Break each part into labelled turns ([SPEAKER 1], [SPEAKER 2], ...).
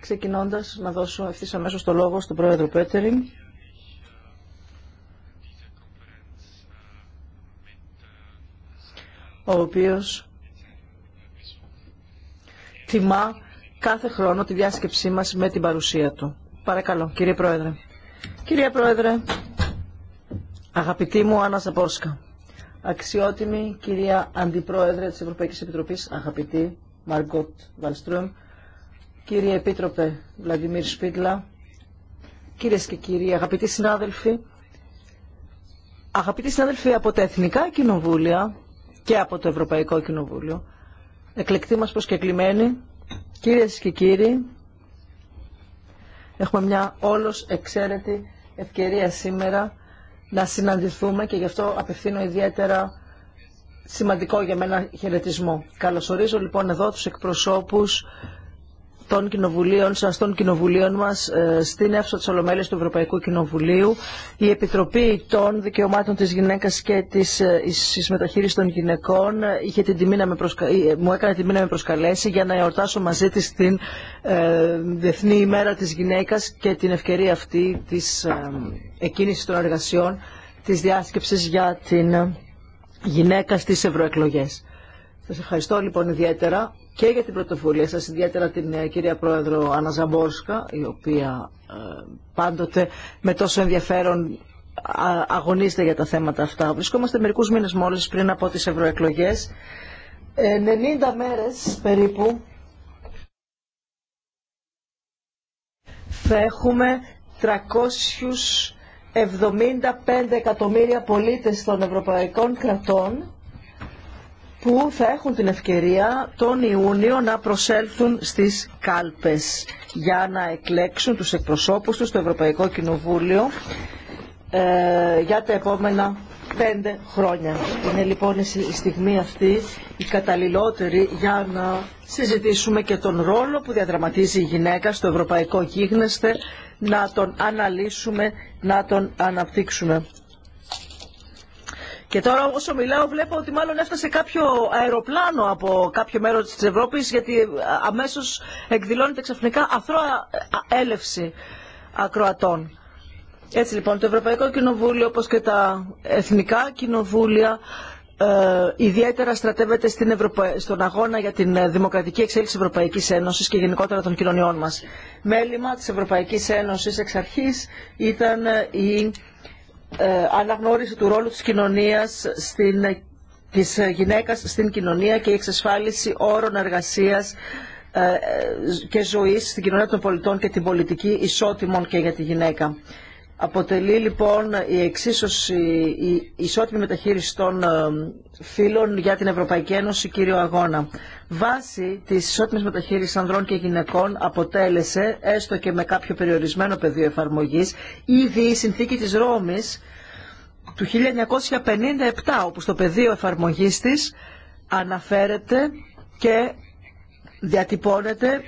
[SPEAKER 1] ξεκινώντας να δώσω ευθύς αμέσως το λόγο στον πρόεδρο Πέτεριν, ο οποίος τιμά κάθε χρόνο τη διάσκεψή μας με την παρουσία του. Παρακαλώ, κύριε Πρόεδρε. Κύριε Πρόεδρε, αγαπητή μου Άννα Σαπόσκα, αξιότιμη κυρία Αντιπρόεδρε της Ευρωπαϊκής Επιτροπής, αγαπητή Μαργκότ Βαλστρούμ, κύριε Επίτροπε Βλαντιμίρ Σπίτλα, κύριε και κύριοι, αγαπητοί συνάδελφοι, αγαπητοί συνάδελφοι από τα Εθνικά Κοινοβούλια και από το Ευρωπαϊκό Κοινοβούλιο, εκλεκτοί μας προσκεκλημένοι, κυρίες και κύριοι, έχουμε μια όλος εξαίρετη ευκαιρία σήμερα να συναντηθούμε και γι' αυτό απευθύνω ιδιαίτερα σημαντικό για μένα χαιρετισμό. Καλωσορίζω λοιπόν εδώ τους εκπροσώπους των κοινοβουλίων σα των κοινοβουλίων μας, ε, στην αίθουσα τη Ολομέλεια του Ευρωπαϊκού Κοινοβουλίου. Η Επιτροπή των Δικαιωμάτων τη γυναίκα και της ε, ίσης των γυναικών ε, είχε την τιμή να με προσκα... μου έκανε τιμή να με προσκαλέσει για να εορτάσω μαζί τη την ε, Διεθνή ημέρα τη γυναίκα και την ευκαιρία αυτή τη ε, εκκίνησης των εργασιών τη διάσκεψης για την γυναίκα στις ευρωεκλογές. Σα ευχαριστώ λοιπόν ιδιαίτερα και για την πρωτοβουλία σας, ιδιαίτερα την ε, κυρία Πρόεδρο Αναζαμπόρσκα, η οποία ε, πάντοτε με τόσο ενδιαφέρον αγωνίζεται για τα θέματα αυτά. Βρισκόμαστε μερικούς μήνες μόλις πριν από τις ευρωεκλογές. 90 ε, μέρες περίπου θα έχουμε 375 εκατομμύρια πολίτες των ευρωπαϊκών κρατών που θα έχουν την ευκαιρία τον Ιούνιο να προσέλθουν στις κάλπες για να εκλέξουν τους εκπροσώπους τους στο Ευρωπαϊκό Κοινοβούλιο ε, για τα επόμενα πέντε χρόνια. Είναι λοιπόν η στιγμή αυτή η καταλληλότερη για να συζητήσουμε και τον ρόλο που διαδραματίζει η γυναίκα στο ευρωπαϊκό γίγνεσθε, να τον αναλύσουμε, να τον αναπτύξουμε. Και τώρα όσο μιλάω βλέπω ότι μάλλον έφτασε κάποιο αεροπλάνο από κάποιο μέρος της Ευρώπης γιατί ε, αμέσως εκδηλώνεται ξαφνικά αθρώα ε, έλευση ακροατών. Έτσι λοιπόν το Ευρωπαϊκό Κοινοβούλιο όπως και τα εθνικά κοινοβούλια ε, ιδιαίτερα στρατεύεται στην στον αγώνα για την δημοκρατική εξέλιξη Ευρωπαϊκής Ένωσης και γενικότερα των κοινωνιών μας. Μέλημα της Ευρωπαϊκής Ένωσης εξ αρχής ήταν η ε, αναγνώριση του ρόλου της κοινωνίας στην, της γυναίκας στην κοινωνία και η εξασφάλιση όρων εργασίας ε, ε, και ζωής στην κοινωνία των πολιτών και την πολιτική ισότιμων και για τη γυναίκα. Αποτελεί λοιπόν η εξίσωση, η ισότιμη μεταχείριση των ε, φύλων για την Ευρωπαϊκή Ένωση κύριο αγώνα. Βάση της ισότιμης μεταχείρισης ανδρών και γυναικών αποτέλεσε, έστω και με κάποιο περιορισμένο πεδίο εφαρμογής, ήδη η συνθήκη της Ρώμης του 1957, όπου στο πεδίο εφαρμογής της αναφέρεται και διατυπώνεται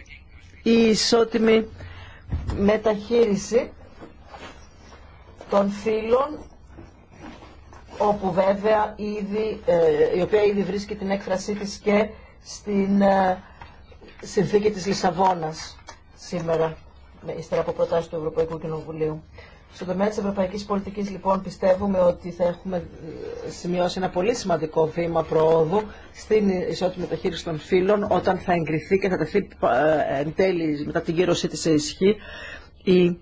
[SPEAKER 1] η ισότιμη μεταχείριση των φύλων, όπου βέβαια ήδη, ε, η οποία ήδη βρίσκει την έκφρασή της και στην ε, συνθήκη της Λισαβόνας σήμερα, ύστερα από προτάσεις του Ευρωπαϊκού Κοινοβουλίου. Στον τομέα της ευρωπαϊκής πολιτικής, λοιπόν, πιστεύουμε ότι θα έχουμε ε, σημειώσει ένα πολύ σημαντικό βήμα προόδου στην ισότητα μεταχείριση των φύλων, όταν θα εγκριθεί και θα τεθεί εν τέλει μετά την κύρωσή της σε ισχύ η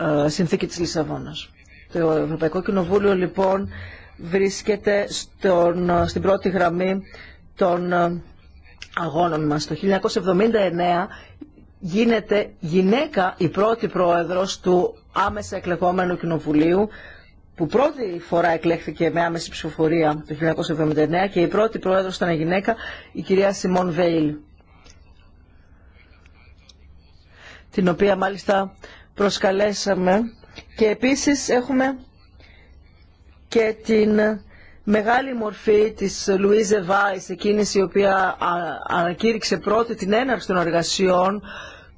[SPEAKER 1] ε, συνθήκη της Λισαβόνας. Το Ευρωπαϊκό Κοινοβούλιο λοιπόν βρίσκεται στον, ε, στην πρώτη γραμμή των ε, αγώνων μας. Το 1979 γίνεται γυναίκα η πρώτη πρόεδρος του άμεσα εκλεγόμενου κοινοβουλίου που πρώτη φορά εκλέχθηκε με άμεση ψηφοφορία το 1979 και η πρώτη πρόεδρος ήταν γυναίκα η κυρία Σιμών Βέιλ την οποία μάλιστα προσκαλέσαμε και επίσης έχουμε και την μεγάλη μορφή της Λουίζε Βάης, εκείνης η οποία ανακήρυξε πρώτη την έναρξη των εργασιών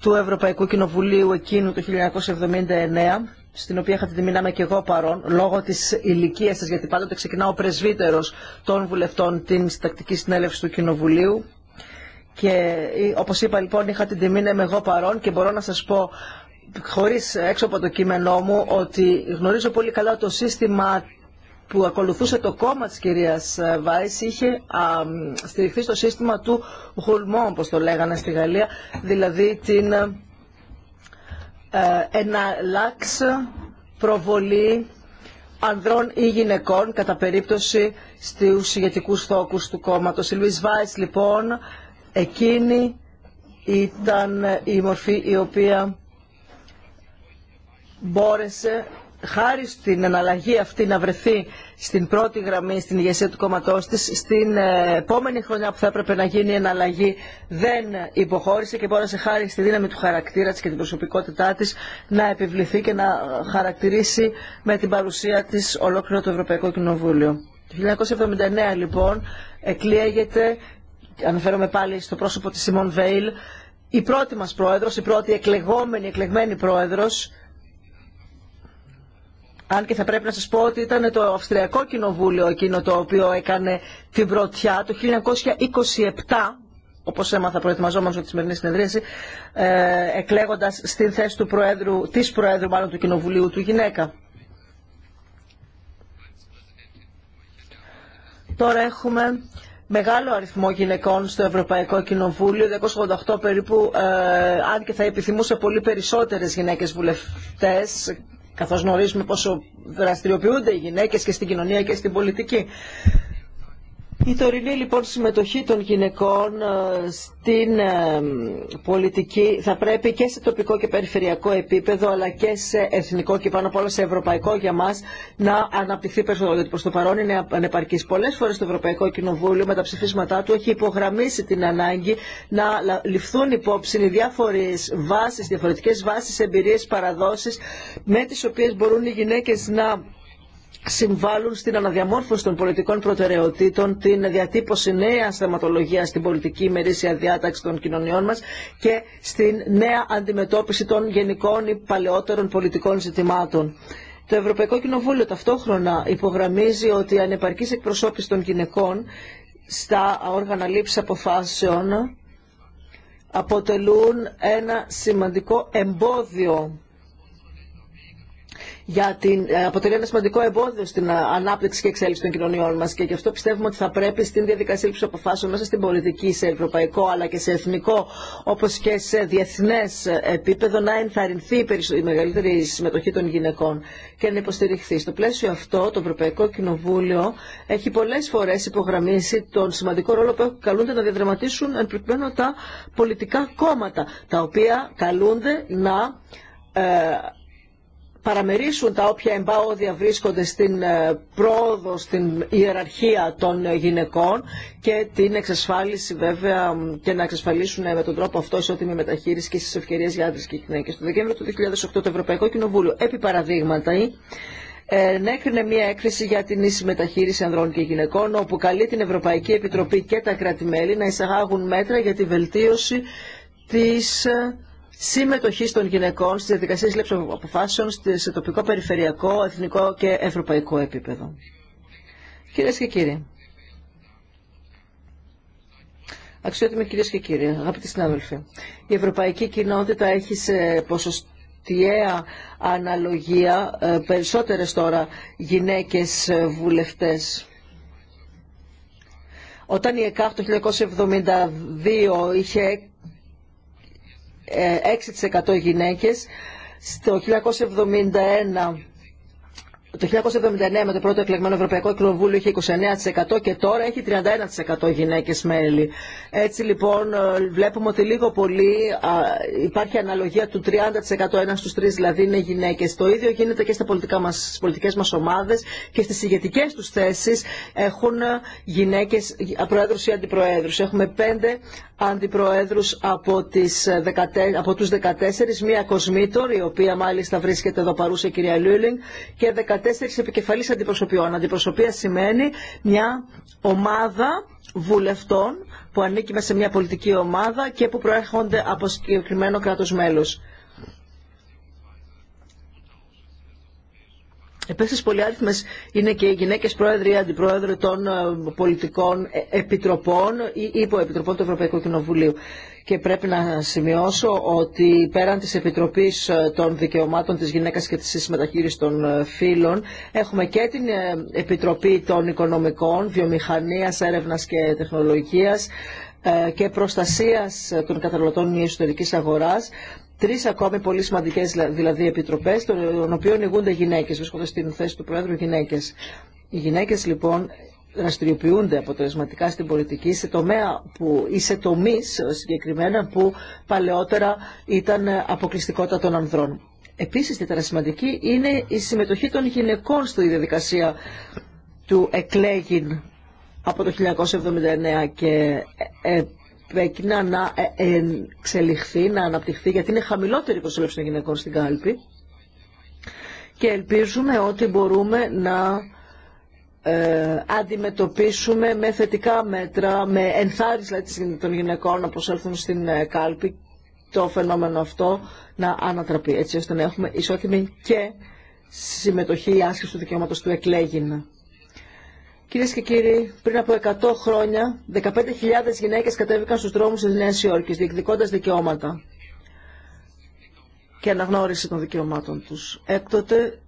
[SPEAKER 1] του Ευρωπαϊκού Κοινοβουλίου εκείνου το 1979 στην οποία είχα την τιμή να είμαι και εγώ παρόν, λόγω τη ηλικία σα, γιατί πάντοτε το ξεκίναω πρεσβύτερο των βουλευτών την τακτική συνέλευση του Κοινοβουλίου. Και ε, όπω είπα λοιπόν, είχα την τιμή να είμαι εγώ παρόν και μπορώ να σα πω χωρίς έξω από το κείμενό μου ότι γνωρίζω πολύ καλά το σύστημα που ακολουθούσε το κόμμα της κυρίας ε, Βάης είχε α, στηριχθεί στο σύστημα του γουλμό, όπως το λέγανε στη Γαλλία, δηλαδή την ε, ε, εναλλάξ προβολή ανδρών ή γυναικών κατά περίπτωση στους ηγετικούς θόκους του κόμματος. Η Λουίς Βάης λοιπόν εκείνη ήταν η μορφή η οποία μπόρεσε χάρη στην εναλλαγή αυτή να βρεθεί στην πρώτη γραμμή, στην ηγεσία του κόμματό τη, στην ε, επόμενη χρονιά που θα έπρεπε να γίνει η εναλλαγή, δεν υποχώρησε και μπόρεσε χάρη στη δύναμη του χαρακτήρα τη και την προσωπικότητά τη να επιβληθεί και να ε, χαρακτηρίσει με την παρουσία τη ολόκληρο το Ευρωπαϊκό Κοινοβούλιο. Το 1979 λοιπόν εκλέγεται, αναφέρομαι πάλι στο πρόσωπο της Σιμών Βέιλ, η πρώτη μας πρόεδρος, η πρώτη εκλεγόμενη, εκλεγμένη πρόεδρος, αν και θα πρέπει να σας πω ότι ήταν το Αυστριακό Κοινοβούλιο εκείνο το οποίο έκανε την πρωτιά το 1927 όπως έμαθα προετοιμαζόμενος για τη σημερινή συνεδρίαση, ε, εκλέγοντας στην θέση του Προέδρου, της Προέδρου μάλλον του Κοινοβουλίου του γυναίκα. Τώρα έχουμε μεγάλο αριθμό γυναικών στο Ευρωπαϊκό Κοινοβούλιο, 288 περίπου, ε, αν και θα επιθυμούσε πολύ περισσότερες γυναίκες βουλευτές, καθώς γνωρίζουμε πόσο δραστηριοποιούνται οι γυναίκες και στην κοινωνία και στην πολιτική. Η τωρινή λοιπόν συμμετοχή των γυναικών ε, στην ε, πολιτική θα πρέπει και σε τοπικό και περιφερειακό επίπεδο αλλά και σε εθνικό και πάνω απ' όλα σε ευρωπαϊκό για μας να αναπτυχθεί περισσότερο γιατί προς το παρόν είναι ανεπαρκής. Πολλές φορές το Ευρωπαϊκό Κοινοβούλιο με τα ψηφίσματά του έχει υπογραμμίσει την ανάγκη να ληφθούν υπόψη οι διάφορες βάσεις, διαφορετικές βάσεις, εμπειρίες, παραδόσεις με τις οποίες μπορούν οι γυναίκες να συμβάλλουν στην αναδιαμόρφωση των πολιτικών προτεραιοτήτων, την διατύπωση νέα θεματολογία στην πολιτική ημερήσια διάταξη των κοινωνιών μα και στην νέα αντιμετώπιση των γενικών ή παλαιότερων πολιτικών ζητημάτων. Το Ευρωπαϊκό Κοινοβούλιο ταυτόχρονα υπογραμμίζει ότι η ανεπαρκής εκπροσώπηση των γυναικών στα όργανα λήψη αποφάσεων αποτελούν ένα σημαντικό εμπόδιο για την, ε, αποτελεί ένα σημαντικό εμπόδιο στην ε, ανάπτυξη και εξέλιξη των κοινωνιών μα. Και γι' αυτό πιστεύουμε ότι θα πρέπει στην διαδικασία λήψη αποφάσεων μέσα στην πολιτική, σε ευρωπαϊκό αλλά και σε εθνικό, όπω και σε διεθνέ επίπεδο, να ενθαρρυνθεί η μεγαλύτερη συμμετοχή των γυναικών και να υποστηριχθεί. Στο πλαίσιο αυτό, το Ευρωπαϊκό Κοινοβούλιο έχει πολλέ φορέ υπογραμμίσει τον σημαντικό ρόλο που καλούνται να διαδραματίσουν εν τα πολιτικά κόμματα, τα οποία καλούνται να ε, παραμερίσουν τα όποια εμπάωδια βρίσκονται στην ε, πρόοδο, στην ιεραρχία των ε, γυναικών και την εξασφάλιση βέβαια και να εξασφαλίσουν ε, με τον τρόπο αυτό ισότιμη μεταχείριση και στις ευκαιρίες για άντρες και γυναίκες. Το Δεκέμβριο του 2008 το Ευρωπαϊκό Κοινοβούλιο, επί παραδείγματα, ενέκρινε μια έκθεση για την ίση μεταχείριση ανδρών και γυναικών, όπου καλεί την Ευρωπαϊκή Επιτροπή και τα κράτη-μέλη να εισαγάγουν μέτρα για τη βελτίωση της Συμμετοχή των γυναικών στις διαδικασίες λήψης αποφάσεων σε τοπικό, περιφερειακό, εθνικό και ευρωπαϊκό επίπεδο. Κυρίε και κύριοι, αξιότιμοι κύριε και κύριοι, αγαπητοί συνάδελφοι, η ευρωπαϊκή κοινότητα έχει σε ποσοστιαία αναλογία ε, περισσότερες τώρα γυναίκες ε, βουλευτές. Όταν η ΕΚΑΦ το 1972 είχε 6% ε, γυναίκες. Στο 1971 το 1979 με το πρώτο εκλεγμένο Ευρωπαϊκό Κοινοβούλιο είχε 29% και τώρα έχει 31% γυναίκες μέλη. Έτσι λοιπόν ε, βλέπουμε ότι λίγο πολύ υπάρχει αναλογία του 30% ένα στους τρεις δηλαδή είναι γυναίκες. Το ίδιο γίνεται και στα πολιτικά μας, στις πολιτικές μας ομάδες και στις ηγετικές τους θέσεις έχουν ε, γυναίκες ε, προέδρους ή αντιπροέδρους. Έχουμε πέντε αντιπροέδρους από, τις, από τους 14, μία κοσμήτορ η οποία μάλιστα βρίσκεται εδώ παρούσα η κυρία Λούλινγκ και 14 επικεφαλής αντιπροσωπιών. Αντιπροσωπεία σημαίνει μια ομάδα βουλευτών που ανήκει μέσα σε μια πολιτική ομάδα και που προέρχονται από συγκεκριμένο κράτος μέλος. Επίσης πολυάριθμες είναι και οι γυναίκες πρόεδροι ή αντιπρόεδροι των ε, πολιτικών ε, επιτροπών ή υποεπιτροπών του Ευρωπαϊκού Κοινοβουλίου και πρέπει να σημειώσω ότι πέραν της Επιτροπής ε, των Δικαιωμάτων της Γυναίκας και της Συμμεταχείρισης των ε, Φύλων έχουμε και την ε, Επιτροπή των Οικονομικών, Βιομηχανίας, Έρευνας και Τεχνολογίας και προστασίας των καταναλωτών Ιεσωτερικής αγοράς Τρει ακόμη πολύ σημαντικέ δηλαδή επιτροπέ, των οποίων ηγούνται γυναίκε, βρίσκονται στην θέση του Προέδρου γυναίκε. Οι γυναίκε λοιπόν δραστηριοποιούνται αποτελεσματικά στην πολιτική σε τομέα που, ή σε τομείς συγκεκριμένα που παλαιότερα ήταν αποκλειστικότητα των ανδρών. Επίσης, ιδιαίτερα σημαντική είναι η σε συγκεκριμενα που παλαιοτερα ηταν αποκλειστικοτητα των ανδρων επισης την σημαντικη ειναι η συμμετοχη των γυναικων στη διαδικασία του εκλέγην από το 1979 και ε, επέκεινα να ε, ε, εξελιχθεί, να αναπτυχθεί, γιατί είναι χαμηλότερη η προσέλευση των γυναικών στην κάλπη και ελπίζουμε ότι μπορούμε να ε, αντιμετωπίσουμε με θετικά μέτρα, με ενθάρρυνση των γυναικών να προσέλθουν στην ε, κάλπη το φαινόμενο αυτό να ανατραπεί, έτσι ώστε να έχουμε ισότιμη και συμμετοχή ή άσκηση του δικαιώματος του εκλέγινα Κυρίε και κύριοι, πριν από 100 χρόνια, 15.000 γυναίκες κατέβηκαν στους δρόμους της Νέας Υόρκης, διεκδικώντας δικαιώματα και αναγνώριση των δικαιωμάτων τους. Έκτοτε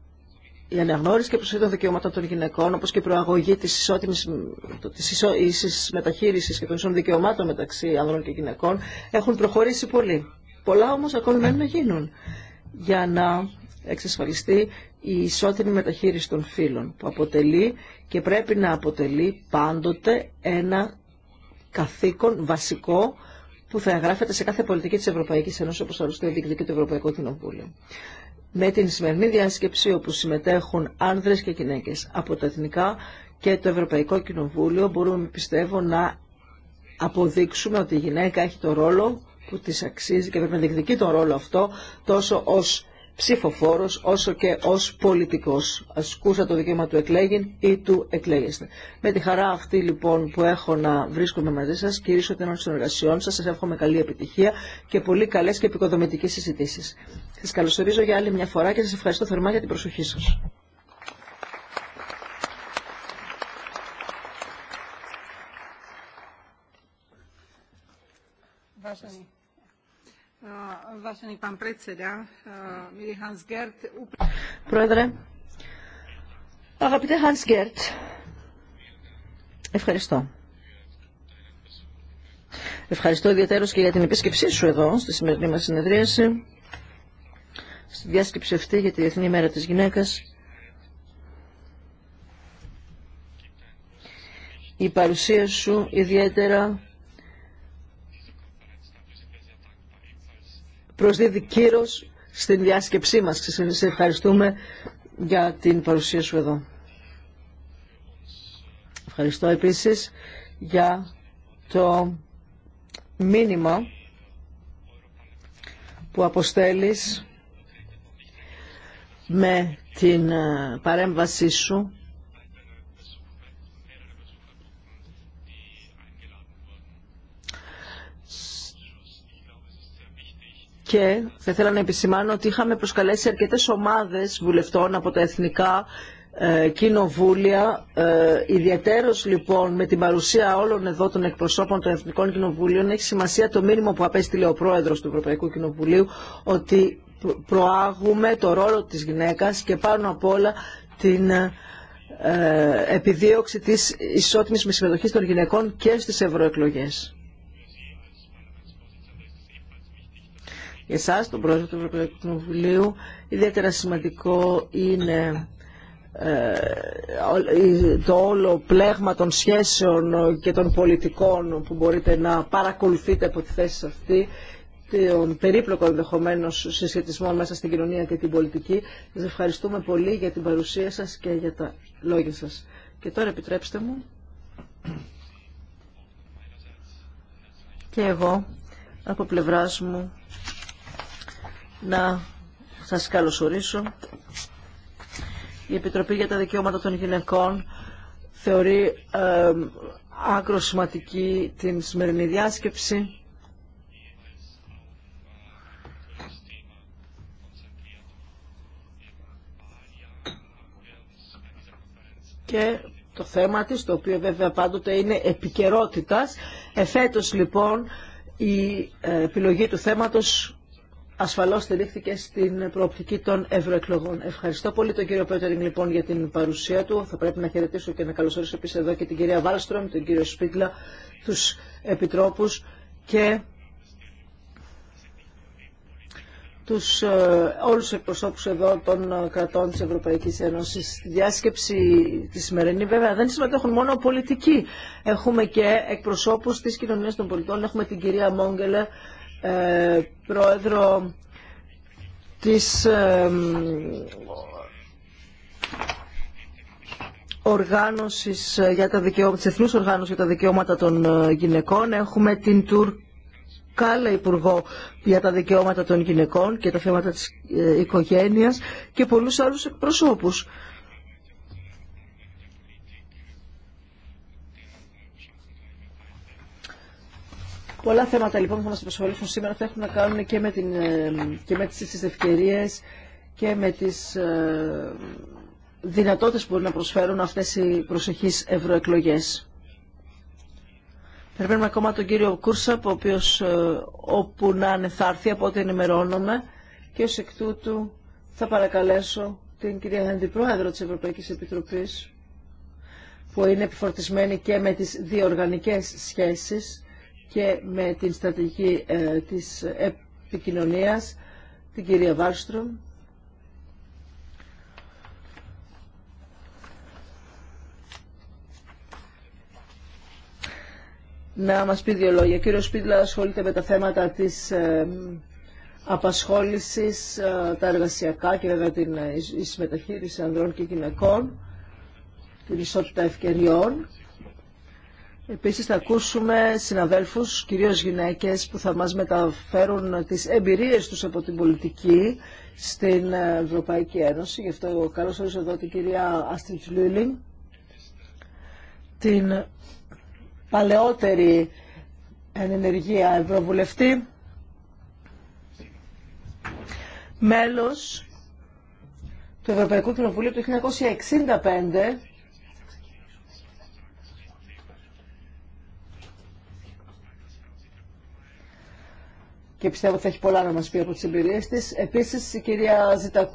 [SPEAKER 1] η αναγνώριση και προσοχή των δικαιωμάτων των γυναικών, όπω και η προαγωγή τη ισότιμης της και των ισών δικαιωμάτων μεταξύ ανδρών και γυναικών, έχουν προχωρήσει πολύ. Πολλά όμω ακόμη μένουν να γίνουν για να εξασφαλιστεί η ισότιμη μεταχείριση των φύλων, που αποτελεί και πρέπει να αποτελεί πάντοτε ένα καθήκον βασικό που θα εγγράφεται σε κάθε πολιτική της Ευρωπαϊκής Ένωσης, όπως άλλωστε διεκδικεί το Ευρωπαϊκό Κοινοβούλιο με την σημερινή διάσκεψη όπου συμμετέχουν άνδρες και γυναίκες από τα Εθνικά και το Ευρωπαϊκό Κοινοβούλιο μπορούμε πιστεύω να αποδείξουμε ότι η γυναίκα έχει τον ρόλο που της αξίζει και πρέπει να διεκδικεί τον ρόλο αυτό τόσο ως ψηφοφόρος όσο και ως πολιτικός. Ασκούσα το δικαίωμα του εκλέγην ή του εκλέγεστε. Με τη χαρά αυτή λοιπόν που έχω να βρίσκομαι μαζί σας, κηρύσω την των εργασιών σας, σας εύχομαι καλή επιτυχία και πολύ καλές και επικοδομητικές συζητήσεις. Σας καλωσορίζω για άλλη μια φορά και σας ευχαριστώ θερμά για την προσοχή σας.
[SPEAKER 2] Eh, eh,
[SPEAKER 1] Πρόεδρε, αγαπητέ Hans Γκέρτ, ευχαριστώ. Ευχαριστώ ιδιαίτερως και για την επίσκεψή σου εδώ στη σημερινή μας συνεδρίαση στη διάσκεψη αυτή για τη Διεθνή Μέρα της Γυναίκας η παρουσία σου ιδιαίτερα προσδίδει κύρος στην διάσκεψή μας. Σε ευχαριστούμε για την παρουσία σου εδώ. Ευχαριστώ επίσης για το μήνυμα που αποστέλεις με την ε, παρέμβασή σου και θα ήθελα να επισημάνω ότι είχαμε προσκαλέσει αρκετές ομάδες βουλευτών από τα εθνικά ε, κοινοβούλια. Ε, ιδιαίτερος λοιπόν με την παρουσία όλων εδώ των εκπροσώπων των Εθνικών Κοινοβουλίων έχει σημασία το μήνυμα που απέστειλε ο Πρόεδρος του Ευρωπαϊκού Κοινοβουλίου ότι προάγουμε το ρόλο της γυναίκας και πάνω απ' όλα την ε, επιδίωξη της ισότιμης με συμμετοχή των γυναικών και στις ευρωεκλογές. Για εσάς, τον πρόεδρο του Ευρωπαϊκού Κοινοβουλίου, ιδιαίτερα σημαντικό είναι ε, το όλο πλέγμα των σχέσεων και των πολιτικών που μπορείτε να παρακολουθείτε από τη θέση αυτή τον περίπλοκο ενδεχομένω συσχετισμών μέσα στην κοινωνία και την πολιτική. Σας ευχαριστούμε πολύ για την παρουσία σας και για τα λόγια σας. Και τώρα επιτρέψτε μου και εγώ από πλευράς μου να σας καλωσορίσω. Η Επιτροπή για τα Δικαιώματα των Γυναικών θεωρεί ε, άκρο σημαντική την σημερινή διάσκεψη και το θέμα της, το οποίο βέβαια πάντοτε είναι επικαιρότητα. Εφέτος λοιπόν η ε, επιλογή του θέματος ασφαλώς στηρίχθηκε στην προοπτική των ευρωεκλογών. Ευχαριστώ πολύ τον κύριο Πέτερινγκ λοιπόν για την παρουσία του. Θα πρέπει να χαιρετήσω και να καλωσορίσω επίσης εδώ και την κυρία Βάλστρομ, τον κύριο Σπίτλα, τους επιτρόπους και τους ε, όλους τους εκπροσώπους εδώ των ε, κρατών της Ευρωπαϊκής Ένωσης. Στη διάσκεψη τη σημερινή βέβαια δεν συμμετέχουν μόνο πολιτικοί. Έχουμε και εκπροσώπους της κοινωνίας των πολιτών. Έχουμε την κυρία ε, πρόεδρο της ε, οργάνωσης για τα δικαιώματα, της Εθνούς Οργάνωσης για τα Δικαιώματα των Γυναικών. Έχουμε την Τουρκία καλά Υπουργό για τα δικαιώματα των γυναικών και τα θέματα της ε, οικογένειας και πολλούς άλλους εκπροσώπους. Πολλά θέματα λοιπόν που θα μας προσφέρουν σήμερα θα έχουν να κάνουν και με, την, ε, και με τις ίσες ευκαιρίες και με τις ε, δυνατότητες που μπορεί να προσφέρουν αυτές οι προσεχείς ευρωεκλογές. Περιμένουμε ακόμα τον κύριο Κούρσα ο οποίος ε, όπου να είναι θα έρθει, από ό,τι ενημερώνομαι. Και ω εκ τούτου θα παρακαλέσω την κυρία Αντιπρόεδρο τη Ευρωπαϊκή Επιτροπής, που είναι επιφορτισμένη και με τις διοργανικές σχέσεις και με την στρατηγική ε, της επικοινωνίας, την κυρία Βάλστρομ, να μας πει δύο λόγια. Ο Σπίτλα ασχολείται με τα θέματα της ε, απασχόλησης, ε, τα εργασιακά και βέβαια την συμμεταχείριση ε, ανδρών και γυναικών, την ισότητα ευκαιριών. Επίσης θα ακούσουμε συναδέλφους, κυρίως γυναίκες, που θα μας μεταφέρουν τις εμπειρίες τους από την πολιτική στην Ευρωπαϊκή Ένωση. Γι' αυτό καλώς ορίζω εδώ την κυρία Αστριτ την παλαιότερη εν ενεργεία ευρωβουλευτή, μέλος του Ευρωπαϊκού Κοινοβουλίου του 1965, και πιστεύω ότι θα έχει πολλά να μας πει από τις εμπειρίες της. Επίσης η κυρία Ζήτα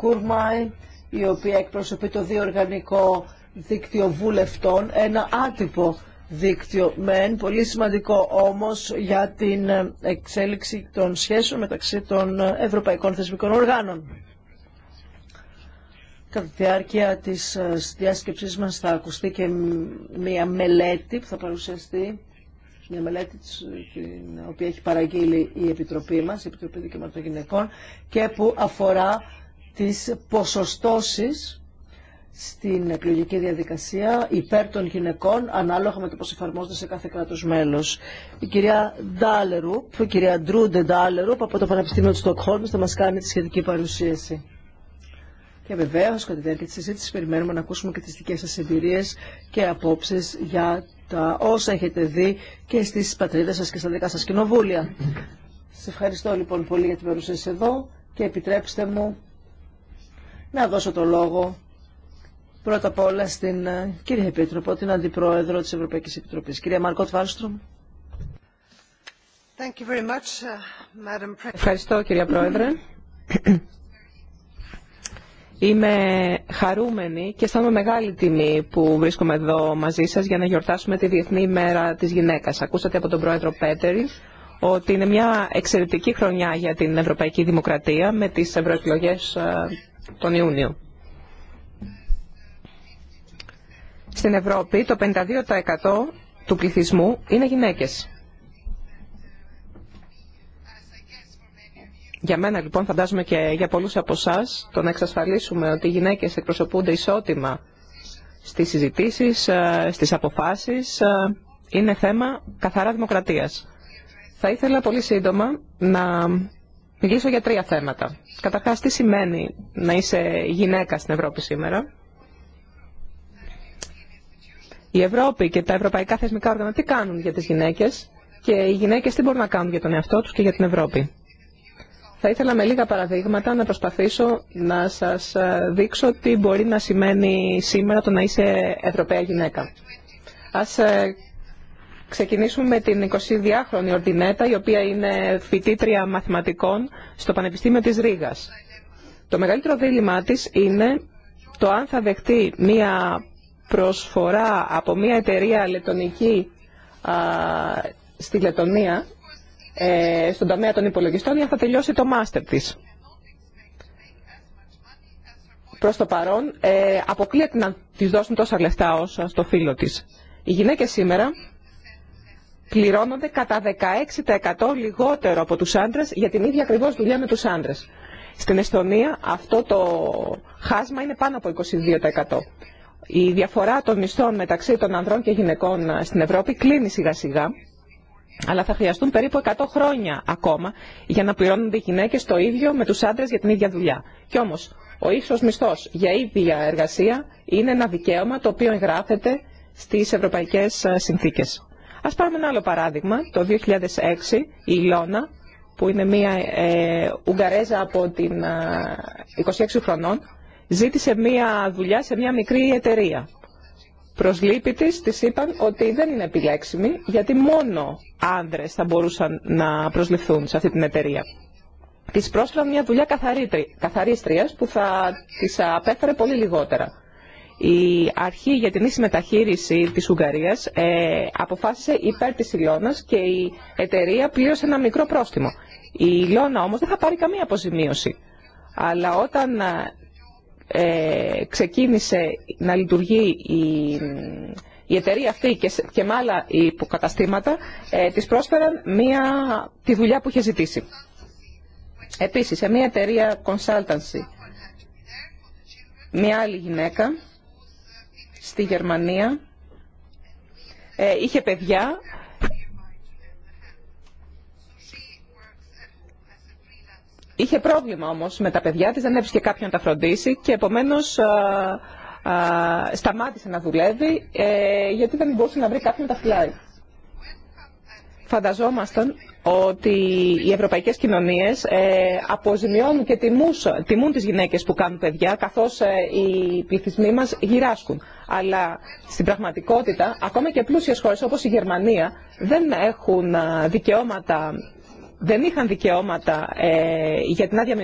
[SPEAKER 1] η οποία εκπροσωπεί το διοργανικό δίκτυο βουλευτών, ένα άτυπο δίκτυο μεν, πολύ σημαντικό όμως για την ε, εξέλιξη των σχέσεων μεταξύ των ε, ευρωπαϊκών θεσμικών οργάνων. Κατά τη διάρκεια της ε, διάσκεψής μας θα ακουστεί και μια μελέτη που θα παρουσιαστεί, μια μελέτη την οποία έχει παραγγείλει η Επιτροπή μας, η Επιτροπή Δικαιωμάτων Γυναικών, και που αφορά τις ποσοστώσεις στην εκλογική διαδικασία υπέρ των γυναικών ανάλογα με το πώς εφαρμόζεται σε κάθε κράτος μέλος. Η κυρία Ντάλερουπ, η κυρία Ντρούντε Ντάλερουπ από το Πανεπιστήμιο του Στοκχόλμης θα μας κάνει τη σχετική παρουσίαση. Και βεβαίω, κατά τη διάρκεια τη συζήτηση, περιμένουμε να ακούσουμε και τι δικέ σα εμπειρίε και απόψει για τα όσα έχετε δει και στι πατρίδε σα και στα δικά σα κοινοβούλια. Σα ευχαριστώ λοιπόν πολύ για την παρουσία εδώ και επιτρέψτε μου να δώσω το λόγο πρώτα απ' όλα στην ε, κυρία Επίτροπο, την Αντιπρόεδρο της Ευρωπαϊκής Επιτροπής. Κυρία Μαρκότ Βάλστρομ.
[SPEAKER 2] Uh, Ευχαριστώ κυρία Πρόεδρε.
[SPEAKER 3] Είμαι χαρούμενη και αισθάνομαι μεγάλη τιμή που βρίσκομαι εδώ μαζί σας για να γιορτάσουμε τη Διεθνή Μέρα της Γυναίκας. Ακούσατε από τον Πρόεδρο Πέτερη ότι είναι μια εξαιρετική χρονιά για την Ευρωπαϊκή Δημοκρατία με τις ευρωεκλογές ε, τον Ιούνιο. Στην Ευρώπη το 52% του πληθυσμού είναι γυναίκες. Για μένα λοιπόν φαντάζομαι και για πολλούς από εσά το να εξασφαλίσουμε ότι οι γυναίκες εκπροσωπούνται ισότιμα στις συζητήσεις, ε, στις αποφάσεις, ε, είναι θέμα καθαρά δημοκρατίας. Θα ήθελα πολύ σύντομα να μιλήσω για τρία θέματα. Καταρχάς τι σημαίνει να είσαι γυναίκα στην Ευρώπη σήμερα. Η Ευρώπη και τα ευρωπαϊκά θεσμικά όργανα τι κάνουν για τις γυναίκες και οι γυναίκες τι μπορούν να κάνουν για τον εαυτό τους και για την Ευρώπη. Θα ήθελα με λίγα παραδείγματα να προσπαθήσω να σας ε, δείξω τι μπορεί να σημαίνει σήμερα το να είσαι Ευρωπαία γυναίκα. Ας ε, ξεκινήσουμε με την 22χρονη Ορτινέτα, η οποία είναι φοιτήτρια μαθηματικών στο Πανεπιστήμιο της Ρήγας. Το μεγαλύτερο δίλημά της είναι το αν θα δεχτεί μία προσφορά από μια εταιρεία λετωνική α, στη Λετωνία ε, στον τομέα των υπολογιστών για να θα τελειώσει το μάστερ της. Προς το παρόν, ε, αποκλείεται να της δώσουν τόσα λεφτά όσα στο φίλο της. Οι γυναίκες σήμερα πληρώνονται κατά 16% λιγότερο από τους άντρες για την ίδια ακριβώς δουλειά με τους άντρες. Στην Εστονία αυτό το χάσμα είναι πάνω από 22% η διαφορά των μισθών μεταξύ των ανδρών και γυναικών ε, στην Ευρώπη κλείνει σιγά σιγά, αλλά θα χρειαστούν περίπου 100 χρόνια ακόμα για να πληρώνονται οι γυναίκες το ίδιο με τους άντρες για την ίδια δουλειά. Κι όμως, ο ίσος μισθός για ίδια εργασία είναι ένα δικαίωμα το οποίο εγγράφεται στις ευρωπαϊκές ε, συνθήκες. Ας πάρουμε ένα άλλο παράδειγμα. Το 2006 η Λόνα, που είναι μια ε, Ουγγαρέζα από την 26 χρονών, ζήτησε μία δουλειά σε μία μικρή εταιρεία. Προσλήπη της, της είπαν ότι δεν είναι επιλέξιμη γιατί μόνο άνδρες θα μπορούσαν να προσληφθούν σε αυτή την εταιρεία. Της πρόσφεραν μια δουλειά καθαρίστριας που θα της απέφερε πολύ λιγότερα. Η αρχή για την ίση μεταχείριση της Ουγγαρίας ε, αποφάσισε υπέρ της Ιλώνας και η εταιρεία πλήρωσε ένα μικρό πρόστιμο. Η Ιλώνα όμως δεν θα πάρει καμία αποζημίωση. Αλλά όταν ε, ε, ξεκίνησε να λειτουργεί η, εταιρεία αυτή και, και με άλλα υποκαταστήματα, ε, της πρόσφεραν μία, τη δουλειά που είχε ζητήσει. Επίσης, σε μία εταιρεία consultancy, μία άλλη γυναίκα στη Γερμανία, ε, είχε παιδιά Είχε πρόβλημα όμως με τα παιδιά της, δεν έβρισκε κάποιον να τα φροντίσει και επομένως σταμάτησε να δουλεύει ε, γιατί δεν μπορούσε να βρει κάποιον να τα φυλάει. Φανταζόμασταν ότι οι ευρωπαϊκές κοινωνίες ε, αποζημιώνουν και τιμούς, τιμούν τις γυναίκες που κάνουν παιδιά καθώς ε, οι πληθυσμοί μας γυράσκουν. Αλλά στην πραγματικότητα ακόμα και πλούσιες χώρες όπως η Γερμανία δεν έχουν δικαιώματα δεν είχαν δικαιώματα ε, για την άδεια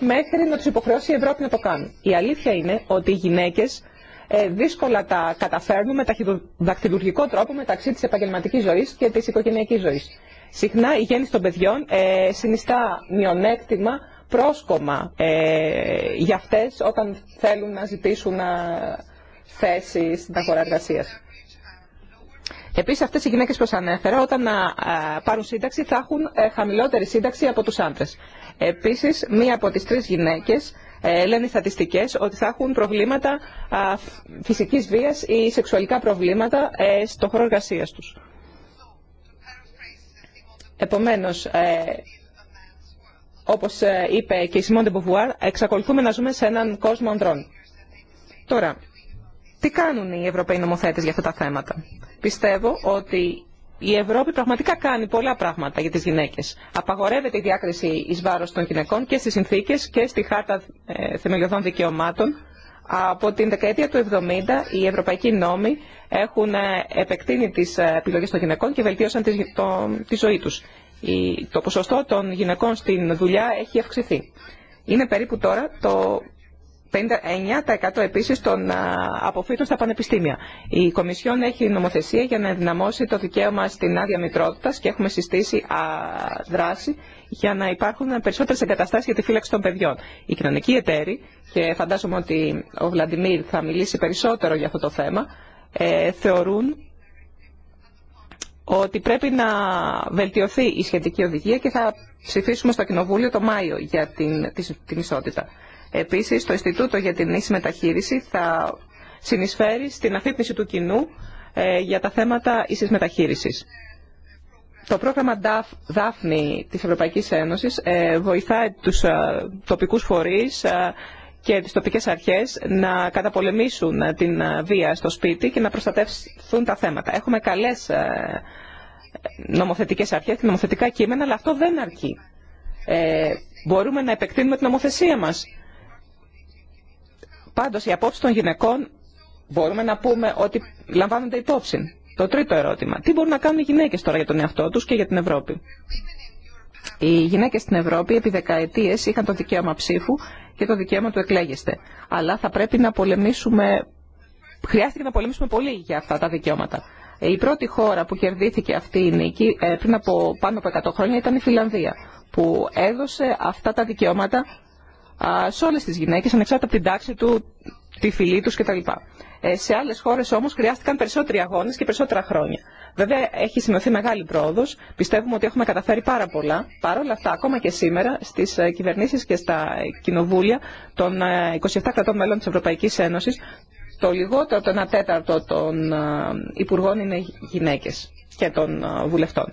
[SPEAKER 3] μέχρι να τους υποχρεώσει η Ευρώπη να το κάνουν. Η αλήθεια είναι ότι οι γυναίκες ε, δύσκολα τα καταφέρνουν με ταχυδακτηλουργικό τρόπο μεταξύ της επαγγελματικής ζωής και της οικογενειακής ζωής. Συχνά η γέννηση των παιδιών ε, συνιστά μειονέκτημα, πρόσκομα ε, για αυτές όταν θέλουν να ζητήσουν ε, θέση στην αγορά εργασίας. Επίσης αυτές οι γυναίκες που σας ανέφερα όταν πάρουν σύνταξη θα έχουν ε, χαμηλότερη σύνταξη από τους άντρες. Επίσης μία από τις τρεις γυναίκες ε, λένε οι στατιστικές ότι θα έχουν προβλήματα φυσικής βίας ή σεξουαλικά προβλήματα ε, στο χώρο εργασία τους. Επομένως, όπως είπε και η Σιμόντε Μποβουάρ, εξακολουθούμε να ζούμε σε έναν κόσμο ανδρών. Τώρα, τι κάνουν οι Ευρωπαίοι νομοθέτες για αυτά τα θέματα. Πιστεύω ότι η Ευρώπη πραγματικά κάνει πολλά πράγματα για τις γυναίκες. Απαγορεύεται η διάκριση εις βάρος των γυναικών και στις συνθήκες και στη Χάρτα ε, Θεμελιωδών Δικαιωμάτων. Από την δεκαετία του 70 οι ευρωπαϊκοί νόμοι έχουν ε, επεκτείνει τις ε, επιλογές των γυναικών και βελτίωσαν τη ζωή τους. Το ποσοστό των γυναικών στην δουλειά έχει αυξηθεί. Είναι περίπου τώρα το 59% επίσης των αποφύτων στα πανεπιστήμια. Η Κομισιόν έχει νομοθεσία για να ενδυναμώσει το δικαίωμα στην άδεια μητρότητας και έχουμε συστήσει δράση για να υπάρχουν περισσότερες εγκαταστάσεις για τη φύλαξη των παιδιών. Οι κοινωνικοί εταίροι, και φαντάζομαι ότι ο Βλαντιμίρ θα μιλήσει περισσότερο για αυτό το θέμα, ε, θεωρούν ότι πρέπει να βελτιωθεί η σχετική οδηγία και θα ψηφίσουμε στο Κοινοβούλιο το Μάιο για την, την ισότητα. Επίσης, το Ινστιτούτο για την Ίση Μεταχείριση θα συνεισφέρει στην αφύπνιση του κοινού ε, για τα θέματα ίσης μεταχείρισης. Το πρόγραμμα Δάφνη της Ευρωπαϊκής Ένωσης ε, βοηθάει τους ε, τοπικούς φορείς και τις τοπικές αρχές να καταπολεμήσουν την βία στο σπίτι και να προστατεύσουν τα θέματα. Έχουμε καλές νομοθετικές αρχές νομοθετικά κείμενα, αλλά αυτό δεν αρκεί. μπορούμε να επεκτείνουμε την νομοθεσία μας Πάντως, οι απόψεις των γυναικών μπορούμε να πούμε ότι λαμβάνονται υπόψη. Το τρίτο ερώτημα. Τι μπορούν να κάνουν οι γυναίκες τώρα για τον εαυτό τους και για την Ευρώπη. Οι γυναίκες στην Ευρώπη επί δεκαετίες είχαν το δικαίωμα ψήφου και το δικαίωμα του εκλέγεστε. Αλλά θα πρέπει να πολεμήσουμε, χρειάστηκε να πολεμήσουμε πολύ για αυτά τα δικαιώματα. Η πρώτη χώρα που κερδίθηκε αυτή η νίκη ε, πριν από πάνω από 100 χρόνια ήταν η Φιλανδία, που έδωσε αυτά τα δικαιώματα σε όλες τις γυναίκες, ανεξάρτητα από την τάξη του, τη φυλή τους κτλ. Ε, σε άλλε χώρε όμω χρειάστηκαν περισσότεροι αγώνες και περισσότερα χρόνια. Βέβαια έχει σημειωθεί μεγάλη πρόοδο. Πιστεύουμε ότι έχουμε καταφέρει πάρα πολλά. Παρ' όλα αυτά, ακόμα και σήμερα στι ε, κυβερνήσει και στα ε, κοινοβούλια των 27 ε, κρατών μέλων τη Ευρωπαϊκή Ένωση, το λιγότερο το 1 τέταρτο των υπουργών είναι γυναίκε και των βουλευτών.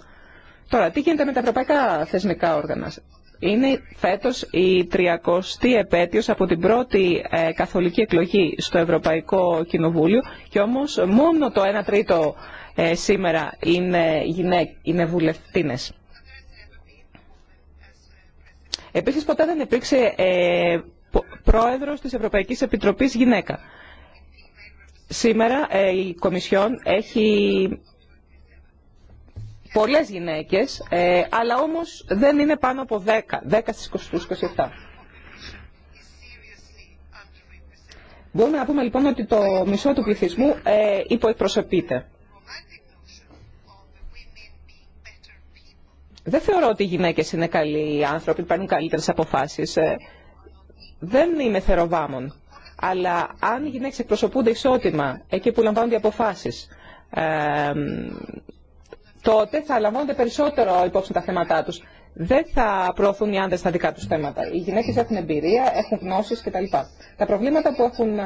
[SPEAKER 3] Τώρα, τι γίνεται με τα ευρωπαϊκά θεσμικά όργανα. Είναι φέτος η 300 η επέτειος από την πρώτη ε, καθολική εκλογή στο Ευρωπαϊκό Κοινοβούλιο και όμως μόνο το 1 τρίτο ε, σήμερα είναι, γυναίκες, είναι βουλευτίνες. Επίσης ποτέ δεν υπήρξε ε, πρόεδρος της Ευρωπαϊκής Επιτροπής γυναίκα. Σήμερα ε, η Κομισιόν έχει πολλές γυναίκες, ε, αλλά όμως δεν είναι πάνω από 10, 10 στις 27. Μπορούμε να πούμε λοιπόν ότι το μισό του πληθυσμού ε, υποεκπροσωπείται. Δεν θεωρώ ότι οι γυναίκες είναι καλοί άνθρωποι, παίρνουν καλύτερες αποφάσεις. Ε, δεν είμαι θεροβάμων. Αλλά αν οι γυναίκες εκπροσωπούνται ισότιμα εκεί που λαμβάνονται οι αποφάσεις, ε, τότε θα λαμβάνονται περισσότερο υπόψη τα θέματά του, Δεν θα προωθούν οι άντρε τα δικά του θέματα. Οι γυναίκε έχουν εμπειρία, έχουν γνώσει κτλ. Τα προβλήματα που έχουν ε,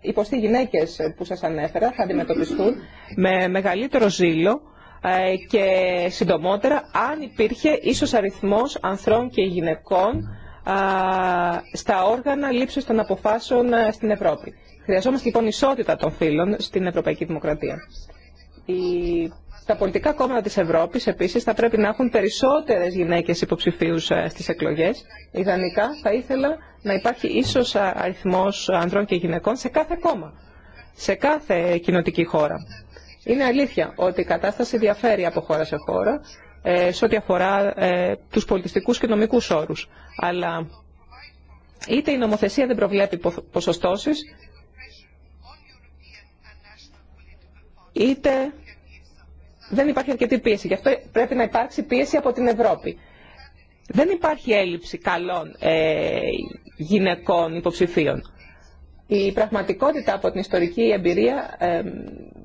[SPEAKER 3] υποστεί οι γυναίκε που σα ανέφερα θα αντιμετωπιστούν με μεγαλύτερο ζήλο ε, και συντομότερα αν υπήρχε ίσως αριθμός ανθρώπων και γυναικών ε, στα όργανα λήψη των αποφάσεων στην Ευρώπη. Χρειαζόμαστε λοιπόν ισότητα των φύλων στην Ευρωπαϊκή Δημοκρατία. Η τα πολιτικά κόμματα της Ευρώπης επίσης θα πρέπει να έχουν περισσότερες γυναίκες υποψηφίους ε, στις εκλογές. Ιδανικά θα ήθελα να υπάρχει ίσως ε, αριθμός ανδρών και γυναικών σε κάθε κόμμα, σε κάθε κοινοτική χώρα. Είναι αλήθεια ότι η κατάσταση διαφέρει από χώρα σε χώρα ε, σε ό,τι αφορά τους πολιτιστικούς και νομικούς όρους. Αλλά είτε η νομοθεσία δεν προβλέπει ποσοστώσεις, είτε δεν υπάρχει αρκετή πίεση. Γι' αυτό πρέπει να υπάρξει πίεση από την Ευρώπη. Δεν υπάρχει έλλειψη καλών ε, γυναικών υποψηφίων. Η πραγματικότητα από την ιστορική εμπειρία ε,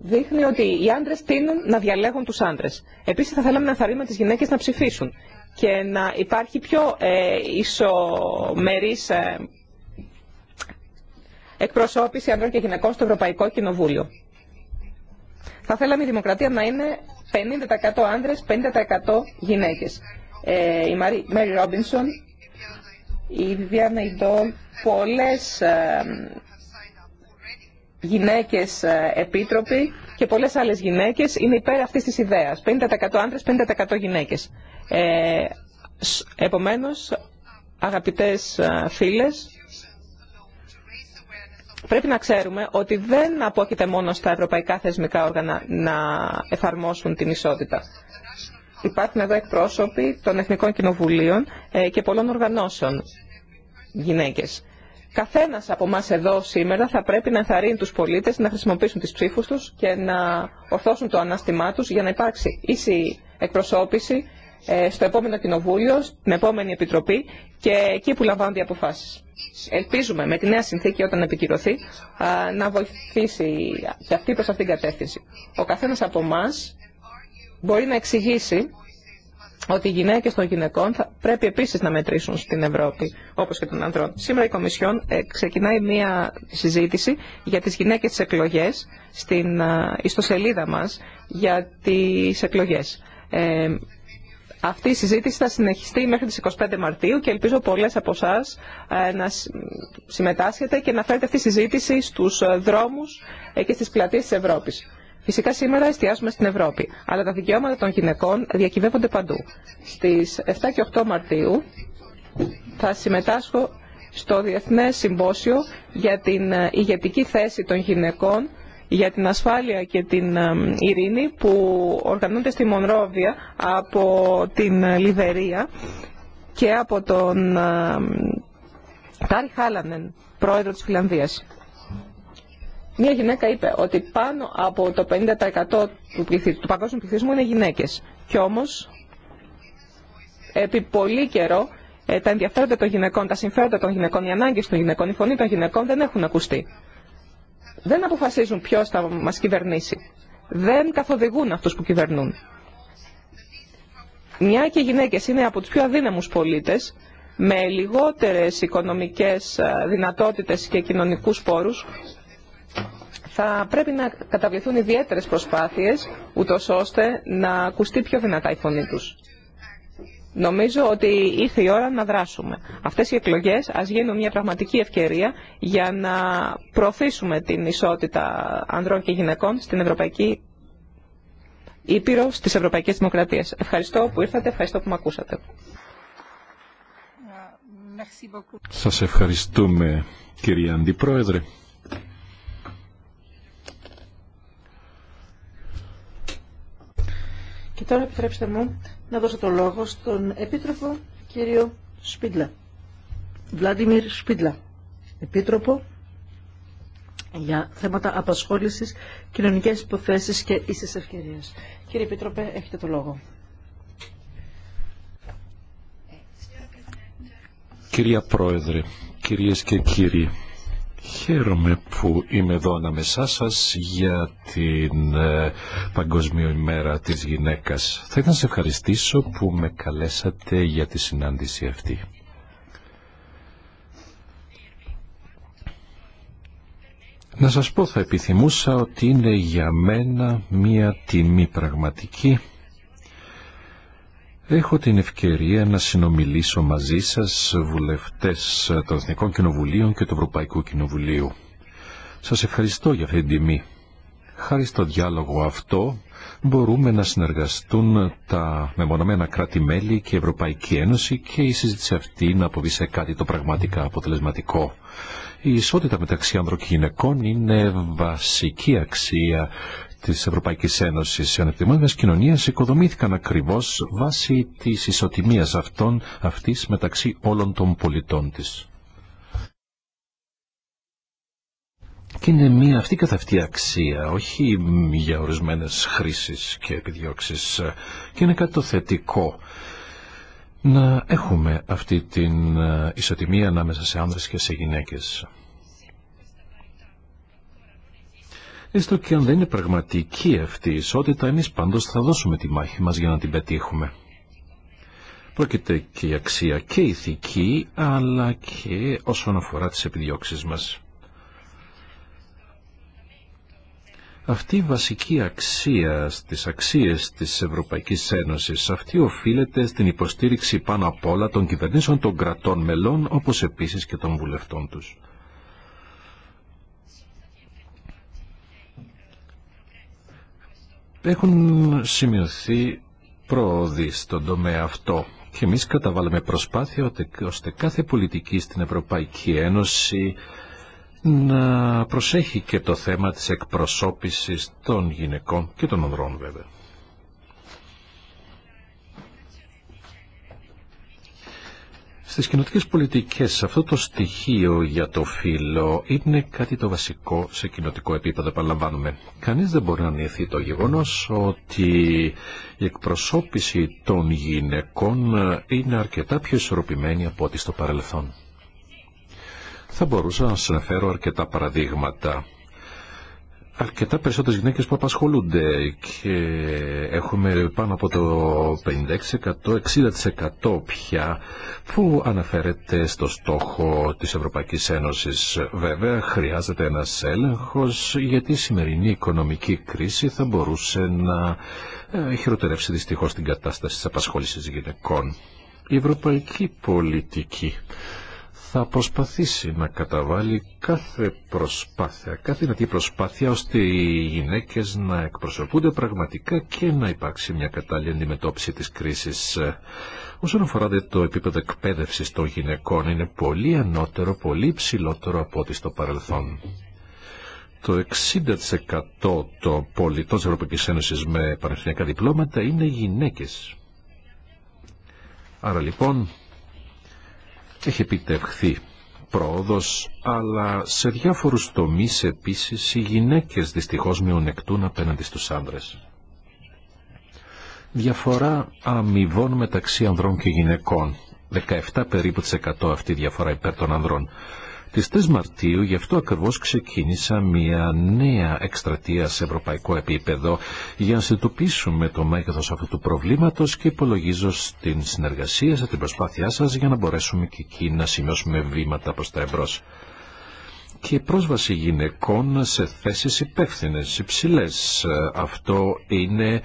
[SPEAKER 3] δείχνει ότι οι άντρες τείνουν να διαλέγουν τους άντρες. Επίσης θα θέλαμε να θαρρύνουμε τις γυναίκες να ψηφίσουν και να υπάρχει πιο ε, ισομερής ε, εκπροσώπηση ανδρών και γυναικών στο Ευρωπαϊκό Κοινοβούλιο. Θα θέλαμε η δημοκρατία να είναι 50% άνδρες, 50% γυναίκες. Ε, η Μέρι Ρόμπινσον, η Βιβιάννα Ιντόλ, πολλές ε, γυναίκες ε, επίτροποι και πολλές άλλες γυναίκες είναι υπέρ αυτής της ιδέας. 50% άνδρες, 50% γυναίκες. Ε, επομένως, αγαπητές ε, φίλες, Πρέπει να ξέρουμε ότι δεν απόκειται μόνο στα ευρωπαϊκά θεσμικά όργανα να εφαρμόσουν την ισότητα. Υπάρχουν εδώ εκπρόσωποι των Εθνικών Κοινοβουλίων ε, και πολλών οργανώσεων γυναίκες. Καθένας από εμά εδώ σήμερα θα πρέπει να ενθαρρύνει τους πολίτες να χρησιμοποιήσουν τις ψήφους τους και να ορθώσουν το ανάστημά τους για να υπάρξει ίση εκπροσώπηση ε, στο επόμενο κοινοβούλιο, στην επόμενη επιτροπή και εκεί που λαμβάνονται οι αποφάσεις. Ελπίζουμε με τη νέα συνθήκη όταν επικυρωθεί να βοηθήσει και αυτή προς αυτήν την κατεύθυνση. Ο καθένας από εμά μπορεί να εξηγήσει ότι οι γυναίκε των γυναικών θα πρέπει επίσης να μετρήσουν στην Ευρώπη, όπως και των ανδρών. Σήμερα η Κομισιόν ε, ξεκινάει μία συζήτηση για τις γυναίκες της εκλογέ στην ιστοσελίδα μας για τις εκλογέ. Ε, αυτή η συζήτηση θα συνεχιστεί μέχρι τις 25 Μαρτίου και ελπίζω πολλές από εσά ε, να συμμετάσχετε και να φέρετε αυτή τη συζήτηση στους ε, δρόμους ε, και στις πλατείες της Ευρώπης. Φυσικά σήμερα εστιάζουμε στην Ευρώπη, αλλά τα δικαιώματα των γυναικών διακυβεύονται παντού. Στις 7 και 8 Μαρτίου θα συμμετάσχω στο Διεθνές Συμπόσιο για την ηγετική θέση των γυναικών για την ασφάλεια και την ε, ειρήνη που οργανώνεται στη Μονρόβια από την Λιβερία και από τον ε, Τάρι Χάλανεν, πρόεδρο της Φιλανδίας. Μία γυναίκα είπε ότι πάνω από το 50% του, του παγκόσμιου πληθυσμού είναι γυναίκες. Κι όμως, επί πολύ καιρό, ε, τα ενδιαφέροντα των γυναικών, τα συμφέροντα των γυναικών, οι ανάγκες των γυναικών, η φωνή των γυναικών δεν έχουν ακουστεί δεν αποφασίζουν ποιο θα μα κυβερνήσει. Δεν καθοδηγούν αυτού που κυβερνούν. Μια και οι γυναίκες είναι από του πιο αδύναμους πολίτες, με λιγότερες οικονομικές ε, δυνατότητες και κοινωνικούς πόρους, θα πρέπει να καταβληθούν ιδιαίτερες προσπάθειες, ούτως ώστε να ακουστεί πιο δυνατά η φωνή τους. Νομίζω ότι ήρθε η ώρα να δράσουμε. Αυτές οι εκλογές ας γίνουν μια πραγματική ευκαιρία για να προωθήσουμε την ισότητα ανδρών και γυναικών στην Ευρωπαϊκή Ήπειρο στις Ευρωπαϊκές Δημοκρατίες. Ευχαριστώ που ήρθατε, ευχαριστώ που με ακούσατε.
[SPEAKER 4] Σας ευχαριστούμε κύριε Αντιπρόεδρε.
[SPEAKER 3] Και τώρα επιτρέψτε
[SPEAKER 1] μου να δώσω το λόγο στον Επίτροπο κύριο Σπίτλα. Βλάντιμιρ Σπίτλα, Επίτροπο για θέματα απασχόλησης, κοινωνικές υποθέσεις και ίσες ευκαιρίες. Κύριε Επίτροπε, έχετε το λόγο.
[SPEAKER 4] Κυρία Πρόεδρε, κυρίες και κύριοι, Χαίρομαι που είμαι εδώ ανάμεσά σας για την ε, Παγκοσμίου ημέρα της γυναίκας. Θα ήθελα να σε ευχαριστήσω που με καλέσατε για τη συνάντηση αυτή. Να σας πω θα επιθυμούσα ότι είναι για μένα μία τιμή πραγματική Έχω την ευκαιρία να συνομιλήσω μαζί σας βουλευτές των Εθνικών Κοινοβουλίων και του Ευρωπαϊκού Κοινοβουλίου. Σας ευχαριστώ για αυτήν την τιμή. Χάρη στο διάλογο αυτό μπορούμε να συνεργαστούν τα μεμονωμένα κράτη-μέλη και η Ευρωπαϊκή Ένωση και η συζήτηση αυτή να αποβεί σε κάτι το πραγματικά αποτελεσματικό. Η ισότητα μεταξύ άνδρων και είναι βασική αξία Τη Ευρωπαϊκή Ένωση, Οι ανεπτυγμένε κοινωνίε οικοδομήθηκαν ακριβώ βάσει της ισοτιμίας αυτών, αυτής μεταξύ όλων των πολιτών της. Και είναι μια αυτή καθ' αυτή αξία, όχι για ορισμένες χρήσεις και επιδιώξει. Και είναι κάτι το θετικό να έχουμε αυτή την ε, ισοτιμία ανάμεσα σε άνδρες και σε γυναίκες. Έστω και αν δεν είναι πραγματική αυτή η ισότητα, εμείς πάντως θα δώσουμε τη μάχη μας για να την πετύχουμε. Πρόκειται και η αξία και η ηθική, αλλά και όσον αφορά τις επιδιώξεις μας. Αυτή η βασική αξία στις αξίες της Ευρωπαϊκής Ένωσης, αυτή οφείλεται στην υποστήριξη πάνω απ' όλα των κυβερνήσεων των κρατών μελών, όπως επίσης και των βουλευτών τους. Έχουν σημειωθεί πρόοδοι στον τομέα αυτό και εμείς καταβάλαμε προσπάθεια ώστε κάθε πολιτική στην Ευρωπαϊκή Ένωση να προσέχει και το θέμα της εκπροσώπησης των γυναικών και των ανδρών βέβαια. Στις κοινωτικές πολιτικές αυτό το στοιχείο για το φύλλο είναι κάτι το βασικό σε κοινωτικό επίπεδο επαναλαμβάνουμε. Κανείς δεν μπορεί να νιωθεί το γεγονός ότι η εκπροσώπηση των γυναικών είναι αρκετά πιο ισορροπημένη από ό,τι στο παρελθόν. Θα μπορούσα να σας αναφέρω αρκετά παραδείγματα αρκετά περισσότερες γυναίκες που απασχολούνται και έχουμε πάνω από το 56%, 60% πια που αναφέρεται στο στόχο της Ευρωπαϊκής Ένωσης. Βέβαια χρειάζεται ένας έλεγχος γιατί η σημερινή οικονομική κρίση θα μπορούσε να ε, χειροτερεύσει δυστυχώς την κατάσταση της απασχόλησης γυναικών. Η ευρωπαϊκή πολιτική θα προσπαθήσει να καταβάλει κάθε προσπάθεια, κάθε δυνατή προσπάθεια ώστε οι γυναίκες να εκπροσωπούνται πραγματικά και να υπάρξει μια κατάλληλη αντιμετώπιση της κρίσης. Όσον αφορά το επίπεδο εκπαίδευση των γυναικών είναι πολύ ανώτερο, πολύ ψηλότερο από ό,τι στο παρελθόν το 60% των πολιτών της Ευρωπαϊκής με πανεπιστημιακά διπλώματα είναι γυναίκε. Άρα λοιπόν έχει επιτευχθεί πρόοδος, αλλά σε διάφορους τομείς επίσης οι γυναίκες δυστυχώς μειονεκτούν απέναντι στους άνδρες. Διαφορά αμοιβών μεταξύ ανδρών και γυναικών. 17 περίπου της 100 αυτή η διαφορά υπέρ των ανδρών. Τι 3 Μαρτίου γι' αυτό ακριβώς ξεκίνησα μια νέα εκστρατεία σε ευρωπαϊκό επίπεδο για να συνειδητοποιήσουμε το μέγεθος αυτού του προβλήματος και υπολογίζω στην συνεργασία σας, την προσπάθειά σας για να μπορέσουμε και εκεί να σημειώσουμε βήματα προς τα εμπρός και πρόσβαση γυναικών σε θέσεις υπεύθυνες, υψηλές. Ε, αυτό είναι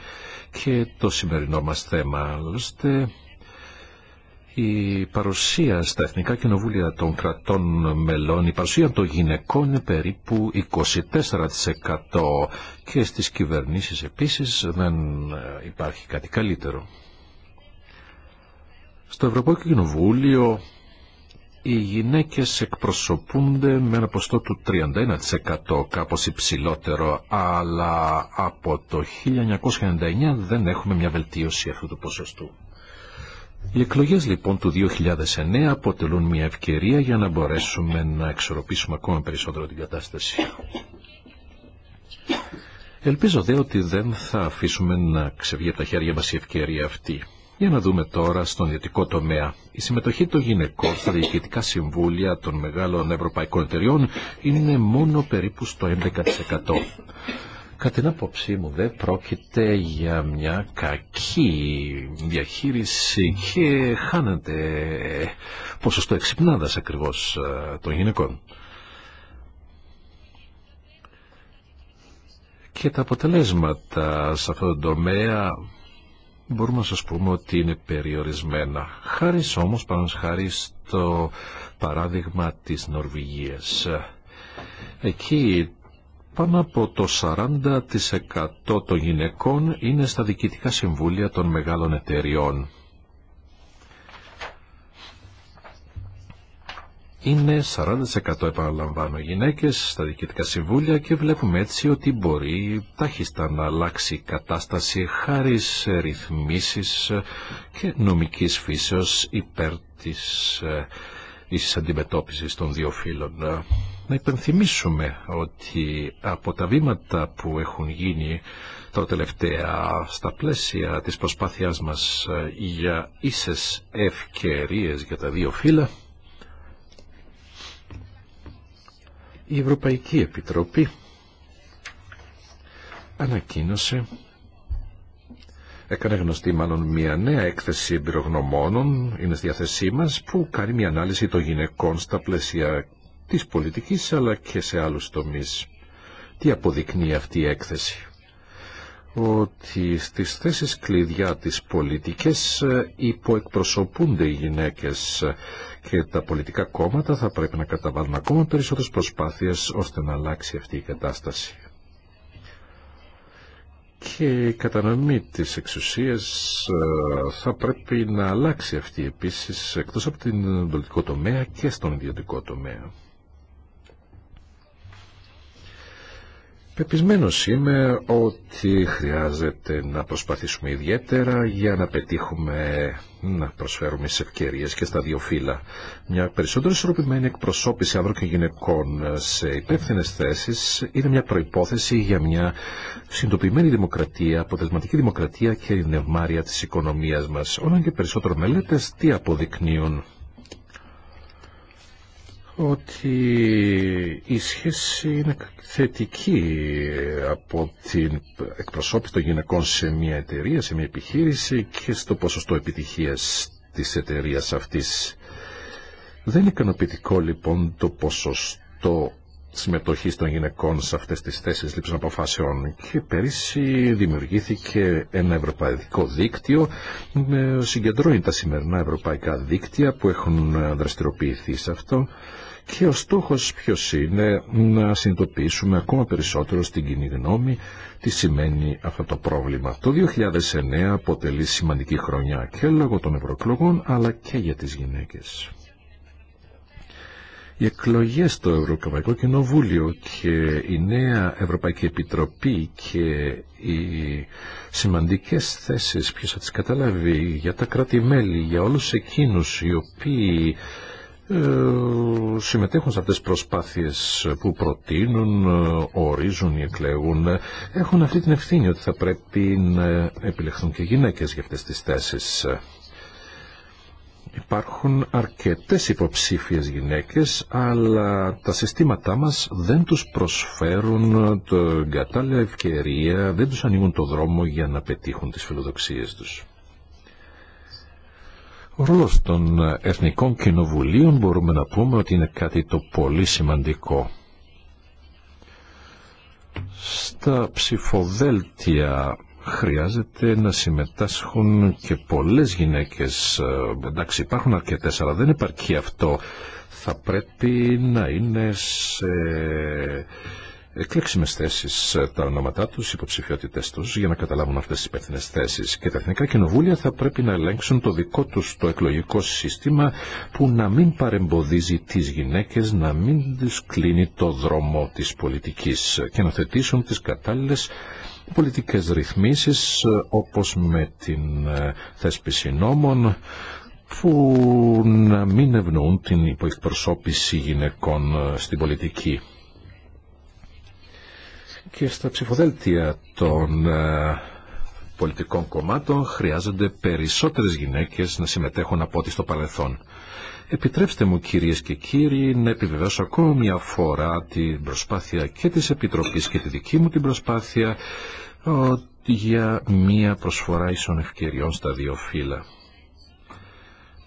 [SPEAKER 4] και το σημερινό μας θέμα. Άλλωστε, η παρουσία στα Εθνικά Κοινοβούλια των κρατών μελών, η παρουσία των γυναικών είναι περίπου 24% και στις κυβερνήσεις επίσης δεν ε, υπάρχει κάτι καλύτερο. Στο Ευρωπαϊκό Κοινοβούλιο οι γυναίκες εκπροσωπούνται με ένα ποστό του 31% κάπως υψηλότερο, αλλά από το 1999 δεν έχουμε μια βελτίωση αυτού του ποσοστού. Οι εκλογές λοιπόν του 2009 αποτελούν μια ευκαιρία για να μπορέσουμε να εξορροπήσουμε ακόμα περισσότερο την κατάσταση. Ελπίζω δε ότι δεν θα αφήσουμε να ξεβγεί από τα χέρια μας η ευκαιρία αυτή. Για να δούμε τώρα στον ιδιωτικό τομέα. Η συμμετοχή των γυναικών στα διοικητικά συμβούλια των μεγάλων ευρωπαϊκών εταιριών είναι μόνο περίπου στο 11%. Κατά την άποψή μου δεν πρόκειται για μια κακή διαχείριση και χάνεται ποσοστό εξυπνάδας ακριβώς ε, των γυναικών. Και τα αποτελέσματα σε αυτό το τομέα μπορούμε να σας πούμε ότι είναι περιορισμένα. Χάρη όμως πάνω χάρη στο παράδειγμα της Νορβηγίας. Εκεί πάνω από το 40% των γυναικών είναι στα διοικητικά συμβούλια των μεγάλων εταιριών. Είναι 40% επαναλαμβάνω γυναίκες στα διοικητικά συμβούλια και βλέπουμε έτσι ότι μπορεί τάχιστα να αλλάξει η κατάσταση χάρη σε ρυθμίσεις και νομικής φύσεως υπέρ της αντιμετώπιση αντιμετώπισης των δύο φύλων να υπενθυμίσουμε ότι από τα βήματα που έχουν γίνει τα τελευταία στα πλαίσια της προσπάθειάς μας ε, για ίσες ευκαιρίες για τα δύο φύλλα, η Ευρωπαϊκή Επιτροπή ανακοίνωσε Έκανε γνωστή μάλλον μια νέα έκθεση εμπειρογνωμόνων, είναι στη διάθεσή μας, που κάνει μια ανάλυση των γυναικών στα πλαίσια της πολιτικής αλλά και σε άλλους τομείς. Τι αποδεικνύει αυτή η έκθεση ότι στις θέσεις κλειδιά της πολιτικής ε, υποεκπροσωπούνται οι γυναίκες και τα πολιτικά κόμματα θα πρέπει να καταβάλουν ακόμα περισσότερες προσπάθειες ώστε να αλλάξει αυτή η κατάσταση. Και η κατανομή της εξουσίας ε, θα πρέπει να αλλάξει αυτή επίσης εκτός από την πολιτικό τομέα και στον ιδιωτικό τομέα. Πεπισμένος είμαι ότι χρειάζεται να προσπαθήσουμε ιδιαίτερα για να πετύχουμε να προσφέρουμε σε ευκαιρίε και στα δύο φύλλα. Μια περισσότερο ισορροπημένη εκπροσώπηση άνδρων και γυναικών σε υπεύθυνε θέσει είναι μια προπόθεση για μια συντοποιημένη δημοκρατία, αποτελεσματική δημοκρατία και η νευμάρια τη οικονομία μα. Όλο και περισσότερο μελέτε τι αποδεικνύουν ότι η σχέση είναι θετική από την εκπροσώπηση των γυναικών σε μια εταιρεία, σε μια επιχείρηση και στο ποσοστό επιτυχίας της εταιρεία αυτής. Δεν είναι ικανοποιητικό λοιπόν το ποσοστό συμμετοχής των γυναικών σε αυτές τις θέσεις λήψης αποφάσεων και πέρυσι δημιουργήθηκε ένα ευρωπαϊκό δίκτυο ε, συγκεντρώνει τα σημερινά ευρωπαϊκά δίκτυα που έχουν δραστηριοποιηθεί σε αυτό και ο στόχος ποιος είναι να συνειδητοποιήσουμε ακόμα περισσότερο στην κοινή γνώμη τι σημαίνει αυτό το πρόβλημα. Το 2009 αποτελεί σημαντική χρονιά και λόγω των ευρωεκλογών αλλά και για τις γυναίκες. Οι εκλογέ στο Ευρωπαϊκό Κοινοβούλιο και η νέα Ευρωπαϊκή Επιτροπή και οι σημαντικές θέσεις, ποιος θα τις καταλάβει, για τα κράτη-μέλη, για όλους εκείνους οι οποίοι ε, συμμετέχουν σε αυτές τις προσπάθειες που προτείνουν, ορίζουν ή εκλέγουν, έχουν αυτή την ευθύνη ότι θα πρέπει να επιλεχθούν και γυναίκες για αυτές τις θέσεις. Υπάρχουν αρκετές υποψήφιες γυναίκες, αλλά τα συστήματά μας δεν τους προσφέρουν την κατάλληλα ευκαιρία, δεν τους ανοίγουν το δρόμο για να πετύχουν τις φιλοδοξίες τους ρόλος των Εθνικών Κοινοβουλίων μπορούμε να πούμε ότι είναι κάτι το πολύ σημαντικό. Στα ψηφοδέλτια χρειάζεται να συμμετάσχουν και πολλές γυναίκες. Ε, εντάξει υπάρχουν αρκετές αλλά δεν υπάρχει αυτό. Θα πρέπει να είναι σε εκλέξιμε θέσει ε, τα ονόματά του, υποψηφιότητέ του, για να καταλάβουν αυτέ τι υπεύθυνε θέσει. Και τα εθνικά κοινοβούλια θα πρέπει να ελέγξουν το δικό του το εκλογικό σύστημα που να μην παρεμποδίζει τι γυναίκε, να μην του κλείνει το δρόμο τη πολιτική και να θετήσουν τι κατάλληλε πολιτικέ ρυθμίσει ε, όπω με την ε, θέσπιση νόμων που να μην ευνοούν την υποεκπροσώπηση γυναικών στην πολιτική και στα ψηφοδέλτια των ε, πολιτικών κομμάτων χρειάζονται περισσότερες γυναίκες να συμμετέχουν από ό,τι στο παρελθόν. Επιτρέψτε μου κυρίες και κύριοι να επιβεβαιώσω ακόμα μια φορά την προσπάθεια και της Επιτροπής και τη δική μου την προσπάθεια ε, για μια προσφορά ίσων ευκαιριών στα δύο φύλλα.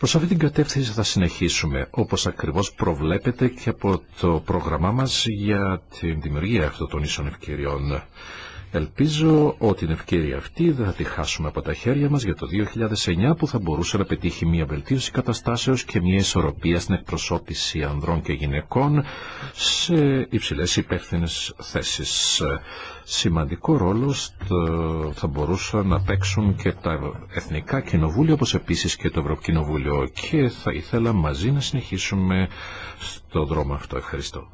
[SPEAKER 4] Προς αυτή την κατεύθυνση θα συνεχίσουμε, όπως ακριβώς προβλέπεται και από το πρόγραμμά μας για την δημιουργία αυτών των ίσων ευκαιριών. Ελπίζω ότι την ευκαιρία αυτή δεν θα τη χάσουμε από τα χέρια μας για το 2009 που θα μπορούσε να πετύχει μια βελτίωση καταστάσεως και μια ισορροπία στην εκπροσώπηση ανδρών και γυναικών σε υψηλές υπεύθυνε θέσεις σημαντικό ρόλο θα μπορούσαν να παίξουν και τα Εθνικά Κοινοβούλια όπως επίσης και το Ευρωκοινοβούλιο και θα ήθελα μαζί να συνεχίσουμε στο δρόμο αυτό. Ευχαριστώ.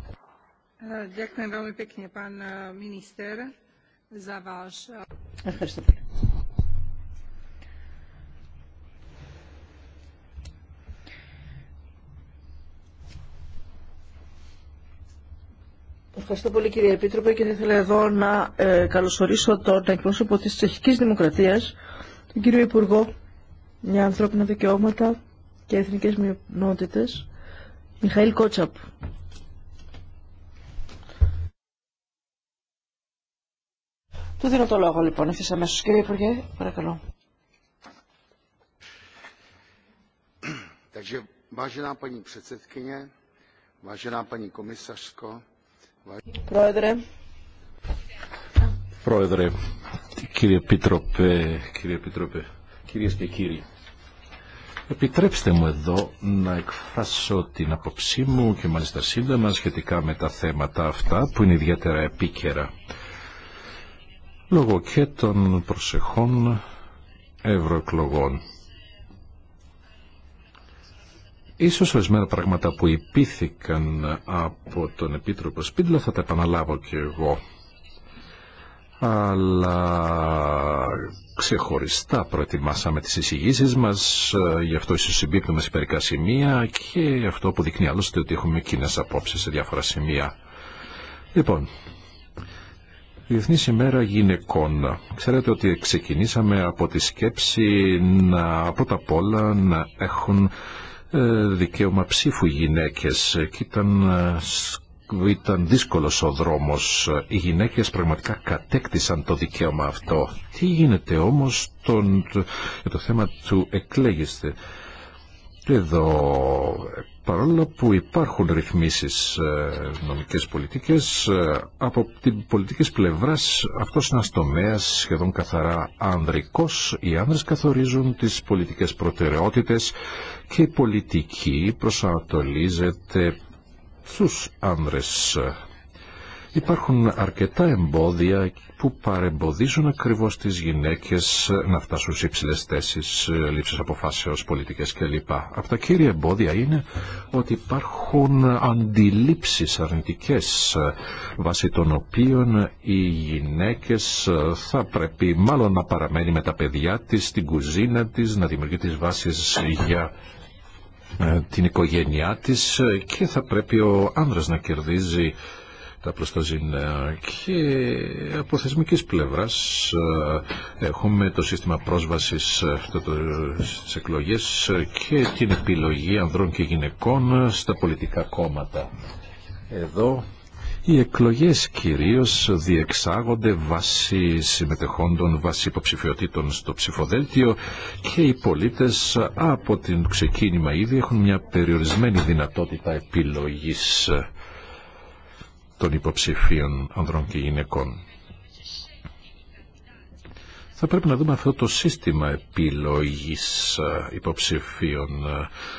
[SPEAKER 2] Ε, ε,
[SPEAKER 1] Ευχαριστώ Ευχαριστώ πολύ κύριε Επίτροπε και θα ήθελα εδώ να ε, καλωσορίσω τον εκπρόσωπο της Τσεχικής Δημοκρατίας, τον κύριο Υπουργό για Ανθρώπινα Δικαιώματα και Εθνικές Μειονότητες, Μιχαήλ Κότσαπ. Του δίνω το λόγο λοιπόν, ευθύς αμέσως. Κύριε Υπουργέ, παρακαλώ.
[SPEAKER 4] Takže vážená paní předsedkyně, vážená paní komisařko, Πρόεδρε. κύριε επιτρόπε, κύριε επιτρόπε, κυρίες και κύριοι. Επιτρέψτε μου εδώ να εκφράσω την απόψή μου και μάλιστα σύντομα σχετικά με τα θέματα αυτά που είναι ιδιαίτερα επίκαιρα. Λόγω και των προσεχών ευρωεκλογών. Ίσως ορισμένα πράγματα που υπήθηκαν από τον Επίτροπο Σπίτλο θα τα επαναλάβω και εγώ. Αλλά ξεχωριστά προετοιμάσαμε τις εισηγήσεις μας, γι' αυτό ίσως συμπίπτουμε σε περικά σημεία και αυτό που δείχνει άλλωστε ότι έχουμε κοινέ απόψεις σε διάφορα σημεία. Λοιπόν, Διεθνή ημέρα γυναικών. Ξέρετε ότι ξεκινήσαμε από τη σκέψη να πρώτα απ' όλα να έχουν ε, δικαίωμα ψήφου γυναίκες και ήταν, ε, ήταν δύσκολος ο δρόμος. Οι γυναίκες πραγματικά κατέκτησαν το δικαίωμα αυτό. Τι γίνεται όμως τον, το θέμα του εκλέγεστε. Εδώ παρόλο που υπάρχουν ρυθμίσεις ε, νομικές πολιτικές, ε, από την πολιτικής πλευράς αυτός είναι ένας τομέας σχεδόν καθαρά ανδρικός. Οι άνδρες καθορίζουν τις πολιτικές προτεραιότητες και η πολιτική προσανατολίζεται στους άνδρες Υπάρχουν αρκετά εμπόδια που παρεμποδίζουν ακριβώς τις γυναίκες να φτάσουν σε υψηλές θέσεις λήψης αποφάσεως πολιτικές κλπ. Από τα κύρια εμπόδια είναι ότι υπάρχουν αντιλήψεις αρνητικές βάσει των οποίων οι γυναίκες θα πρέπει μάλλον να παραμένει με τα παιδιά της, στην κουζίνα της, να δημιουργεί τις βάσεις για ε, την οικογένειά της και θα πρέπει ο άνδρας να κερδίζει τα νέα και από θεσμικής πλευράς ε, έχουμε το σύστημα πρόσβασης στις εκλογές και την επιλογή ανδρών και γυναικών στα πολιτικά κόμματα. Εδώ οι εκλογές κυρίως διεξάγονται βάσει συμμετεχόντων, βάσει υποψηφιότητων στο ψηφοδέλτιο και οι πολίτες από την ξεκίνημα ήδη έχουν μια περιορισμένη δυνατότητα επιλογής των υποψηφίων ανδρών και γυναικών. Θα πρέπει να δούμε αυτό το σύστημα επιλογής υποψηφίων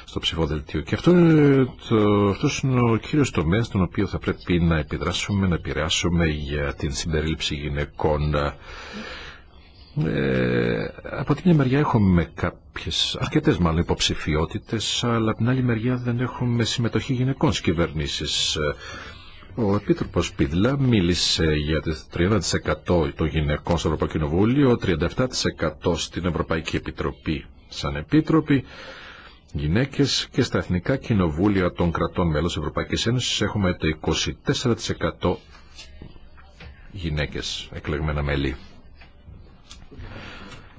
[SPEAKER 4] στο ψηφοδελτίο. Και αυτό είναι το, αυτός είναι ο κύριος τομέας τον οποίο θα πρέπει να επιδράσουμε, να επηρεάσουμε για την συμπερίληψη γυναικών. Ε, από την μια μεριά έχουμε κάποιες, αρκετές μάλλον υποψηφιότητες, αλλά από την άλλη μεριά δεν έχουμε συμμετοχή γυναικών στις κυβερνήσεις. Ο Επίτροπος Πίδλα μίλησε για το 30% των γυναικών στο Ευρωπαϊκό Κοινοβούλιο, 37% στην Ευρωπαϊκή Επιτροπή σαν Επίτροπη. Γυναίκες και στα Εθνικά Κοινοβούλια των κρατών μέλος Ευρωπαϊκής Ένωσης έχουμε το 24% γυναίκες εκλεγμένα μέλη.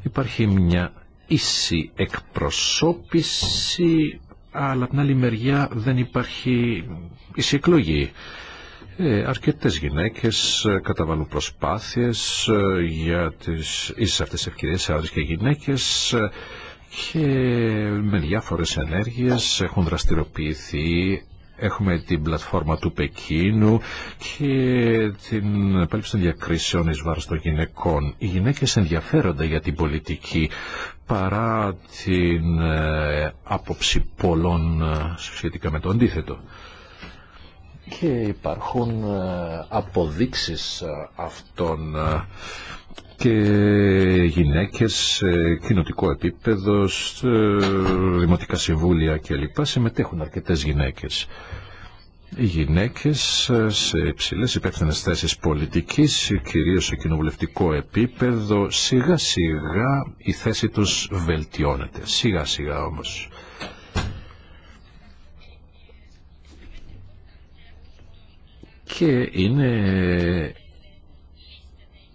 [SPEAKER 4] Υπάρχει μια ίση εκπροσώπηση αλλά από την άλλη μεριά δεν υπάρχει ίση εκλογή. Ε, αρκετές γυναίκες ε, καταβάλουν προσπάθειες ε, για τις ίσες αυτές ευκαιρίες σε και γυναίκες ε, και με διάφορες ενέργειες έχουν δραστηριοποιηθεί Έχουμε την πλατφόρμα του Πεκίνου και την επέλευση των διακρίσεων εις βάρος των γυναικών. Οι γυναίκες ενδιαφέρονται για την πολιτική παρά την άποψη πολλών σχετικά με το αντίθετο και υπάρχουν ε, αποδείξεις ε, αυτών ε, και γυναίκες σε κοινοτικό επίπεδο, δημοτικά συμβούλια κλπ. Συμμετέχουν αρκετές γυναίκες. Οι γυναίκες σε υψηλές υπεύθυνες θέσεις πολιτικής, κυρίως σε κοινοβουλευτικό επίπεδο, σιγά σιγά η θέση τους βελτιώνεται. Σιγά σιγά όμως. και είναι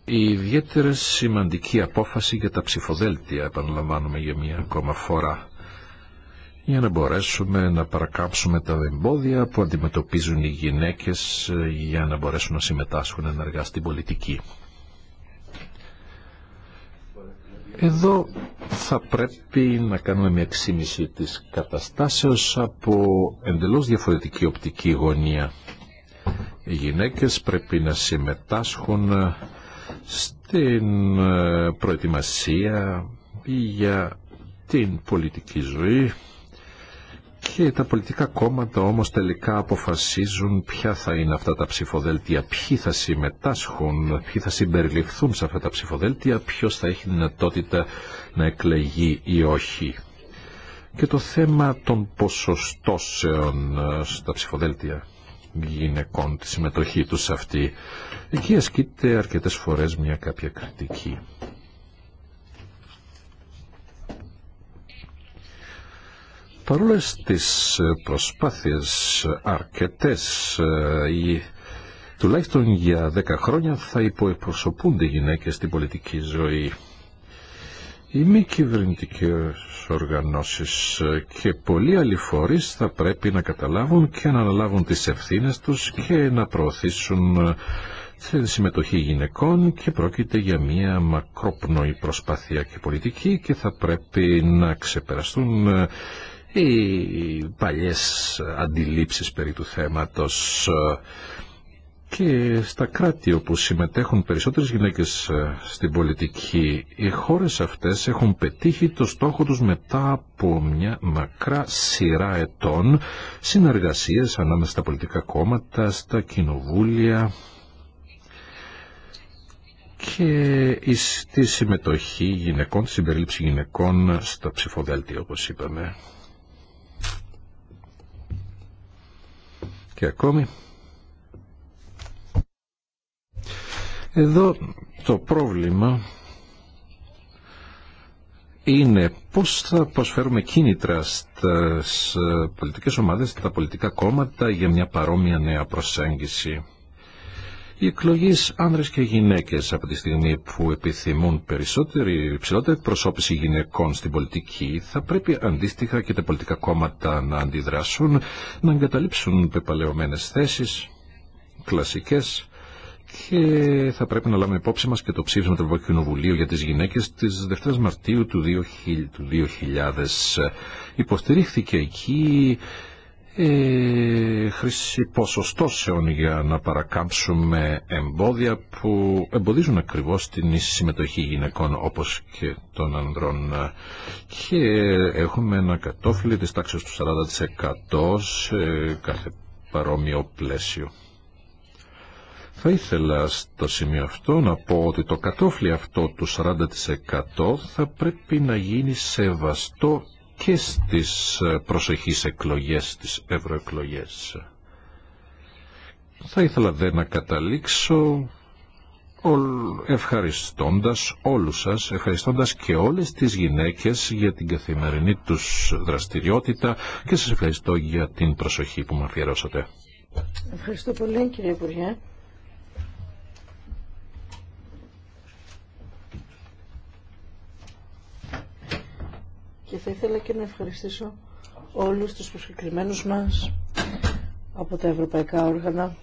[SPEAKER 4] η ιδιαίτερα σημαντική απόφαση για τα ψηφοδέλτια, επαναλαμβάνουμε για μία ακόμα φορά, για να μπορέσουμε να παρακάψουμε τα εμπόδια που αντιμετωπίζουν οι γυναίκες ε, για να μπορέσουν να συμμετάσχουν ενεργά στην πολιτική. Εδώ θα πρέπει να κάνουμε μια εξήμιση της καταστάσεως από εντελώς διαφορετική οπτική γωνία. Οι γυναίκες πρέπει να συμμετάσχουν στην ε, προετοιμασία για την πολιτική ζωή και τα πολιτικά κόμματα όμως τελικά αποφασίζουν ποια θα είναι αυτά τα ψηφοδέλτια, ποιοι θα συμμετάσχουν, ποιοι θα συμπεριληφθούν σε αυτά τα ψηφοδέλτια, ποιος θα έχει δυνατότητα να εκλεγεί ή όχι. Και το θέμα των ποσοστώσεων ε, στα ψηφοδέλτια γυναικών, τη συμμετοχή τους αυτή. Εκεί ασκείται αρκετές φορές μια κάποια κριτική. Παρόλε τις ε, προσπάθειες αρκετές ή ε, τουλάχιστον για δέκα χρόνια θα υποεπροσωπούνται οι γυναίκες στην πολιτική ζωή οι μη κυβερνητικέ οργανώσεις και πολλοί άλλοι φορεί θα πρέπει να καταλάβουν και να αναλάβουν τις ευθύνες τους και να προωθήσουν ε, τη συμμετοχή γυναικών και πρόκειται για μια μακρόπνοη προσπάθεια και πολιτική και θα πρέπει να ξεπεραστούν ε, οι παλιές αντιλήψεις περί του θέματος και στα κράτη όπου συμμετέχουν περισσότερες γυναίκες ε, στην πολιτική, οι χώρες αυτές έχουν πετύχει το στόχο τους μετά από μια μακρά σειρά ετών συνεργασίες ανάμεσα στα πολιτικά κόμματα, στα κοινοβούλια και στη συμμετοχή γυναικών, τη συμπερίληψη γυναικών στα ψηφοδέλτια όπως είπαμε. Και ακόμη Εδώ το πρόβλημα είναι πώς θα προσφέρουμε κίνητρα στις ε, πολιτικές ομάδες, στα πολιτικά κόμματα για μια παρόμοια νέα προσέγγιση. Οι εκλογέ άνδρες και γυναίκες από τη στιγμή που επιθυμούν περισσότερη ψηλότερη προσώπηση γυναικών στην πολιτική θα πρέπει αντίστοιχα και τα πολιτικά κόμματα να αντιδράσουν, να εγκαταλείψουν πεπαλαιωμένες θέσεις, κλασικές, και θα πρέπει να λάβουμε υπόψη μας και το ψήφισμα του Ευρωπαϊκού Κοινοβουλίου για τις γυναίκες της 2 Μαρτίου του 2000. Υποστηρίχθηκε εκεί ε, χρήση ποσοστώσεων για να παρακάμψουμε εμπόδια που εμποδίζουν ακριβώς την συμμετοχή γυναικών όπως και των ανδρών και έχουμε ένα κατόφυλλο της τάξης του 40% σε κάθε παρόμοιο πλαίσιο. Θα ήθελα στο σημείο αυτό να πω ότι το κατόφλι αυτό του 40% θα πρέπει να γίνει σεβαστό και στις ε, προσεχείς εκλογές, στις ευρωεκλογές. Θα ήθελα δε να καταλήξω ευχαριστώντας όλους σας, ευχαριστώντας και όλες τις γυναίκες για την καθημερινή τους δραστηριότητα και σας ευχαριστώ για την προσοχή που μου αφιερώσατε.
[SPEAKER 1] Ευχαριστώ πολύ κύριε Υπουργέ. και θα ήθελα και να ευχαριστήσω όλους τους προσκεκριμένους μας από τα ευρωπαϊκά όργανα.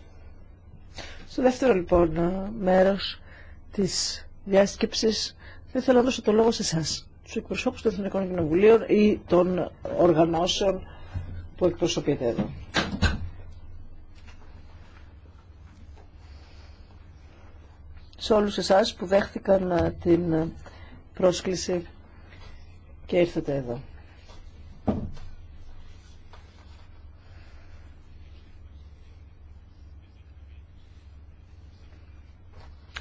[SPEAKER 1] Στο δεύτερο λοιπόν μέρος της διάσκεψης θα ήθελα να δώσω το λόγο σε εσά, τους εκπροσώπους των Εθνικών Κοινοβουλίων ή των οργανώσεων που εκπροσωπείτε εδώ. Σε όλους εσάς που δέχτηκαν ε, την πρόσκληση και ήρθατε εδώ.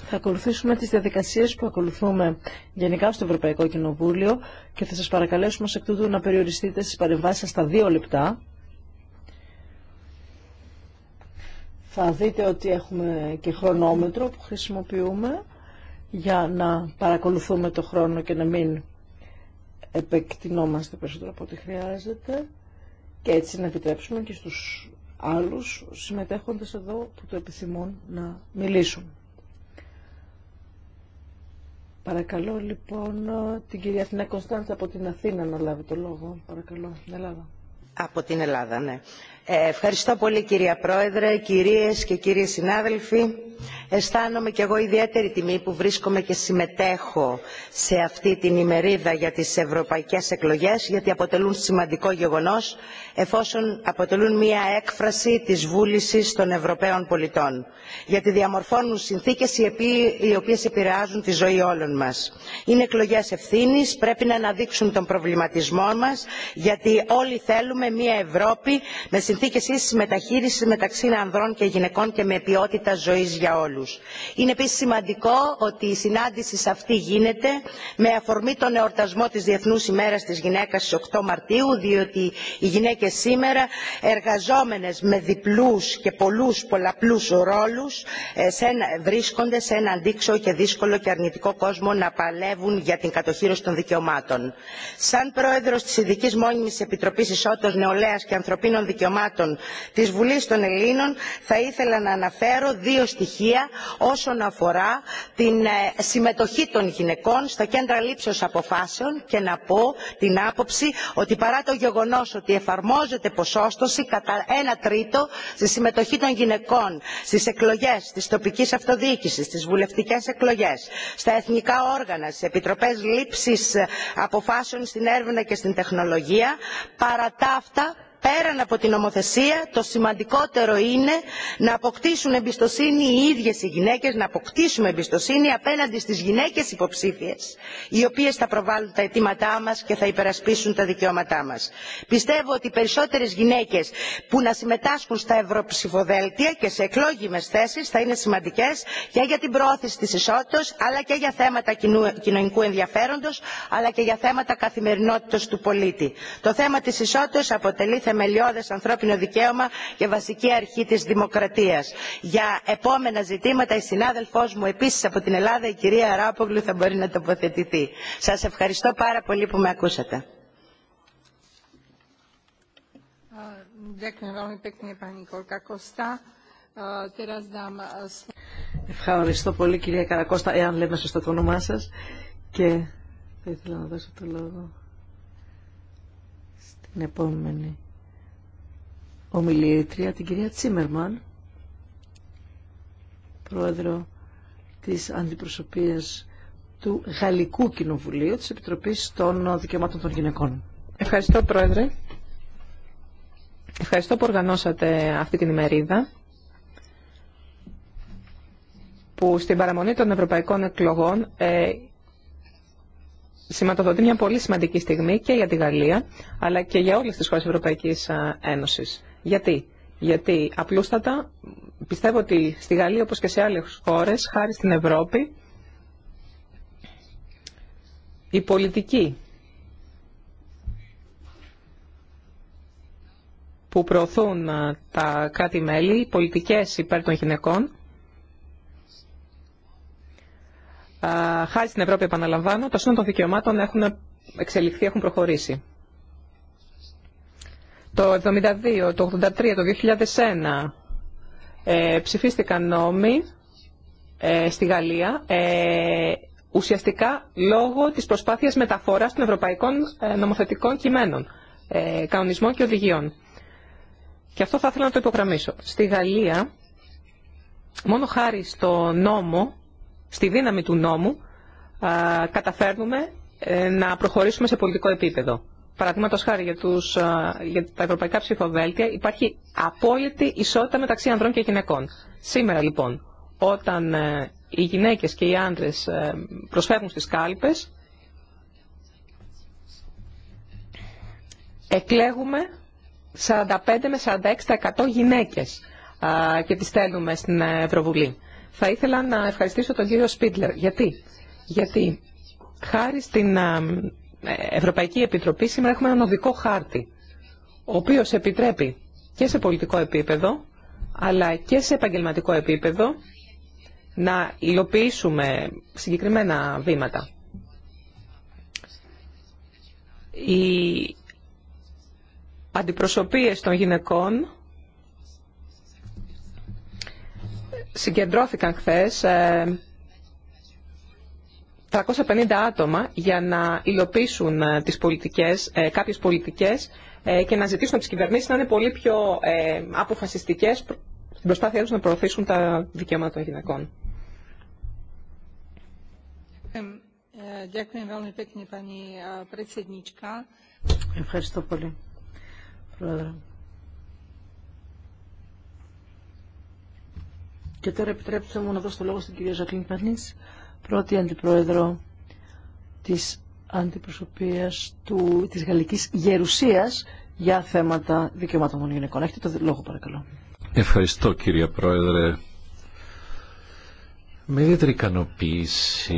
[SPEAKER 1] Θα ακολουθήσουμε τις διαδικασίες που ακολουθούμε γενικά στο Ευρωπαϊκό Κοινοβούλιο και θα σας παρακαλέσουμε σε τούτου να περιοριστείτε στις παρεμβάσεις στα δύο λεπτά. Θα δείτε ότι έχουμε και χρονόμετρο που χρησιμοποιούμε για να παρακολουθούμε το χρόνο και να μην επεκτηνόμαστε περισσότερο από ό,τι χρειάζεται και έτσι να επιτρέψουμε και στους άλλους συμμετέχοντες εδώ που το επιθυμούν να μιλήσουν. Παρακαλώ λοιπόν την κυρία Αθηνά Κωνσταντζα από την Αθήνα να λάβει
[SPEAKER 5] το λόγο. Παρακαλώ, την Ελλάδα. Από την Ελλάδα, ναι. Ε, ευχαριστώ πολύ κυρία Πρόεδρε, κυρίες και κύριοι συνάδελφοι. Αισθάνομαι κι εγώ ιδιαίτερη τιμή που βρίσκομαι και συμμετέχω σε αυτή την ημερίδα για τις ευρωπαϊκές εκλογές γιατί αποτελούν σημαντικό γεγονός εφόσον αποτελούν μια έκφραση της βούλησης των Ευρωπαίων πολιτών. Γιατί διαμορφώνουν συνθήκες οι οποίες επηρεάζουν τη ζωή όλων μας. Είναι εκλογές ευθύνης, πρέπει να αναδείξουν τον προβληματισμό μας γιατί όλοι θέλουμε μια Ευρώπη με συνθήκες ίσης μεταχείρισης μεταξύ ανδρών και γυναικών και με ποιότητα ζωής για είναι επίσης σημαντικό ότι η συνάντηση σε αυτή γίνεται με αφορμή τον εορτασμό της Διεθνούς ημέρας της γυναίκας στις 8 Μαρτίου, διότι οι γυναίκες σήμερα εργαζόμενες με διπλούς και πολλούς πολλαπλούς ρόλους ε, βρίσκονται σε ένα αντίξωο και δύσκολο και αρνητικό κόσμο να παλεύουν για την κατοχήρωση των δικαιωμάτων. Σαν πρόεδρος της Ειδικής Μόνιμης Επιτροπής Ισότητας Νεολαίας και Ανθρωπίνων Δικαιωμάτων της Βουλής των Ελλήνων θα ήθελα να αναφέρω δύο στοιχεία όσον αφορά την ε, συμμετοχή των γυναικών στα κέντρα λήψεως αποφάσεων και να πω την άποψη ότι παρά το γεγονός ότι εφαρμόζεται ποσόστοση κατά ένα τρίτο στη συμμετοχή των γυναικών στις εκλογές της τοπικής αυτοδιοίκησης, στις βουλευτικές εκλογές, στα εθνικά όργανα, στις επιτροπές λήψης ε, αποφάσεων στην έρευνα και στην τεχνολογία, παρά τα πέραν από την νομοθεσία το σημαντικότερο είναι να αποκτήσουν εμπιστοσύνη οι ίδιες οι γυναίκες να αποκτήσουμε εμπιστοσύνη απέναντι στις γυναίκες υποψήφιες οι οποίες θα προβάλλουν τα αιτήματά μας και θα υπερασπίσουν τα δικαιώματά μας. πιστεύω ότι οι περισσότερες γυναίκες που να συμμετάσχουν στα ευρωψηφοδέλτια και σε εκλόγιμες θέσεις θα είναι σημαντικές και για την προώθηση της ισότητας αλλά και για θέματα κοινωνικού ενδιαφέροντος αλλά και για θέματα καθημερινότητας του πολίτη. το θέμα της ισότητας αποτελεί θεμελιώδες ανθρώπινο δικαίωμα και βασική αρχή της δημοκρατίας. Για επόμενα ζητήματα η συνάδελφός μου επίσης από την Ελλάδα η κυρία Ράπογλου θα μπορεί να τοποθετηθεί. Σας ευχαριστώ πάρα πολύ που με ακούσατε.
[SPEAKER 1] Ευχαριστώ πολύ κυρία Καρακώστα, εάν λέμε σωστά το όνομά σας και θα ήθελα να στην επόμενη ομιλήτρια, την κυρία Τσίμερμαν, πρόεδρο της αντιπροσωπείας του Γαλλικού Κοινοβουλίου της Επιτροπής των Δικαιωμάτων των Γυναικών.
[SPEAKER 3] Ευχαριστώ, Πρόεδρε. Ευχαριστώ που οργανώσατε αυτή την ημερίδα που στην παραμονή των ευρωπαϊκών εκλογών ε, σηματοδοτεί μια πολύ σημαντική στιγμή και για τη Γαλλία αλλά και για όλες τις χώρες Ευρωπαϊκής ε, Ένωσης. Γιατί? Γιατί απλούστατα πιστεύω ότι στη Γαλλία όπως και σε άλλες χώρες, χάρη στην Ευρώπη, η πολιτική που προωθούν ε, τα κράτη-μέλη, οι πολιτικές υπέρ των γυναικών, ε, χάρη στην Ευρώπη επαναλαμβάνω, τα σύνορα των δικαιωμάτων έχουν εξελιχθεί, έχουν προχωρήσει. Το 1972, το 1983, το 2001 ε, ψηφίστηκαν νόμοι ε, στη Γαλλία ε, ουσιαστικά λόγω της προσπάθειας μεταφοράς των ευρωπαϊκών ε, νομοθετικών κειμένων, ε, κανονισμών και οδηγιών. Και αυτό θα ήθελα να το υπογραμμίσω. Στη Γαλλία, μόνο χάρη στο νόμο, στη δύναμη του νόμου, καταφέρνουμε ε, να προχωρήσουμε σε πολιτικό επίπεδο παραδείγματο χάρη για, τους, για τα ευρωπαϊκά ψηφοδέλτια, υπάρχει απόλυτη ισότητα μεταξύ ανδρών και γυναικών. Σήμερα λοιπόν, όταν ε, οι γυναίκες και οι άντρε προσφεύγουν στις καλπε εκλέγουμε 45 με 46% γυναίκες και τις στέλνουμε στην Ευρωβουλή. Θα ήθελα να ευχαριστήσω τον κύριο Σπίτλερ. Γιατί, Γιατί χάρη στην Ευρωπαϊκή Επιτροπή σήμερα έχουμε έναν οδικό χάρτη, ο οποίος επιτρέπει και σε πολιτικό επίπεδο, αλλά και σε επαγγελματικό επίπεδο, να υλοποιήσουμε συγκεκριμένα βήματα. Οι αντιπροσωπείες των γυναικών συγκεντρώθηκαν χθες ε, 350 άτομα για να υλοποιήσουν ε, τις πολιτικές, ε, κάποιες πολιτικές ε, και να ζητήσουν από τις κυβερνήσεις να είναι πολύ πιο αποφασιστικές στην προσπάθειά τους να προωθήσουν τα δικαιώματα των γυναικών.
[SPEAKER 1] Ευχαριστώ πολύ, Πρόεδρε. Και τώρα επιτρέψτε μου να δώσω το λόγο στην κυρία Ζακλίν πρώτη αντιπρόεδρο της αντιπροσωπείας του, της Γαλλικής Γερουσίας για θέματα δικαιωμάτων των γυναικών. Έχετε το λόγο παρακαλώ.
[SPEAKER 4] Ευχαριστώ κύριε Πρόεδρε. Με ιδιαίτερη ικανοποίηση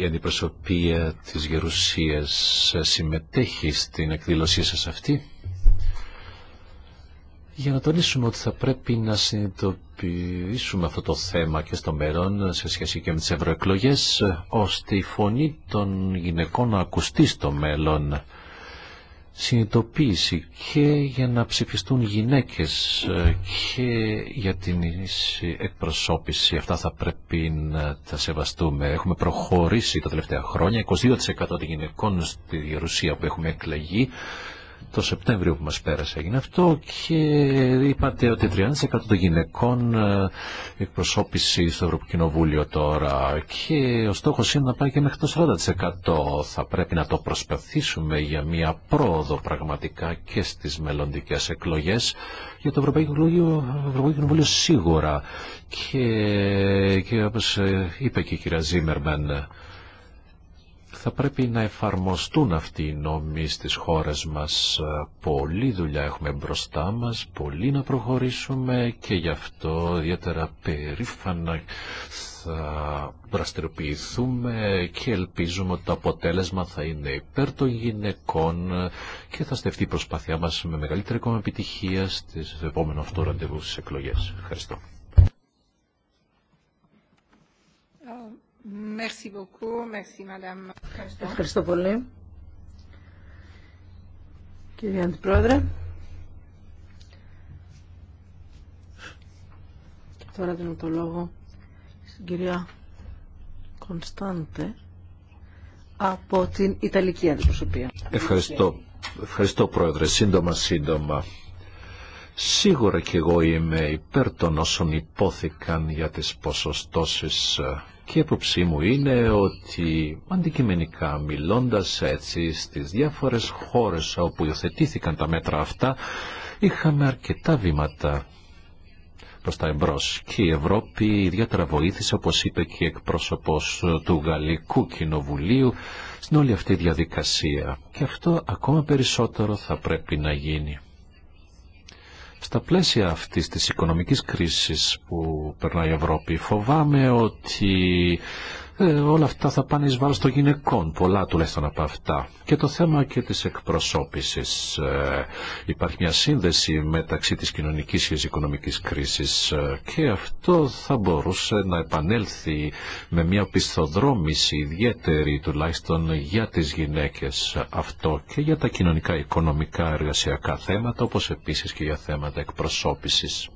[SPEAKER 4] η αντιπροσωπεία της Γερουσίας συμμετέχει στην εκδήλωσή σας αυτή για να τονίσουμε ότι θα πρέπει να συνειδητοποιήσουμε αυτό το θέμα και στο μέλλον σε σχέση και με τις ευρωεκλογέ, ώστε η φωνή των γυναικών να ακουστεί στο μέλλον συνειδητοποίηση και για να ψηφιστούν γυναίκες και για την εκπροσώπηση. Αυτά θα πρέπει να τα σεβαστούμε. Έχουμε προχωρήσει τα τελευταία χρόνια. 22% των γυναικών στη Ρουσία που έχουμε εκλεγεί το Σεπτέμβριο που μας πέρασε έγινε αυτό και είπατε ότι 30% των γυναικών ε, εκπροσώπηση στο Ευρωπαϊκό Κοινοβούλιο τώρα και ο στόχος είναι να πάει και μέχρι το 40%. Θα πρέπει να το προσπαθήσουμε για μια πρόοδο πραγματικά και στις μελλοντικέ εκλογές για το Ευρωπαϊκό Κοινοβούλιο, σίγουρα και, και όπως ε, είπε και η κυρία Ζήμερμεν θα πρέπει να εφαρμοστούν αυτοί οι νόμοι στις χώρες μας. Πολύ δουλειά έχουμε μπροστά μας, πολύ να προχωρήσουμε και γι' αυτό ιδιαίτερα περήφανα θα δραστηριοποιηθούμε και ελπίζουμε ότι το αποτέλεσμα θα είναι υπέρ των γυναικών και θα στεφτεί η προσπάθειά μας με μεγαλύτερη ακόμα επιτυχία στις επόμενο αυτό ραντεβού στις εκλογές. Ευχαριστώ.
[SPEAKER 2] Ευχαριστώ.
[SPEAKER 1] πολύ. Κύριε Αντιπρόεδρε. Τώρα δίνω το λόγο στην κυρία Κωνσταντε από την Ιταλική Αντιπροσωπεία.
[SPEAKER 4] Ευχαριστώ. Ευχαριστώ Πρόεδρε. Σύντομα, σύντομα. Σίγουρα και εγώ είμαι υπέρ των όσων υπόθηκαν για τις ποσοστώσεις ε, η έποψή μου είναι ότι αντικειμενικά μιλώντας έτσι στις διάφορες χώρες όπου υιοθετήθηκαν τα μέτρα αυτά είχαμε αρκετά βήματα προς τα εμπρός και η Ευρώπη ιδιαίτερα βοήθησε όπως είπε και εκπρόσωπος του Γαλλικού Κοινοβουλίου στην όλη αυτή διαδικασία και αυτό ακόμα περισσότερο θα πρέπει να γίνει. Στα πλαίσια αυτής της οικονομικής κρίσης που περνάει η Ευρώπη φοβάμαι ότι ε, όλα αυτά θα πάνε εις βάρος των γυναικών, πολλά τουλάχιστον από αυτά. Και το θέμα και της εκπροσώπησης. Ε, υπάρχει μια σύνδεση μεταξύ της κοινωνικής και της οικονομικής κρίσης ε, και αυτό θα μπορούσε να επανέλθει με μια πιστοδρόμηση ιδιαίτερη τουλάχιστον για τις γυναίκες αυτό και για τα κοινωνικά οικονομικά εργασιακά θέματα όπως επίσης και για θέματα εκπροσώπησης.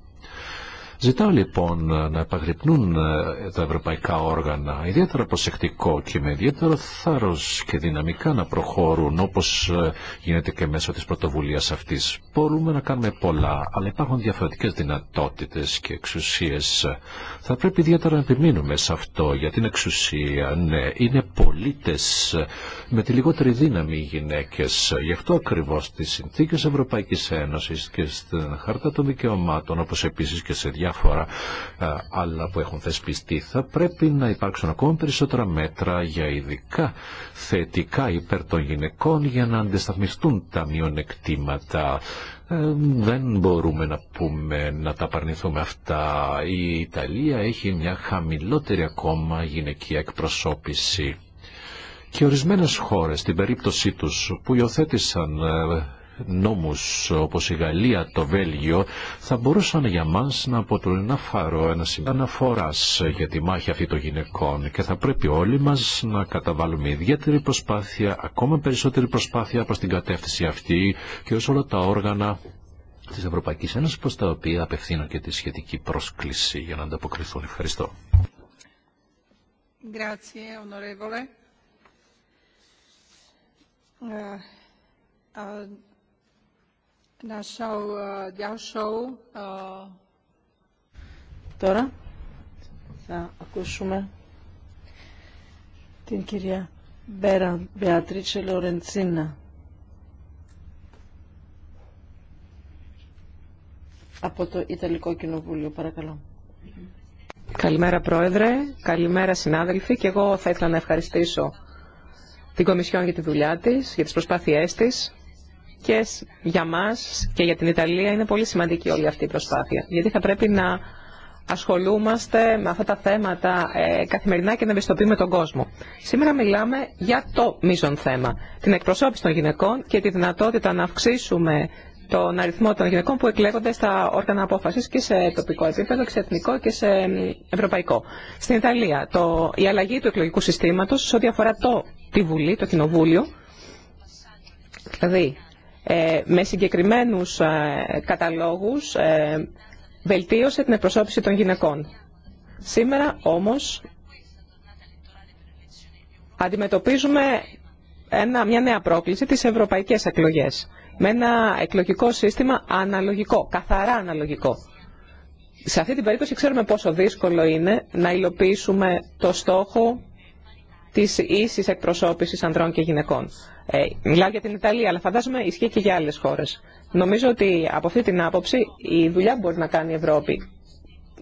[SPEAKER 4] Ζητάω λοιπόν να επαγρυπνούν ε, τα ευρωπαϊκά όργανα, ιδιαίτερα προσεκτικό και με ιδιαίτερο θάρρος και δυναμικά να προχωρούν όπως ε, γίνεται και μέσω της πρωτοβουλίας αυτής. Μπορούμε να κάνουμε πολλά, αλλά υπάρχουν διαφορετικές δυνατότητες και εξουσίες. Θα πρέπει ιδιαίτερα να επιμείνουμε σε αυτό, για την εξουσία, ναι, είναι πολίτες ε, με τη λιγότερη δύναμη οι γυναίκες. Γι' αυτό ακριβώς τις συνθήκες Ευρωπαϊκής Ένωσης και στην Χάρτα των Δικαιωμάτων, όπως επίσης και σε διάφορα ε, άλλα που έχουν θεσπιστεί. Θα πρέπει να υπάρξουν ακόμα περισσότερα μέτρα για ειδικά θετικά υπέρ των γυναικών για να αντισταθμιστούν τα μειονεκτήματα. Ε, δεν μπορούμε να πούμε να τα παρνηθούμε αυτά. Η Ιταλία έχει μια χαμηλότερη ακόμα γυναική εκπροσώπηση. Και ορισμένες χώρες, στην περίπτωσή τους, που υιοθέτησαν ε, νόμους όπως η Γαλλία, το Βέλγιο θα μπορούσαν για μας να αποτελούν ένα φαρό, ένα σημείο αναφοράς για τη μάχη αυτή των γυναικών και θα πρέπει όλοι μας να καταβάλουμε ιδιαίτερη προσπάθεια, ακόμα περισσότερη προσπάθεια προς την κατεύθυνση αυτή και ως όλα τα όργανα της Ευρωπαϊκής Ένωσης προς τα οποία απευθύνω και τη σχετική πρόσκληση για να ανταποκριθούν. Ευχαριστώ.
[SPEAKER 2] Grazie, ε, ε, ε,
[SPEAKER 1] Τώρα θα ακούσουμε την κυρία Μπέρα Μπεατρίτσε Λορεντσίνα από το Ιταλικό Κοινοβούλιο.
[SPEAKER 3] Παρακαλώ. Καλημέρα Πρόεδρε, καλημέρα συνάδελφοι και εγώ θα ήθελα να ευχαριστήσω την Κομισιόν για τη δουλειά της, για τις προσπάθειές της και για μας και για την Ιταλία είναι πολύ σημαντική όλη αυτή η προσπάθεια. Γιατί θα πρέπει να ασχολούμαστε με αυτά τα θέματα ε, καθημερινά και να εμπιστοποιούμε τον κόσμο. Σήμερα μιλάμε για το μείζον θέμα. Την εκπροσώπηση των γυναικών και τη δυνατότητα να αυξήσουμε τον αριθμό των γυναικών που εκλέγονται στα όργανα απόφασης και σε τοπικό επίπεδο, και σε εθνικό και σε ευρωπαϊκό. Στην Ιταλία, το, η αλλαγή του εκλογικού συστήματος σε ό,τι αφορά το, τη Βουλή, το Κοινοβούλιο, δηλαδή ε, με συγκεκριμένους ε, καταλόγους ε, βελτίωσε την εκπροσώπηση των γυναικών. Σήμερα όμως αντιμετωπίζουμε ένα, μια νέα πρόκληση τις ευρωπαϊκές εκλογές με ένα εκλογικό σύστημα αναλογικό, καθαρά αναλογικό. Σε αυτή την περίπτωση ξέρουμε πόσο δύσκολο είναι να υλοποιήσουμε το στόχο της ίσης εκπροσώπησης ανδρών και γυναικών. Ε, μιλάω για την Ιταλία, αλλά φαντάζομαι ισχύει και για άλλε χώρε. Νομίζω ότι από αυτή την άποψη η δουλειά που μπορεί να κάνει η Ευρώπη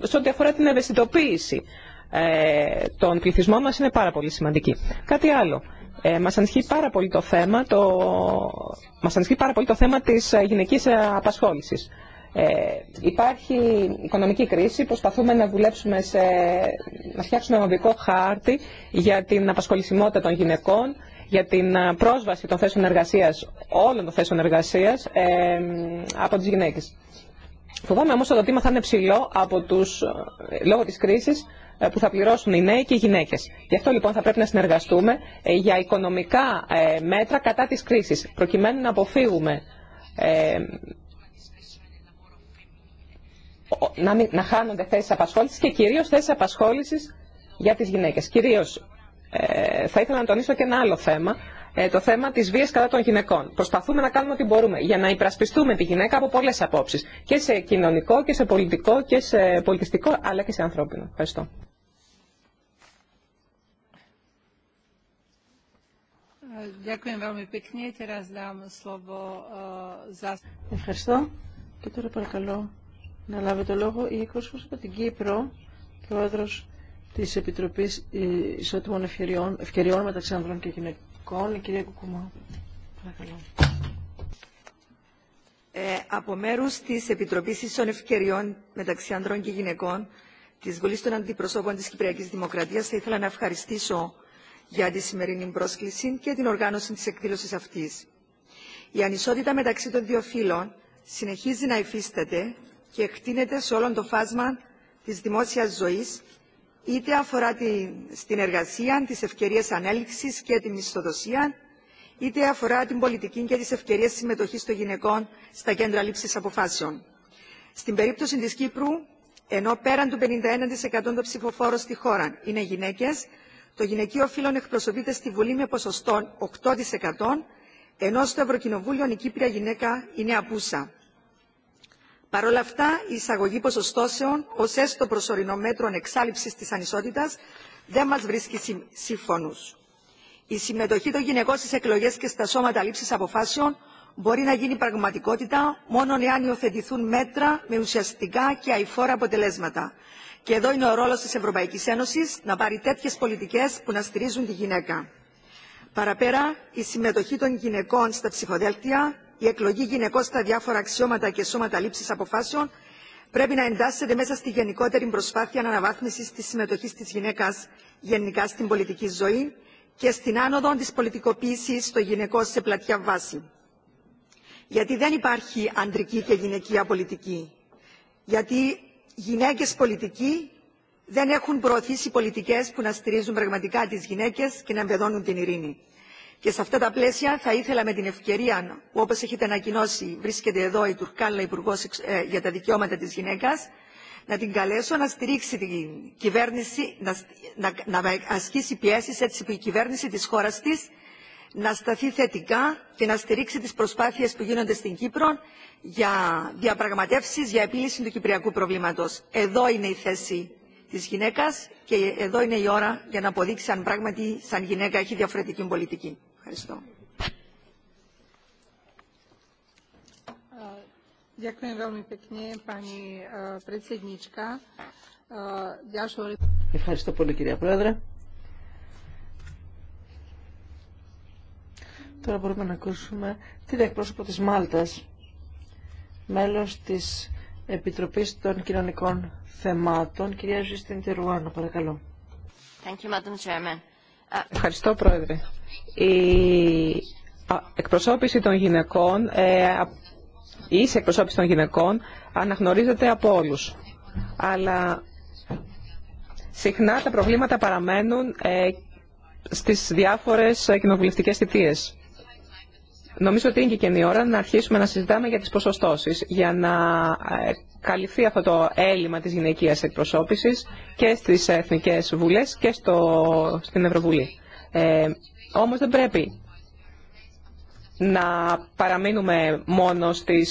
[SPEAKER 3] σε ό,τι αφορά την ευαισθητοποίηση ε, των πληθυσμών μα είναι πάρα πολύ σημαντική. Κάτι άλλο. Ε, μας ανησυχεί πάρα πολύ το θέμα, το... Μας απασχόληση. πάρα πολύ το θέμα της ε, γυναικής ε, απασχόλησης. Ε, υπάρχει οικονομική κρίση, προσπαθούμε να δουλέψουμε σε... να φτιάξουμε ένα χάρτη για την απασχολησιμότητα των γυναικών, για την ε, πρόσβαση των θέσεων εργασία, όλων των θέσεων εργασία ε, από τις γυναίκες. Φοβάμαι όμως ότι το τίμα θα είναι ψηλό από τους, ε, λόγω της κρίσης ε, που θα πληρώσουν οι νέοι και οι γυναίκες. Γι' αυτό λοιπόν θα πρέπει να συνεργαστούμε για οικονομικά μέτρα κατά της κρίσης, προκειμένου να αποφύγουμε ε, να, μην, να χάνονται θέσεις απασχόλησης και κυρίως θέσεις απασχόλησης για τις γυναίκες. Κυρίως ε, θα ήθελα να τονίσω και ένα άλλο θέμα, ε, το θέμα τη βία κατά των γυναικών. Προσπαθούμε να κάνουμε ό,τι μπορούμε για να υπρασπιστούμε τη γυναίκα από πολλέ απόψει. Και σε κοινωνικό και σε πολιτικό και σε πολιτιστικό, αλλά και σε ανθρώπινο. Ευχαριστώ.
[SPEAKER 2] E,
[SPEAKER 1] Ευχαριστώ. Και τώρα παρακαλώ να λάβει το λόγο η εκπρόσωπο από την Κύπρο, Τη επιτροπή Ισότιμων Ευκαιριών,
[SPEAKER 6] Ευκαιριών μεταξύ ανδρών και
[SPEAKER 1] γυναικών. Η κυρία Κουκουμά,
[SPEAKER 6] Ε, από μέρου τη επιτροπή Ισότιμων Ευκαιριών μεταξύ ανδρών και γυναικών τη Βουλή των Αντιπροσώπων τη Κυπριακή Δημοκρατία, θα ήθελα να ευχαριστήσω για τη σημερινή πρόσκληση και την οργάνωση τη εκδήλωση αυτή. Η ανισότητα μεταξύ των δύο φύλων συνεχίζει να υφίσταται και εκτείνεται σε όλο το φάσμα της δημόσιας ζωής είτε αφορά την, στην εργασία, τις ευκαιρίες ανέλυξης και τη μισθοδοσία, είτε αφορά την πολιτική και τις ευκαιρίες συμμετοχής των γυναικών στα κέντρα λήψης αποφάσεων. Στην περίπτωση της Κύπρου, ενώ πέραν του 51% των ψηφοφόρων στη χώρα είναι γυναίκες, το γυναικείο φύλλο εκπροσωπείται στη Βουλή με ποσοστό 8%, ενώ στο Ευρωκοινοβούλιο η Κύπρια γυναίκα είναι απούσα. Παρ' όλα αυτά, η εισαγωγή ποσοστώσεων ω έστω προσωρινό μέτρο εξάλληψη τη ανισότητα δεν μα βρίσκει σύμφωνου. Η συμμετοχή των γυναικών στι εκλογέ και στα σώματα λήψη αποφάσεων μπορεί να γίνει πραγματικότητα μόνο εάν υιοθετηθούν μέτρα με ουσιαστικά και αηφόρα αποτελέσματα. Και εδώ είναι ο ρόλο τη Ευρωπαϊκή Ένωση να πάρει τέτοιε πολιτικέ που να στηρίζουν τη γυναίκα. Παραπέρα, η συμμετοχή των γυναικών στα ψηφοδέλτια η εκλογή γυναικών στα διάφορα αξιώματα και σώματα λήψη αποφάσεων πρέπει να εντάσσεται μέσα στη γενικότερη προσπάθεια αναβάθμιση τη συμμετοχή τη γυναίκα γενικά στην πολιτική ζωή και στην άνοδο τη πολιτικοποίηση στο γυναικών σε πλατιά βάση. Γιατί δεν υπάρχει αντρική και γυναικεία πολιτική. Γιατί γυναίκε πολιτικοί δεν έχουν προωθήσει πολιτικέ που να στηρίζουν πραγματικά τι γυναίκε και να εμπεδώνουν την ειρήνη. Και σε αυτά τα πλαίσια θα ήθελα με την ευκαιρία που όπως έχετε ανακοινώσει βρίσκεται εδώ η Τουρκάλα Υπουργό ε, για τα Δικαιώματα της Γυναίκας να την καλέσω να στηρίξει την κυβέρνηση, να, να, να ασκήσει πιέσεις έτσι που η κυβέρνηση της χώρας της να σταθεί θετικά και να στηρίξει τις προσπάθειες που γίνονται στην Κύπρο για διαπραγματεύσεις για επίλυση του κυπριακού προβλήματος. Εδώ είναι η θέση της γυναίκας και εδώ είναι η ώρα για να αποδείξει αν πράγματι σαν γυναίκα έχει διαφορετική πολιτική. Ευχαριστώ.
[SPEAKER 2] Ε, e, e,
[SPEAKER 1] Ευχαριστώ πολύ κυρία Πρόεδρε. Τώρα μπορούμε να ακούσουμε την εκπρόσωπο της Μάλτας, μέλος της Επιτροπής των Κοινωνικών
[SPEAKER 3] Θεμάτων,
[SPEAKER 1] κυρία Ζήστην Τερουάνο, παρακαλώ. Thank you, Madam Chairman.
[SPEAKER 3] Ε, Ευχαριστώ, Πρόεδρε η εκπροσώπηση των γυναικών, ε, η ίση εκπροσώπηση των γυναικών αναγνωρίζεται από όλους. Αλλά συχνά τα προβλήματα παραμένουν ε, στις διάφορες κοινοβουλευτικές θητείες. Νομίζω ότι είναι και καινή ώρα να αρχίσουμε να συζητάμε για τις ποσοστώσεις, για να ε, καλυφθεί αυτό το έλλειμμα της γυναικείας εκπροσώπησης και στις Εθνικές Βουλές και στο, στην Ευρωβουλή. Όμως δεν πρέπει να παραμείνουμε μόνο στη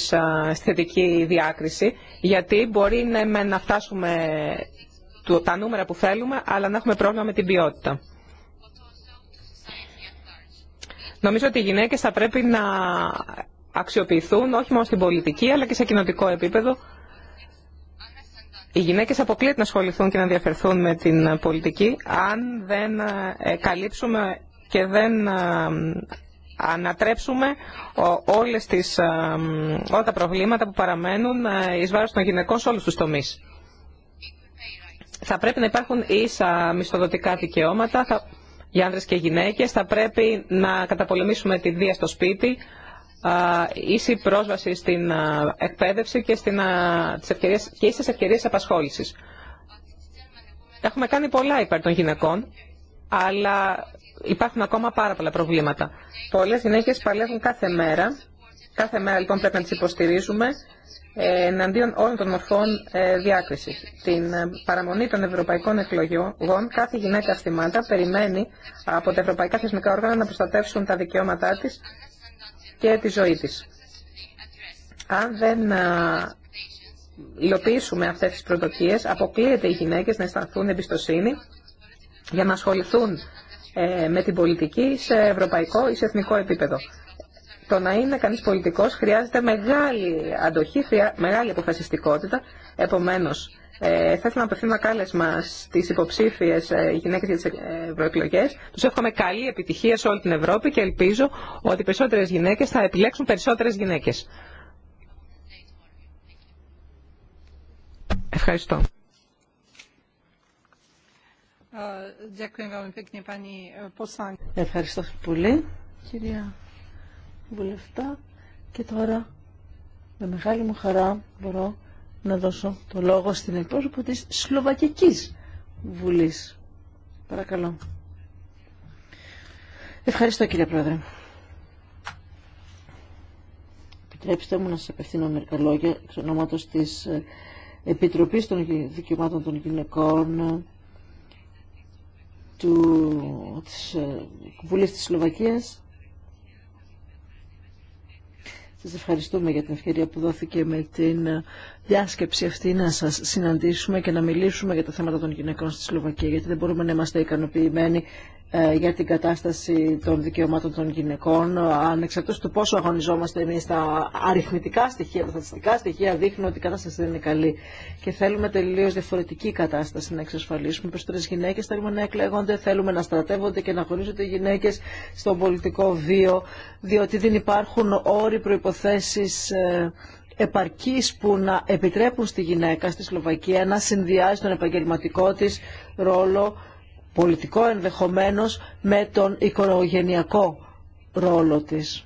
[SPEAKER 3] θετική διάκριση, γιατί μπορεί ναι, να, φτάσουμε τα νούμερα που θέλουμε, αλλά να έχουμε πρόβλημα με την ποιότητα. Νομίζω ότι οι γυναίκες θα πρέπει να αξιοποιηθούν όχι μόνο στην πολιτική, αλλά και σε κοινοτικό επίπεδο. Οι γυναίκες αποκλείται να ασχοληθούν και να διαφερθούν με την πολιτική, αν δεν ε, καλύψουμε και δεν ε, ανατρέψουμε όλες τις, ε, όλα τα προβλήματα που παραμένουν ε, εις βάρος των γυναικών σε όλους τους τομείς. Θα πρέπει να υπάρχουν ίσα μισθοδοτικά δικαιώματα θα, για άνδρες και γυναίκες. Θα πρέπει να καταπολεμήσουμε τη βία στο σπίτι, ίση πρόσβαση στην εκπαίδευση και, στην, τις ευκαιρίες, και ίσες ευκαιρίες απασχόλησης. Έχουμε κάνει πολλά υπέρ των γυναικών, αλλά υπάρχουν ακόμα πάρα πολλά προβλήματα. Πολλές γυναίκες παλεύουν κάθε μέρα. Κάθε μέρα λοιπόν πρέπει να τις υποστηρίζουμε ε, εναντίον όλων των μορφών ε, διάκριση Την ε, παραμονή των ευρωπαϊκών εκλογών κάθε γυναίκα στη περιμένει από τα ευρωπαϊκά θεσμικά όργανα να προστατεύσουν τα δικαιώματά της και τη ζωή της. Αν δεν υλοποιήσουμε αυτές τις προδοκίες, αποκλείεται οι γυναίκες να αισθανθούν εμπιστοσύνη για να ασχοληθούν ε, με την πολιτική σε ευρωπαϊκό ή σε εθνικό επίπεδο. Το να είναι κανείς πολιτικός χρειάζεται μεγάλη αντοχή, μεγάλη αποφασιστικότητα. Επομένως, ε, θα ήθελα να απευθύνω ένα κάλεσμα στις υποψήφιες ε, γυναίκες για τις ευρωεκλογές. Τους εύχομαι καλή επιτυχία σε όλη την Ευρώπη και ελπίζω ότι περισσότερες γυναίκες θα επιλέξουν περισσότερες γυναίκες. Ευχαριστώ.
[SPEAKER 2] E,
[SPEAKER 1] Ευχαριστώ πολύ, κυρία Βουλευτά. Και τώρα, με μεγάλη μου χαρά, μπορώ να δώσω το λόγο στην εκπρόσωπο της Σλοβακικής Βουλής. Παρακαλώ. Ευχαριστώ, κύριε Πρόεδρε. Επιτρέψτε μου να σας απευθύνω μερικά λόγια εξ ονόματος της ε, Επιτροπής των Δικαιωμάτων των Γυναικών του, της ε, Βουλής της Σλοβακίας. Σας ευχαριστούμε για την ευκαιρία που δόθηκε με την ε, διάσκεψη αυτή να σας συναντήσουμε και να μιλήσουμε για τα θέματα των γυναικών στη Σλοβακία, γιατί δεν μπορούμε να είμαστε ικανοποιημένοι ε, για την κατάσταση των δικαιωμάτων των γυναικών. Ανεξαρτήτως του πόσο αγωνιζόμαστε εμείς, τα αριθμητικά στοιχεία, τα στατιστικά στοιχεία δείχνουν ότι η κατάσταση δεν είναι καλή. Και θέλουμε τελείως διαφορετική κατάσταση να εξασφαλίσουμε. τρεις γυναίκες θέλουμε να εκλέγονται, θέλουμε να στρατεύονται και να αγωνίζονται οι γυναίκες στον πολιτικό βίο, διότι δεν υπάρχουν όροι προϋποθέσεις ε, επαρκής που να επιτρέπουν στη γυναίκα στη Σλοβακία να συνδυάζει τον επαγγελματικό της ρόλο πολιτικό ενδεχομένως με τον οικογενειακό ρόλο της.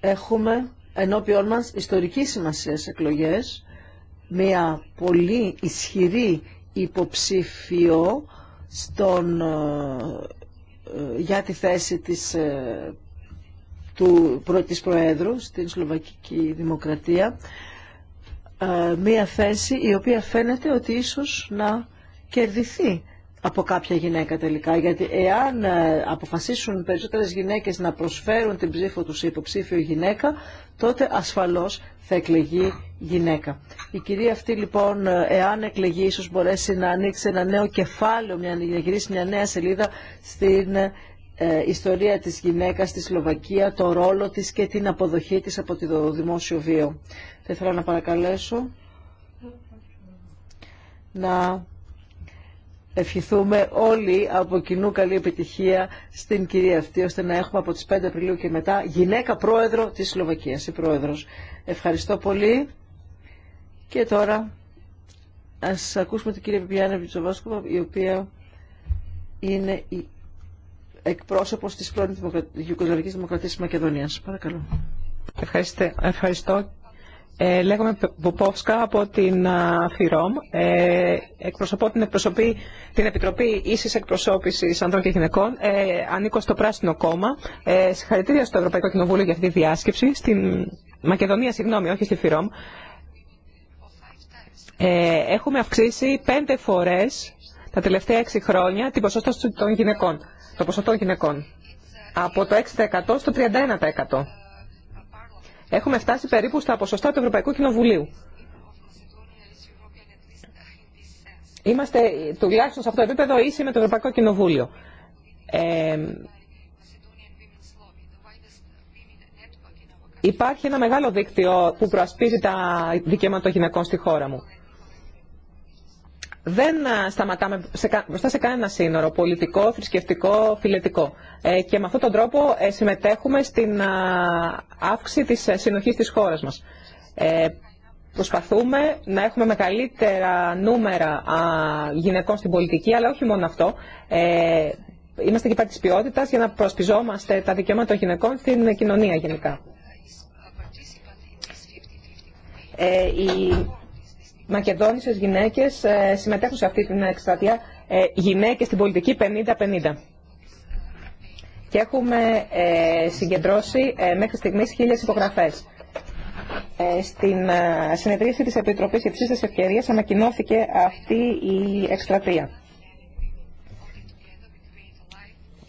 [SPEAKER 1] Έχουμε ενώπιον μας ιστορική σημασία εκλογές, μια πολύ ισχυρή υποψήφιο στον, ε, για τη θέση της, ε, του, της Προέδρου στην Σλοβακική Δημοκρατία ε, μία θέση η οποία φαίνεται ότι ίσως να κερδιθεί από κάποια γυναίκα τελικά. Γιατί εάν ε, αποφασίσουν περισσότερες γυναίκες να προσφέρουν την ψήφο τους υποψήφιο γυναίκα, τότε ασφαλώς θα εκλεγεί γυναίκα. Η κυρία αυτή λοιπόν, ε, εάν εκλεγεί, ίσως μπορέσει να ανοίξει ένα νέο κεφάλαιο, να γυρίσει μια νέα σελίδα στην ε, ιστορία της γυναίκας στη Σλοβακία, το ρόλο της και την αποδοχή της από το δημόσιο βίο. Θα ήθελα να παρακαλέσω να ευχηθούμε όλοι από κοινού καλή επιτυχία στην κυρία αυτή, ώστε να έχουμε από τις 5 Απριλίου και μετά γυναίκα πρόεδρο της Σλοβακίας, η πρόεδρος. Ευχαριστώ πολύ και τώρα ας ακούσουμε την κυρία Βιπιάννα Βιτσοβάσκοβα, η οποία είναι η εκπρόσωπος της πρώην Δημοκρατία Δημοκρατίας της
[SPEAKER 3] Μακεδονίας. Παρακαλώ. Ευχαριστώ. Ευχαριστώ. Ε, λέγομαι Βουπόφσκα από την ΦΥΡΟΜ. Ε, εκπροσωπώ την, εκπροσωπή, την Επιτροπή Ίσης Εκπροσώπησης Ανδρών και Γυναικών. Ε, ανήκω στο Πράσινο Κόμμα. Ε, συγχαρητήρια στο Ευρωπαϊκό Κοινοβούλιο για αυτή τη διάσκεψη. Στην Μακεδονία, συγγνώμη, όχι στη ΦΥΡΟΜ. Ε, έχουμε αυξήσει πέντε φορές τα τελευταία έξι χρόνια την ποσότητα των γυναικών το ποσοστό γυναικών, από το 6% στο 31%. Έχουμε φτάσει περίπου στα ποσοστά του Ευρωπαϊκού Κοινοβουλίου. Είμαστε τουλάχιστον σε αυτό το επίπεδο ίσοι με το Ευρωπαϊκό Κοινοβούλιο. Ε, υπάρχει ένα μεγάλο δίκτυο που προασπίζει τα δικαιώματα των γυναικών στη χώρα μου δεν ε, σταματάμε μπροστά σε κανένα σύνορο, πολιτικό, θρησκευτικό, φιλετικό. Ε, και με αυτόν τον τρόπο ε, συμμετέχουμε στην αύξηση της συνοχής της χώρας μας. προσπαθούμε να έχουμε μεγαλύτερα νούμερα γυναικών στην πολιτική, αλλά όχι μόνο αυτό. είμαστε και υπάρχει της ποιότητας για να προσπιζόμαστε τα δικαιώματα των γυναικών στην κοινωνία γενικά. Ε, Μακεδόνισες γυναίκες ε, συμμετέχουν σε αυτή την εκστρατεία ε, γυναίκες στην πολιτική 50-50. Και έχουμε ε, συγκεντρώσει μέχρι στιγμής χίλιες υπογραφές. Στην συνεδρίαση της Επιτροπής Υψίστας Ευκαιρίας ανακοινώθηκε αυτή η εκστρατεία.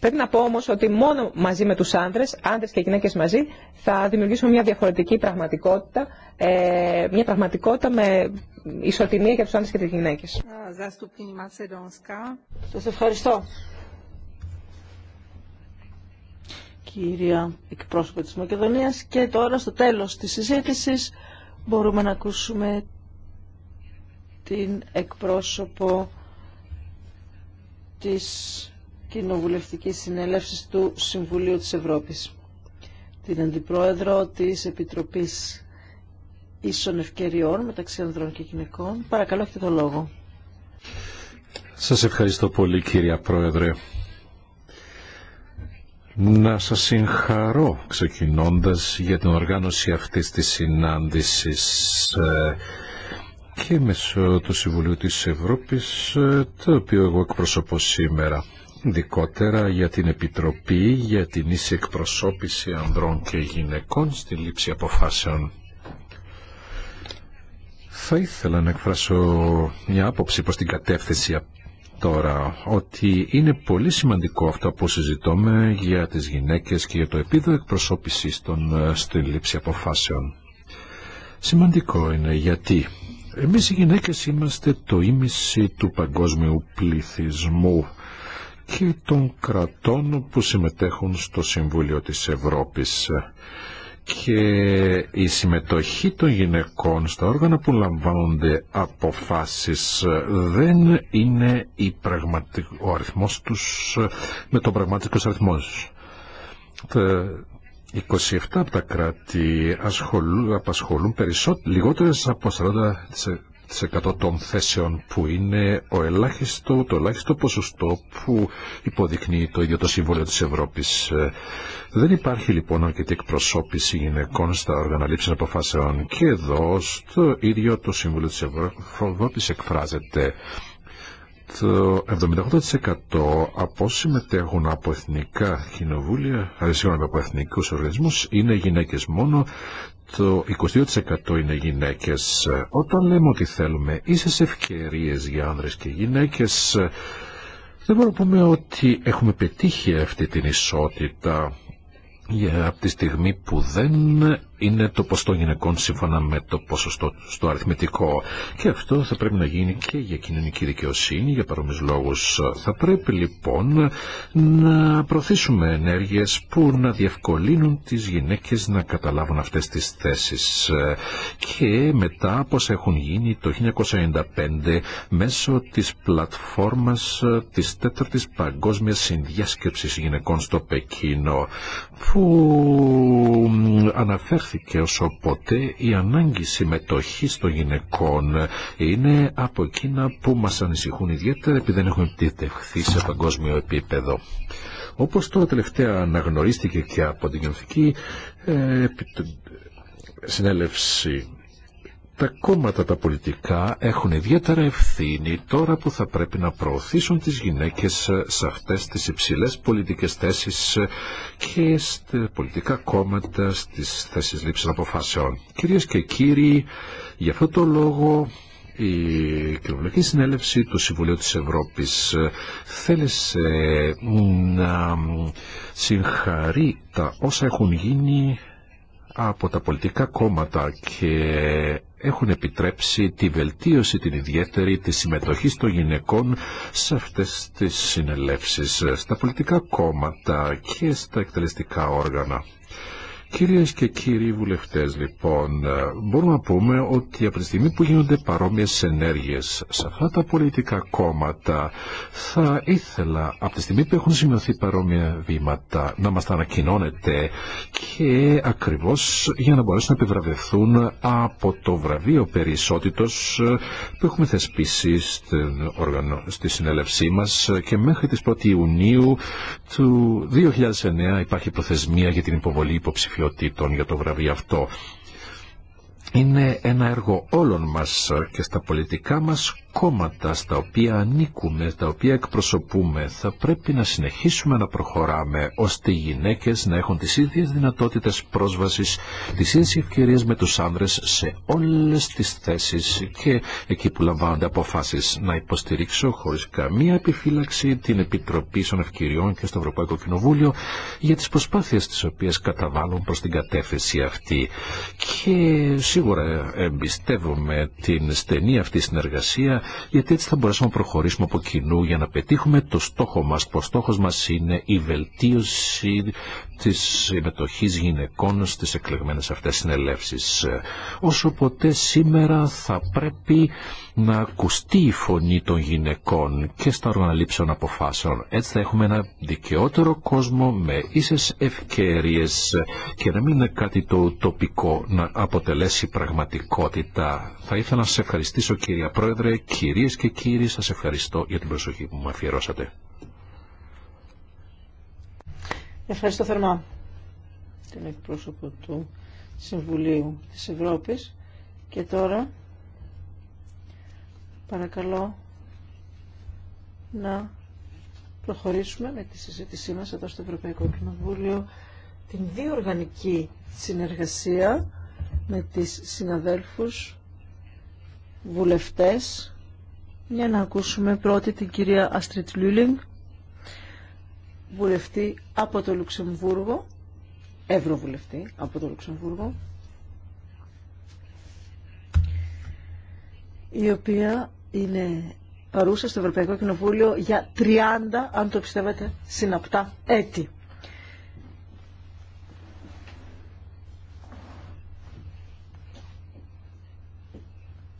[SPEAKER 3] Πρέπει να πω όμω ότι μόνο μαζί με τους άντρες, άντρες και γυναίκες μαζί, θα δημιουργήσουμε μια διαφορετική πραγματικότητα, ε, μια πραγματικότητα με ισοτιμία για του άντρε και τις γυναίκες. Σας ευχαριστώ. Κυρία εκπρόσωπο
[SPEAKER 1] της Μακεδονίας και τώρα στο τέλος της συζήτησης μπορούμε να ακούσουμε την εκπρόσωπο της Κοινοβουλευτικής Συνέλευσης του Συμβουλίου της Ευρώπης. Την Αντιπρόεδρο της Επιτροπής Ίσων Ευκαιριών μεταξύ ανδρών και γυναικών. Παρακαλώ, έχετε το λόγο.
[SPEAKER 4] Σας ευχαριστώ πολύ κύριε Πρόεδρε. Να σας συγχαρώ ξεκινώντας για την οργάνωση αυτής της συνάντησης ε, και μέσω του Συμβουλίου της Ευρώπης, ε, το οποίο εγώ εκπροσωπώ σήμερα ειδικότερα για την Επιτροπή για την ίση εκπροσώπηση ανδρών και γυναικών στη λήψη αποφάσεων. Θα ήθελα να εκφράσω μια άποψη προς την κατεύθυνση τώρα ότι είναι πολύ σημαντικό αυτό που συζητώμε για τις γυναίκες και για το επίδο εκπροσώπησης των, ε, στην λήψη αποφάσεων. Σημαντικό είναι γιατί εμείς οι γυναίκες είμαστε το ίμιση του παγκόσμιου πληθυσμού και των κρατών που συμμετέχουν στο Συμβούλιο της Ευρώπης και η συμμετοχή των γυναικών στα όργανα που λαμβάνονται αποφάσεις δεν είναι η πραγματικ... ο αριθμός τους με τον πραγματικό αριθμό Τα 27 από τα κράτη ασχολούν, απασχολούν περισσότερο, λιγότερες από 40 40% των θέσεων που είναι ο ελάχιστο, το ελάχιστο ποσοστό που υποδεικνύει το ίδιο το Συμβούλιο της Ευρώπης. Ε, δεν υπάρχει λοιπόν αρκετή εκπροσώπηση γυναικών στα όργανα λήψης αποφάσεων και εδώ στο ίδιο το Συμβούλιο της Ευρώπης εκφράζεται το 78% από συμμετέχουν από εθνικά κοινοβούλια, αριστερών ε, από εθνικούς οργανισμούς, είναι γυναίκες μόνο το 22% είναι γυναίκες. Ε, όταν λέμε ότι θέλουμε ίσες ευκαιρίες για άνδρες και γυναίκες, ε, δεν μπορούμε να πούμε ότι έχουμε πετύχει αυτή την ισότητα για από τη στιγμή που δεν είναι το ποστό γυναικών σύμφωνα με το ποσοστό στο αριθμητικό. Και αυτό θα πρέπει να γίνει και για κοινωνική δικαιοσύνη, για παρόμοιους λόγους. Θα πρέπει λοιπόν να προωθήσουμε ενέργειες που να διευκολύνουν τις γυναίκες να καταλάβουν αυτές τις θέσεις. Και μετά πως έχουν γίνει το 1995 μέσω της πλατφόρμας της τέταρτης παγκόσμιας συνδιάσκεψης γυναικών στο Πεκίνο που αναφέρθηκε και όσο ποτέ η ανάγκη συμμετοχής των γυναικών είναι από εκείνα που μας ανησυχούν ιδιαίτερα επειδή δεν έχουν επιτευχθεί σε παγκόσμιο επίπεδο. Όπως τώρα τελευταία αναγνωρίστηκε και από την Γενοφική ε, συνέλευση τα κόμματα τα πολιτικά έχουν ιδιαίτερα ευθύνη τώρα που θα πρέπει να προωθήσουν τις γυναίκες ε, σε αυτές τις υψηλές πολιτικές θέσεις ε, και στα πολιτικά κόμματα στις θέσεις λήψης αποφάσεων. Κυρίες και κύριοι, για αυτό το λόγο η κοινοβουλευτική συνέλευση του Συμβουλίου της Ευρώπης ε, θέλησε να συγχαρεί τα όσα έχουν γίνει από τα πολιτικά κόμματα και έχουν επιτρέψει τη βελτίωση την ιδιαίτερη της συμμετοχής των γυναικών σε αυτές τις συνελεύσεις, στα πολιτικά κόμματα και στα εκτελεστικά όργανα. Κυρίες και κύριοι βουλευτές, λοιπόν, ε, μπορούμε να πούμε ότι από τη στιγμή που γίνονται παρόμοιες ενέργειες σε αυτά τα πολιτικά κόμματα, θα ήθελα από τη στιγμή που έχουν σημειωθεί παρόμοια βήματα να μας τα ανακοινώνετε και ακριβώς για να μπορέσουν να επιβραβευθούν από το βραβείο περισσότητος που έχουμε θεσπίσει στη συνέλευσή μας και μέχρι τις 1η Ιουνίου του 2009 υπάρχει προθεσμία για την υποβολή υποψηφιών υποψηφιότητων για το βραβείο αυτό είναι ένα έργο όλων μας και στα πολιτικά μας κόμματα στα οποία ανήκουμε, τα οποία εκπροσωπούμε. Θα πρέπει να συνεχίσουμε να προχωράμε ώστε οι γυναίκες να έχουν τις ίδιες δυνατότητες πρόσβασης, τις ίδιες ευκαιρίες με τους άνδρες σε όλες τις θέσεις και εκεί που λαμβάνονται αποφάσεις. Να υποστηρίξω χωρίς καμία επιφύλαξη την Επιτροπή των Ευκαιριών και στο Ευρωπαϊκό Κοινοβούλιο για τις προσπάθειες τις οποίες καταβάλουν προς την κατεύθυνση αυτή. Και σίγουρα εμπιστεύομαι την στενή αυτή συνεργασία γιατί έτσι θα μπορέσουμε να προχωρήσουμε από κοινού για να πετύχουμε το στόχο μας που ο στόχος μας είναι η βελτίωση της συμμετοχή γυναικών στις εκλεγμένες αυτές συνελεύσεις. Όσο ποτέ σήμερα θα πρέπει να ακουστεί η φωνή των γυναικών και στα όργανα λήψεων αποφάσεων. Έτσι θα έχουμε ένα δικαιότερο κόσμο με ίσες ευκαιρίες και να μην είναι κάτι το τοπικό να αποτελέσει πραγματικότητα. Θα ήθελα να σας ευχαριστήσω κυρία Πρόεδρε, κυρίες και κύριοι, σας ευχαριστώ για την προσοχή που μου αφιερώσατε.
[SPEAKER 1] Ευχαριστώ θερμά την εκπρόσωπο του Συμβουλίου της Ευρώπης και τώρα παρακαλώ να προχωρήσουμε με τη συζήτησή μας εδώ στο Ευρωπαϊκό Κοινοβούλιο την διοργανική συνεργασία με τις συναδέλφους βουλευτές για να ακούσουμε πρώτη την κυρία Αστρίτ Λούλινγκ, βουλευτή από το Λουξεμβούργο, ευρωβουλευτή από το Λουξεμβούργο, η οποία είναι παρούσα στο Ευρωπαϊκό Κοινοβούλιο για 30, αν το πιστεύετε, συναπτά έτη.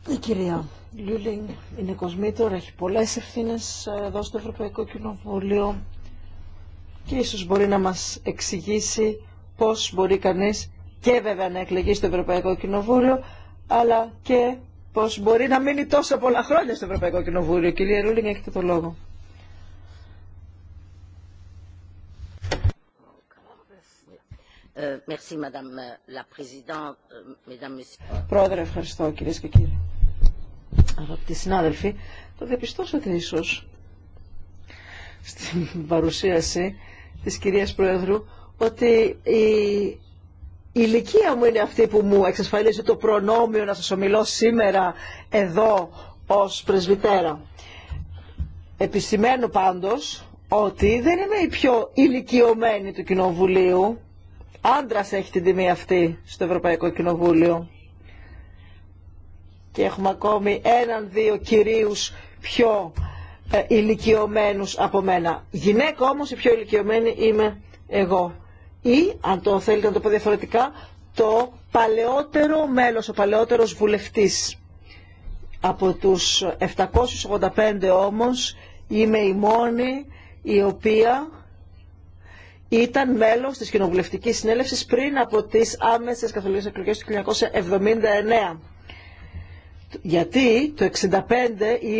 [SPEAKER 1] Η κυρία Λούλινγκ είναι κοσμήτωρα, έχει πολλές ευθύνες ε, εδώ στο Ευρωπαϊκό Κοινοβούλιο και ίσως μπορεί να μας εξηγήσει πώς μπορεί κανείς και βέβαια να εκλεγεί στο Ευρωπαϊκό Κοινοβούλιο αλλά και πώς μπορεί να μείνει τόσο πολλά χρόνια στο Ευρωπαϊκό Κοινοβούλιο. Κυρία Λούλινγκ, έχετε το λόγο.
[SPEAKER 5] Ε, euh, Πρόεδρε, ευχαριστώ κυρίες και κύριοι
[SPEAKER 1] αγαπητοί συνάδελφοι, θα διαπιστώσατε ίσως στην παρουσίαση της κυρίας Πρόεδρου ότι η ηλικία μου είναι αυτή που μου εξασφαλίζει το προνόμιο να σας ομιλώ σήμερα εδώ ως πρεσβυτέρα. Επισημαίνω πάντως ότι δεν είμαι η πιο ηλικιωμένη του Κοινοβουλίου. Άντρας έχει την τιμή αυτή στο Ευρωπαϊκό Κοινοβούλιο και έχουμε ακόμη έναν-δύο κυρίους πιο ε, ηλικιωμένους από μένα. Γυναίκα όμως η πιο ηλικιωμένη είμαι εγώ. Ή, αν το θέλετε να το πω διαφορετικά, το παλαιότερο μέλος, ο παλαιότερος βουλευτής. Από τους 785 όμως είμαι η μόνη η οποία ήταν μέλος της Κοινοβουλευτικής Συνέλευσης πριν από τις άμεσες καθολικές εκλογές του 1979 γιατί το 65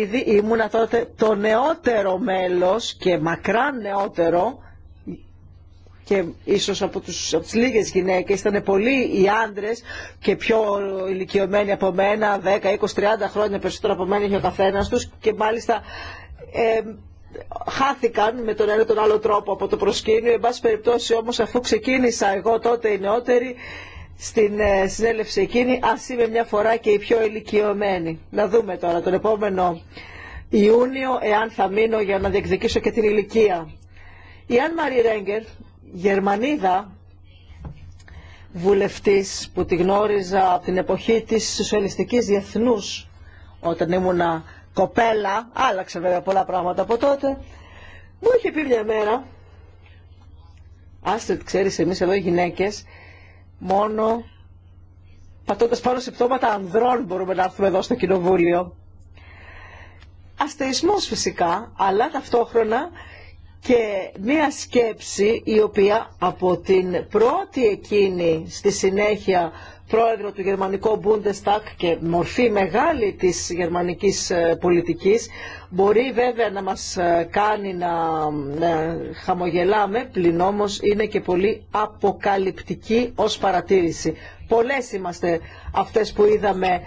[SPEAKER 1] ήδη ήμουνα τότε το νεότερο μέλος και μακράν νεότερο και ίσως από, τους, από τις λίγες γυναίκες ήταν πολλοί οι άντρες και πιο ηλικιωμένοι από μένα 10, 20, 30 χρόνια περισσότερο από μένα είχε ο καθένας τους και μάλιστα ε, χάθηκαν με τον ένα τον άλλο τρόπο από το προσκήνιο. Εν πάση περιπτώσει όμως αφού ξεκίνησα εγώ τότε η νεότερη στην ε, συνέλευση εκείνη, α είμαι μια φορά και η πιο ηλικιωμένη. Να δούμε τώρα τον επόμενο Ιούνιο, εάν θα μείνω για να διεκδικήσω και την ηλικία. Η Αν Μαρή Ρέγκερ, Γερμανίδα, βουλευτής που τη γνώριζα από την εποχή της Σοσιαλιστικής Διεθνούς, όταν ήμουνα κοπέλα, άλλαξε βέβαια πολλά πράγματα από τότε, μου είχε πει μια μέρα, Άστρετ, ξέρεις, εμείς εδώ οι γυναίκες, Μόνο πατώντας πάνω σε πτώματα ανδρών μπορούμε να έρθουμε εδώ στο Κοινοβούλιο. Αστεϊσμός φυσικά, αλλά ταυτόχρονα και μία σκέψη η οποία από την πρώτη εκείνη στη συνέχεια πρόεδρο του γερμανικού Bundestag και μορφή μεγάλη της γερμανικής ε, πολιτικής μπορεί βέβαια να μας ε, κάνει να, χαμογελάμε πλην όμως είναι και πολύ αποκαλυπτική ως παρατήρηση. Πολλές είμαστε αυτές που είδαμε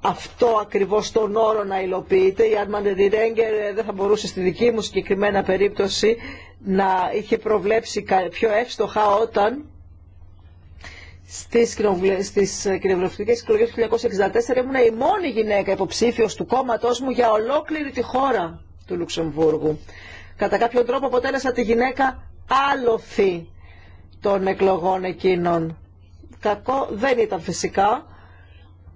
[SPEAKER 1] αυτό ακριβώς τον όρο να υλοποιείται. Η Άρμαντε Διρέγκερ δεν θα μπορούσε στη δική μου συγκεκριμένα περίπτωση να είχε προβλέψει πιο εύστοχα όταν στις, στις ε, κοινοβουλευτικές εκλογές του 1964 ήμουν η μόνη γυναίκα υποψήφιος του κόμματός μου για ολόκληρη τη χώρα του Λουξεμβούργου. Κατά κάποιο τρόπο αποτέλεσα τη γυναίκα άλοθη των εκλογών εκείνων. Κακό δεν ήταν φυσικά,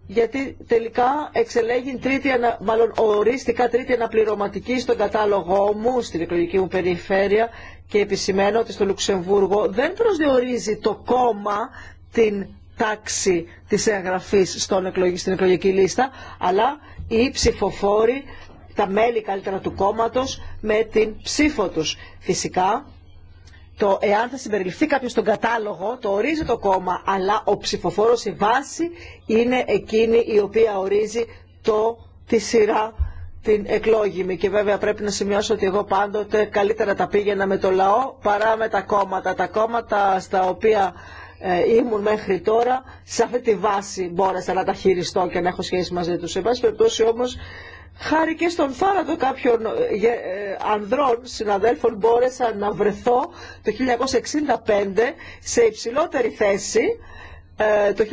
[SPEAKER 1] γιατί τελικά εξελέγει τρίτη, μάλλον ορίστηκα τρίτη αναπληρωματική στον κατάλογό μου, στην εκλογική μου περιφέρεια και επισημαίνω ότι στο Λουξεμβούργο δεν προσδιορίζει το κόμμα την τάξη της εγγραφής στον στην εκλογική λίστα, αλλά οι ψηφοφόροι, τα μέλη καλύτερα του κόμματος, με την ψήφο τους. Φυσικά, το εάν θα συμπεριληφθεί κάποιος στον κατάλογο, το ορίζει το κόμμα, αλλά ο ψηφοφόρος, η βάση, είναι εκείνη η οποία ορίζει το, τη σειρά την εκλόγιμη και βέβαια πρέπει να σημειώσω ότι εγώ πάντοτε καλύτερα τα πήγαινα με το λαό παρά με τα κόμματα. Τα κόμματα στα οποία ε, ήμουν μέχρι τώρα σε αυτή τη βάση μπόρεσα να τα χειριστώ και να έχω σχέση μαζί τους. Σε βάση περιπτώσει όμως χάρη και στον θάνατο κάποιων ε, ε, ανδρών συναδέλφων μπόρεσα να βρεθώ το 1965 σε υψηλότερη θέση ε, το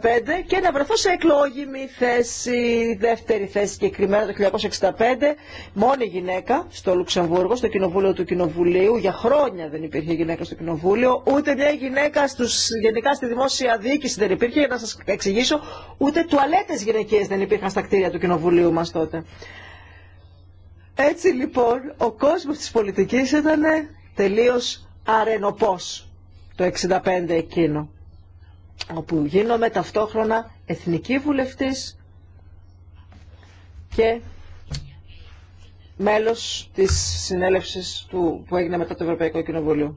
[SPEAKER 1] 1965 και να βρεθώ σε εκλόγιμη θέση, δεύτερη θέση συγκεκριμένα το 1965, μόνη γυναίκα στο Λουξεμβούργο, στο Κοινοβούλιο του Κοινοβουλίου. Για χρόνια δεν υπήρχε γυναίκα στο Κοινοβούλιο, ούτε μια γυναίκα στους, γενικά στη δημόσια διοίκηση δεν υπήρχε, για να σας εξηγήσω, ούτε τουαλέτες γυναικείες δεν υπήρχαν στα κτίρια του Κοινοβουλίου μας τότε. Έτσι λοιπόν ο κόσμος της πολιτικής ήταν τελείως αρενοπός το 65 εκείνο όπου γίνομαι ταυτόχρονα εθνική βουλευτής και μέλος της συνέλευσης του, που έγινε μετά το Ευρωπαϊκό Κοινοβούλιο.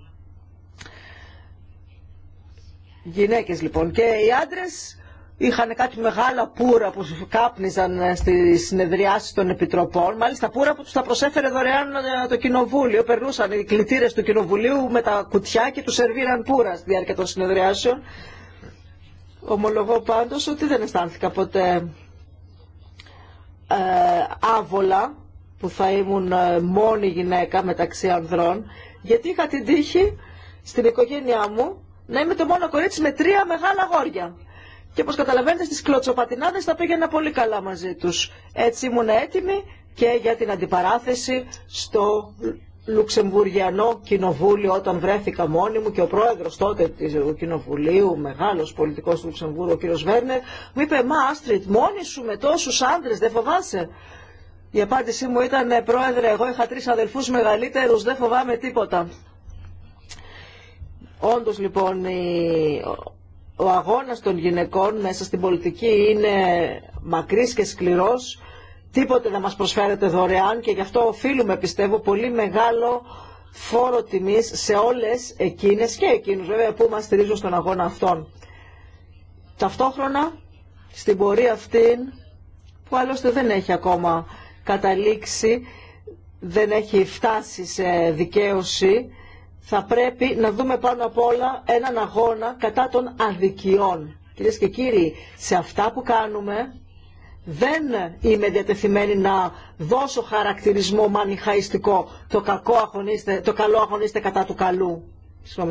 [SPEAKER 1] Γυναίκες λοιπόν και οι άντρες είχαν κάτι μεγάλα πουρα που κάπνιζαν στη συνεδριάση των επιτροπών. Μάλιστα πουρα που τους τα προσέφερε δωρεάν ε, το κοινοβούλιο. Περνούσαν οι κλητήρες του κοινοβουλίου με τα κουτιά και τους σερβίραν πουρα στη διάρκεια των συνεδριάσεων. Ομολογώ πάντως ότι δεν αισθάνθηκα ποτέ ε, άβολα που θα ήμουν ε, μόνη γυναίκα μεταξύ ανδρών, γιατί είχα την τύχη στην οικογένειά μου να είμαι το μόνο κορίτσι με τρία μεγάλα γόρια. Και όπως καταλαβαίνετε στις κλωτσοπατινάδες θα πήγαινα πολύ καλά μαζί τους. Έτσι ήμουν έτοιμη και για την αντιπαράθεση στο λουξεμβουργιανό κοινοβούλιο όταν βρέθηκα μόνη μου και ο πρόεδρος τότε του κοινοβουλίου, μεγάλος πολιτικός του Λουξεμβούργου, ο κύριος Βέρνερ, μου είπε «Μα Άστριτ, μόνη σου με τόσους άντρες δεν φοβάσαι». Η απάντησή μου ήταν «Ναι, «Πρόεδρε, εγώ είχα τρεις αδελφούς μεγαλύτερους, δεν φοβάμαι τίποτα». Όντως λοιπόν ο αγώνας των γυναικών μέσα στην πολιτική είναι μακρύς και σκληρός τίποτε να μας προσφέρετε δωρεάν και γι' αυτό οφείλουμε πιστεύω πολύ μεγάλο φόρο τιμής σε όλες εκείνες και εκείνους βέβαια που μας στηρίζουν στον αγώνα αυτών Ταυτόχρονα στην πορεία αυτήν που άλλωστε δεν έχει ακόμα καταλήξει, δεν έχει φτάσει σε δικαίωση, θα πρέπει να δούμε πάνω απ' όλα έναν αγώνα κατά των αδικιών. Κυρίε και κύριοι, σε αυτά που κάνουμε δεν είμαι διατεθειμένη να δώσω χαρακτηρισμό μανιχαϊστικό το, κακό αγωνίστε, το καλό αγωνίστε κατά του καλού.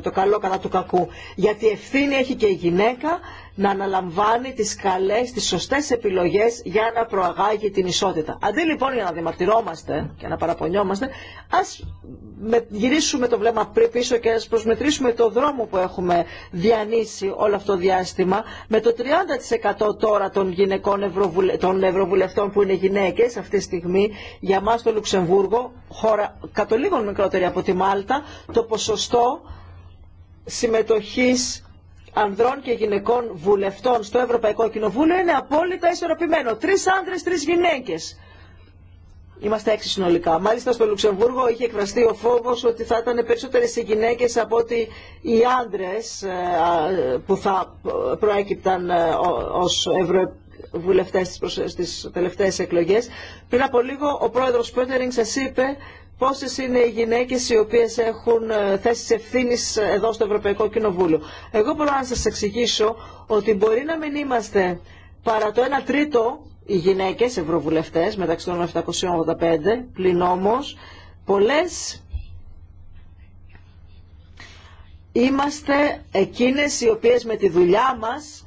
[SPEAKER 1] το καλό κατά του κακού. Γιατί ευθύνη έχει και η γυναίκα να αναλαμβάνει τις καλές, τις σωστές επιλογές για να προαγάγει την ισότητα. Αντί λοιπόν για να διαμαρτυρόμαστε και να παραπονιόμαστε, ας γυρίσουμε το βλέμμα πριν πίσω και ας προσμετρήσουμε το δρόμο που έχουμε διανύσει όλο αυτό το διάστημα με το 30% τώρα των γυναικών ευρωβουλε... των ευρωβουλευτών που είναι γυναίκες αυτή τη στιγμή για μας το Λουξεμβούργο, χώρα κατ' μικρότερη από τη Μάλτα, το ποσοστό συμμετοχής ανδρών και γυναικών βουλευτών στο Ευρωπαϊκό Κοινοβούλιο είναι απόλυτα ισορροπημένο. Τρει άνδρες, τρει γυναίκε. Είμαστε έξι συνολικά. Μάλιστα στο Λουξεμβούργο είχε εκφραστεί ο φόβο ότι θα ήταν περισσότερε οι γυναίκε από ότι οι άντρε ε, που θα προέκυπταν ε, ω ευρωβουλευτέ στι τελευταίε εκλογέ. Πριν από λίγο ο πρόεδρο Πέτερινγκ σα είπε Πόσε είναι οι γυναίκε οι οποίες έχουν ε, θέσει ευθύνη εδώ στο Ευρωπαϊκό Κοινοβούλιο. Εγώ μπορώ να σα εξηγήσω ότι μπορεί να μην είμαστε παρά το 1 τρίτο οι γυναίκε ευρωβουλευτές μεταξύ των 785, πλην όμως πολλέ είμαστε εκείνες οι οποίες με τη δουλειά μας,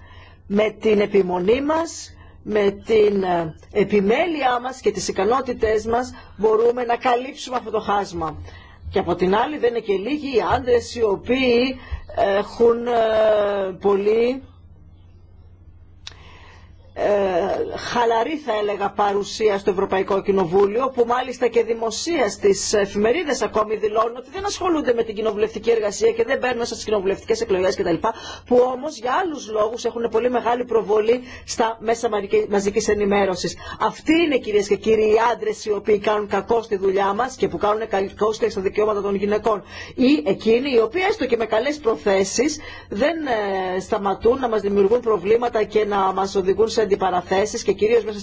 [SPEAKER 1] με την επιμονή μας, με την ε, επιμέλειά μας και τις ικανότητές μας μπορούμε να καλύψουμε αυτό το χάσμα. Και από την άλλη δεν είναι και λίγοι οι άντρες οι οποίοι έχουν ε, πολύ ε, χαλαρή θα έλεγα παρουσία στο Ευρωπαϊκό Κοινοβούλιο που μάλιστα και δημοσία στις εφημερίδες ακόμη δηλώνουν ότι δεν ασχολούνται με την κοινοβουλευτική εργασία και δεν μπαίνουν στις κοινοβουλευτικές εκλογές κτλ. που όμως για άλλους λόγους έχουν πολύ μεγάλη προβολή στα μέσα μαζικής ενημέρωσης. Αυτοί είναι κυρίες και κύριοι οι άντρες οι οποίοι κάνουν κακό στη δουλειά μας και που κάνουν κακό στα δικαιώματα των γυναικών ή εκείνοι οι οποίοι έστω και με καλές προθέσεις δεν ε, σταματούν να μας δημιουργούν προβλήματα και να μας οδηγούν σε αντιπαραθέσεις και κυρίως μέσα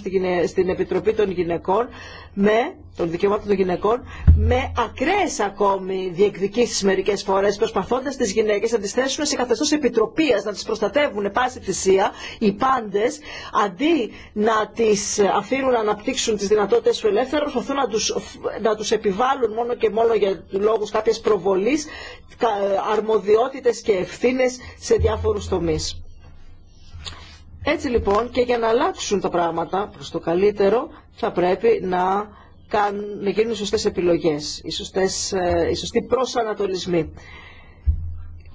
[SPEAKER 1] στην Επιτροπή των Γυναικών με των δικαιωμάτων των γυναικών με ακραίες ακόμη διεκδικήσεις μερικές φορές προσπαθώντας τις γυναίκες να τις θέσουν σε καθεστώς επιτροπίας να τις προστατεύουν πάση θυσία οι πάντες αντί να τις αφήνουν να αναπτύξουν τις δυνατότητες του ελεύθερου προσπαθούν να του να τους επιβάλλουν μόνο και μόνο για λόγους κάποιες προβολής αρμοδιότητες και ευθύνες σε διάφορους τομείς. Έτσι λοιπόν και για να αλλάξουν τα πράγματα προς το καλύτερο θα πρέπει να, κάνουν, να γίνουν οι σωστές επιλογές, οι, σωστές, ε, οι σωστοί προσανατολισμοί.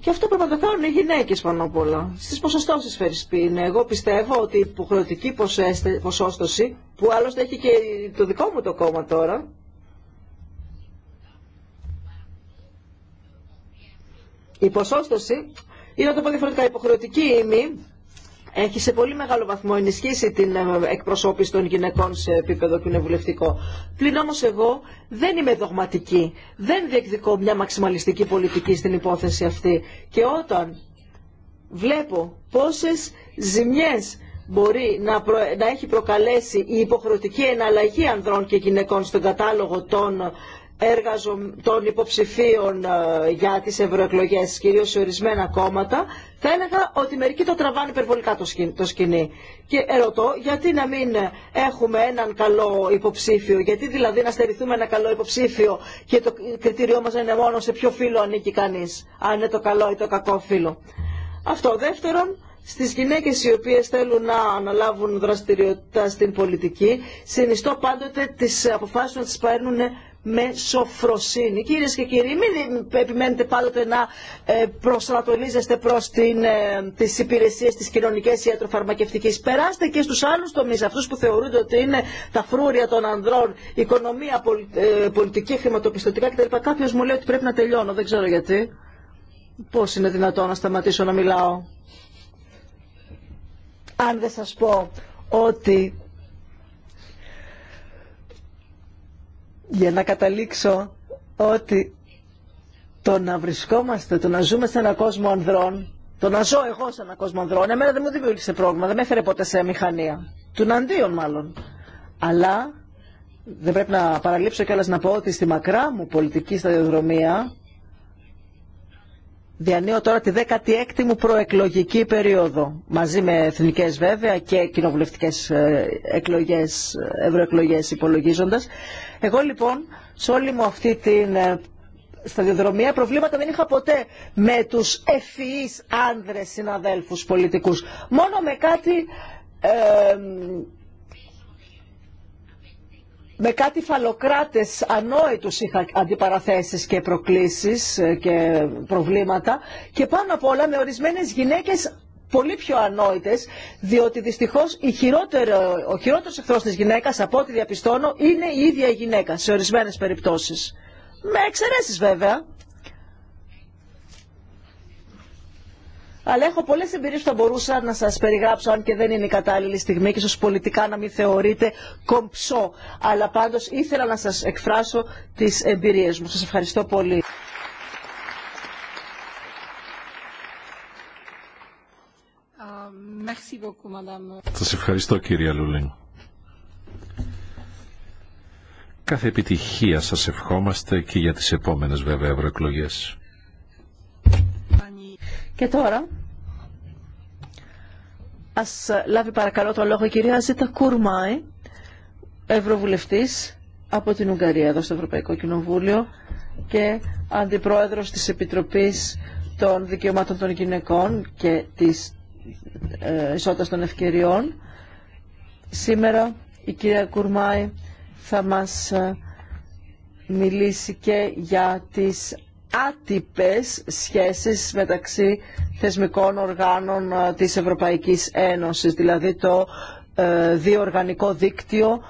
[SPEAKER 1] Και αυτό πρέπει να το κάνουν οι γυναίκες πάνω απ' όλα. Στις ποσοστώσεις πίνε. Εγώ πιστεύω ότι η υποχρεωτική ποσόστοση, που άλλωστε έχει και το δικό μου το κόμμα τώρα, η ποσόστοση είναι το πω διαφορετικά υποχρεωτική ή μη, έχει σε πολύ μεγάλο βαθμό ενισχύσει την ε, εκπροσώπηση των γυναικών σε επίπεδο κοινοβουλευτικό. Πλην όμως εγώ δεν είμαι δογματική, δεν διεκδικώ μια μαξιμαλιστική πολιτική στην υπόθεση αυτή. Και όταν βλέπω πόσες ζημιές μπορεί να, έχει προκαλέσει η υποχρεωτική εναλλαγή ανδρών και γυναικών στον κατάλογο των των υποψηφίων ε, για τις ευρωεκλογές, κυρίως σε ορισμένα κόμματα, θα έλεγα ότι μερικοί το τραβάνε υπερβολικά το σκηνή. Και ερωτώ, γιατί να μην έχουμε έναν καλό υποψήφιο, γιατί δηλαδή να στερηθούμε ένα καλό υποψήφιο και το κριτήριό μας είναι μόνο σε ποιο φίλο ανήκει κανείς, αν είναι το καλό ή το κακό φίλο. Αυτό. Δεύτερον, στις γυναίκες οι οποίες θέλουν να αναλάβουν δραστηριότητα στην πολιτική, συνιστώ πάντοτε τις αποφάσεις να τις παίρνουν με σοφροσύνη. Κυρίε και κύριοι, μην επιμένετε πάντοτε να ε, προσανατολίζεστε προ ε, τι υπηρεσίε τη κοινωνική ιατροφαρμακευτική. Περάστε και στου άλλου τομεί, αυτού που θεωρούνται ότι είναι τα φρούρια των ανδρών, οικονομία, ε, πολιτική, χρηματοπιστωτικά κτλ. Κάποιο μου λέει ότι πρέπει να τελειώνω, δεν ξέρω γιατί. Πώ είναι δυνατόν να σταματήσω να μιλάω. Αν δεν σα πω ότι Για να καταλήξω ότι το να βρισκόμαστε, το να ζούμε σε έναν κόσμο ανδρών, το να ζω εγώ σε έναν κόσμο ανδρών, εμένα δεν μου δημιούργησε πρόβλημα, δεν με έφερε ποτέ σε μηχανία. Του αντίον μάλλον. Αλλά δεν πρέπει να παραλείψω κιόλας να πω ότι στη μακρά μου πολιτική σταδιοδρομία διανύω τώρα τη 16η μου προεκλογική περίοδο μαζί με εθνικές βέβαια και κοινοβουλευτικές ε, εκλογές, ευρωεκλογές υπολογίζοντας εγώ λοιπόν σε όλη μου αυτή την ε, σταδιοδρομία προβλήματα δεν είχα ποτέ με τους ευφυείς άνδρες συναδέλφους πολιτικούς. Μόνο με κάτι... Ε, με κάτι φαλοκράτες ανόητους είχα αντιπαραθέσεις και προκλήσεις ε, και προβλήματα και πάνω απ' όλα με ορισμένες γυναίκες πολύ πιο ανόητες, διότι δυστυχώς η χειρότερο, ο χειρότερος εχθρός της γυναίκας, από ό,τι διαπιστώνω, είναι η ίδια η γυναίκα σε ορισμένες περιπτώσεις. Με εξαιρέσεις βέβαια. Αλλά έχω πολλές εμπειρίες που θα μπορούσα να σας περιγράψω, αν και δεν είναι η κατάλληλη στιγμή και ίσω πολιτικά να μην θεωρείτε κομψό. Αλλά πάντω ήθελα να σα εκφράσω τι εμπειρίε μου. Σα ευχαριστώ πολύ.
[SPEAKER 4] Σας ευχαριστώ κυρία Λούλιν. Κάθε επιτυχία σας ευχόμαστε και για τις επόμενες βέβαια ευρωεκλογέ.
[SPEAKER 1] Και τώρα, ας λάβει παρακαλώ το λόγο η κυρία Ζήτα Κουρμάη, ευρωβουλευτής από την Ουγγαρία εδώ στο Ευρωπαϊκό Κοινοβούλιο και αντιπρόεδρος της Επιτροπής των Δικαιωμάτων των Γυναικών και της ε, ισότητας των ευκαιριών. Σήμερα η κυρία Κουρμάη θα μας ε, μιλήσει και για τις άτυπες σχέσεις μεταξύ θεσμικών οργάνων ε, της Ευρωπαϊκής Ένωσης, δηλαδή το διοργανικό δίκτυο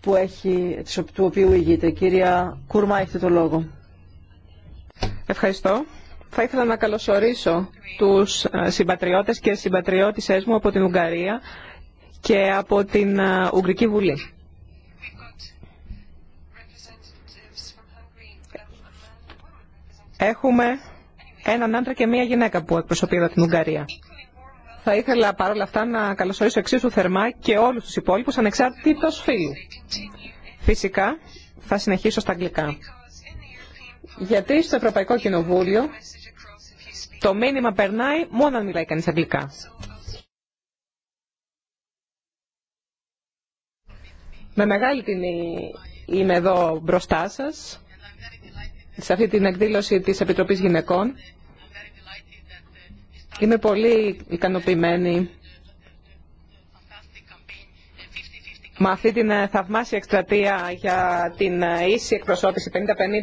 [SPEAKER 1] που έχει, του οποίου ηγείται. Κυρία Κουρμά, έχετε το λόγο.
[SPEAKER 3] Ευχαριστώ. Θα ήθελα να καλωσορίσω τους ε, συμπατριώτες και συμπατριώτησές μου από την Ουγγαρία και από την ε, Ουγγρική Βουλή. Έχουμε έναν άντρα και μία γυναίκα που εκπροσωπεί εδώ την Ουγγαρία. Θα ήθελα παρόλα αυτά να καλωσορίσω εξίσου θερμά και όλους τους υπόλοιπους ανεξάρτητος φίλου. Φυσικά θα συνεχίσω στα αγγλικά. Γιατί στο Ευρωπαϊκό Κοινοβούλιο το μήνυμα περνάει μόνο αν μιλάει κανείς αγγλικά. Με μεγάλη τιμή είμαι εδώ μπροστά σας, σε αυτή την εκδήλωση της Επιτροπής Γυναικών. Είμαι πολύ ικανοποιημένη με αυτή την ε, θαυμάσια εκστρατεία για την ε, ίση εκπροσώπηση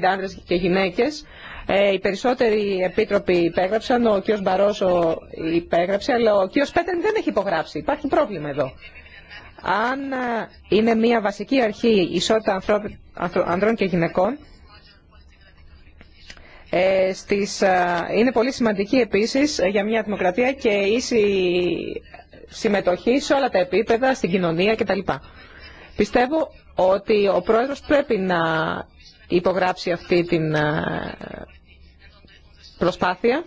[SPEAKER 3] 50-50 άνδρες και γυναίκες. Ε, οι περισσότεροι επίτροποι υπέγραψαν, ο κ. Μπαρόσο υπέγραψε, αλλά ο κ. Πέτερν δεν έχει υπογράψει. Υπάρχει πρόβλημα εδώ. Αν είναι μια βασική αρχή ισότητα ανδρών και γυναικών, ε, στις, είναι πολύ σημαντική επίσης για μια δημοκρατία και ίση συμμετοχή σε όλα τα επίπεδα, στην κοινωνία κτλ. Πιστεύω ότι ο πρόεδρος πρέπει να υπογράψει αυτή την ε, προσπάθεια.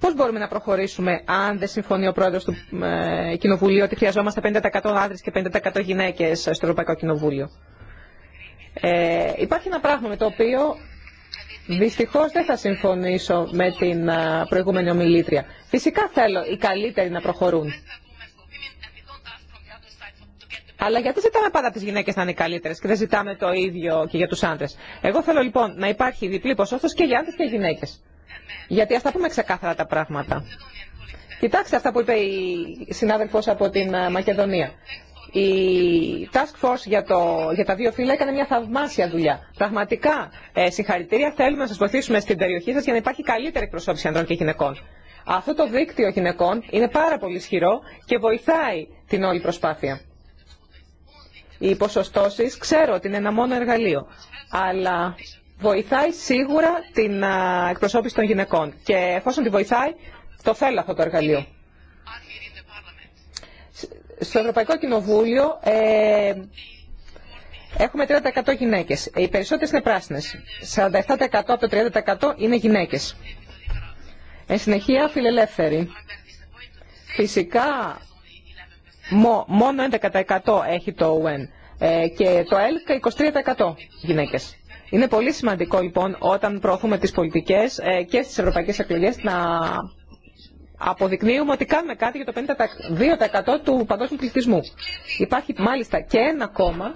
[SPEAKER 3] Πώς μπορούμε να προχωρήσουμε αν δεν συμφωνεί ο πρόεδρος του ε, Κοινοβουλίου ότι χρειαζόμαστε 50% άνδρες και 50% γυναίκες στο Ευρωπαϊκό Κοινοβούλιο. Ε, υπάρχει ένα πράγμα με το οποίο Δυστυχώ, δεν θα συμφωνήσω με την προηγούμενη ομιλήτρια. Φυσικά θέλω οι καλύτεροι να προχωρούν. Αλλά γιατί ζητάμε πάντα τι γυναίκε να είναι καλύτερε και δεν ζητάμε το ίδιο και για του άντρε. Εγώ θέλω λοιπόν να υπάρχει διπλή ποσότητα και για άντρε και γυναίκε. Γιατί α τα πούμε ξεκάθαρα τα πράγματα. Κοιτάξτε αυτά που είπε η συνάδελφο από την Μακεδονία. Η Task Force για, το, για τα δύο φύλλα έκανε μια θαυμάσια δουλειά. Πραγματικά, ε, συγχαρητήρια, θέλουμε να σας βοηθήσουμε στην περιοχή σας για να υπάρχει καλύτερη εκπροσώπηση ανδρών και γυναικών. Αυτό το δίκτυο γυναικών είναι πάρα πολύ ισχυρό και βοηθάει την όλη προσπάθεια. Οι ποσοστώσεις ξέρω ότι είναι ένα μόνο εργαλείο, αλλά βοηθάει σίγουρα την εκπροσώπηση των γυναικών και εφόσον τη βοηθάει, το θέλω αυτό το εργαλείο στο Ευρωπαϊκό Κοινοβούλιο ε, έχουμε 30% γυναίκες. Οι περισσότερες είναι πράσινες. 47% από το 30% είναι γυναίκες. Εν συνεχεία, φιλελεύθεροι. Φυσικά, μόνο 11% έχει το ΟΕΝ. Ε, και το ΕΛΚ 23% γυναίκες. Είναι πολύ σημαντικό λοιπόν όταν προωθούμε τις πολιτικές ε, και στις ευρωπαϊκές εκλογές να αποδεικνύουμε ότι κάνουμε κάτι για το 52% του παγκόσμιου πληθυσμού. Υπάρχει μάλιστα και ένα κόμμα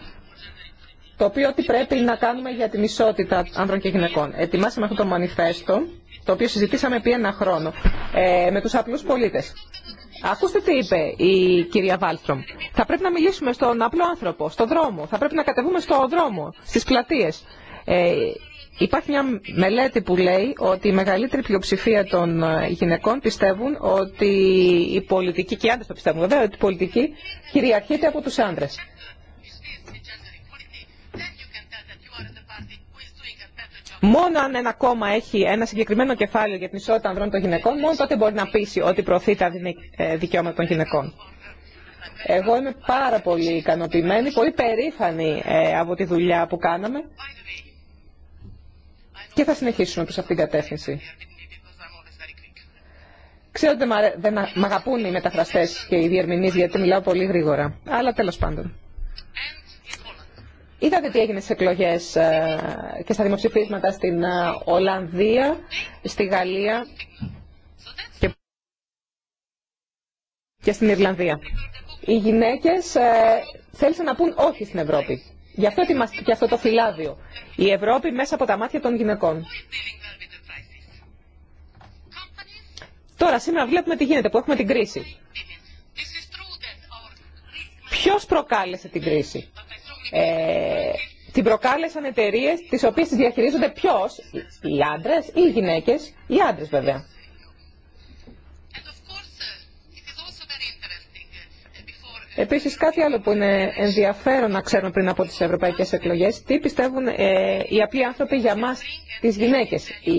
[SPEAKER 3] το οποίο τι πρέπει να κάνουμε για την ισότητα άνδρων και γυναικών. Ετοιμάσαμε αυτό το μανιφέστο, το οποίο συζητήσαμε επί ένα χρόνο, ε, με τους απλούς πολίτες. Ακούστε τι είπε η κυρία Βάλστρομ. Θα πρέπει να μιλήσουμε στον απλό άνθρωπο, στον δρόμο. Θα πρέπει να κατεβούμε στον δρόμο, στις πλατείες. Ε, Υπάρχει μια μελέτη που λέει ότι η μεγαλύτερη πλειοψηφία των ε, γυναικών πιστεύουν ότι η πολιτική, και οι άντρες το πιστεύουν βέβαια, ότι η πολιτική κυριαρχείται από τους άντρες. Μόνο αν ένα κόμμα έχει ένα συγκεκριμένο κεφάλαιο για την ισότητα ανδρών των γυναικών, μόνο τότε μπορεί να πείσει ότι προωθεί τα ε, δικαιώματα των γυναικών. Εγώ είμαι πάρα πολύ ικανοποιημένη, πολύ περήφανη ε, από τη δουλειά που κάναμε και θα συνεχίσουμε προς αυτήν την κατεύθυνση. Ξέρω ότι δεν με αγαπούν οι μεταφραστές και οι διερμηνείς γιατί μιλάω πολύ γρήγορα, αλλά τέλος πάντων. Είδατε τι έγινε στις εκλογές ε, και στα δημοψηφίσματα στην ε, Ολλανδία, στη Γαλλία και στην Ιρλανδία. Οι γυναίκες ε, θέλησαν να πούν όχι στην Ευρώπη. Γι' αυτό αυτό το φυλάδιο. Η Ευρώπη μέσα από τα μάτια των γυναικών. Τώρα σήμερα βλέπουμε τι γίνεται, που έχουμε την κρίση. Ποιος προκάλεσε την κρίση. Ε, την προκάλεσαν εταιρείε τις οποίες τις διαχειρίζονται ποιος, οι άντρες ή οι γυναίκες, οι άντρες βέβαια. Επίσης κάτι άλλο που είναι ενδιαφέρον να ξέρουμε πριν από τις ευρωπαϊκές εκλογές, τι πιστεύουν ε, οι απλοί άνθρωποι για μας, τις γυναίκες. Οι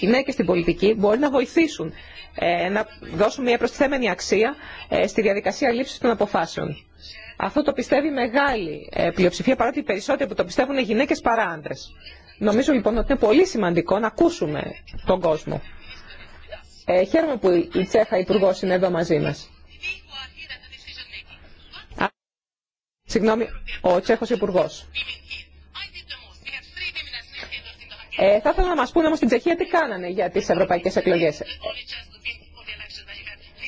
[SPEAKER 3] γυναίκες στην πολιτική μπορεί να βοηθήσουν ε, να δώσουν μια προστιθέμενη αξία ε, στη διαδικασία λήψης των αποφάσεων. Αυτό το πιστεύει μεγάλη ε, πλειοψηφία, παρά οι περισσότεροι που το πιστεύουν είναι γυναίκες παρά άντρες. Νομίζω λοιπόν ότι είναι πολύ σημαντικό να ακούσουμε τον κόσμο. Ε, χαίρομαι που η Τσέχα Υπουργό είναι εδώ μαζί μας. Συγγνώμη, ο Τσέχος υπουργό. Ε, θα ήθελα να μας πούνε όμως στην Τσεχία τι κάνανε για τις ευρωπαϊκές εκλογές.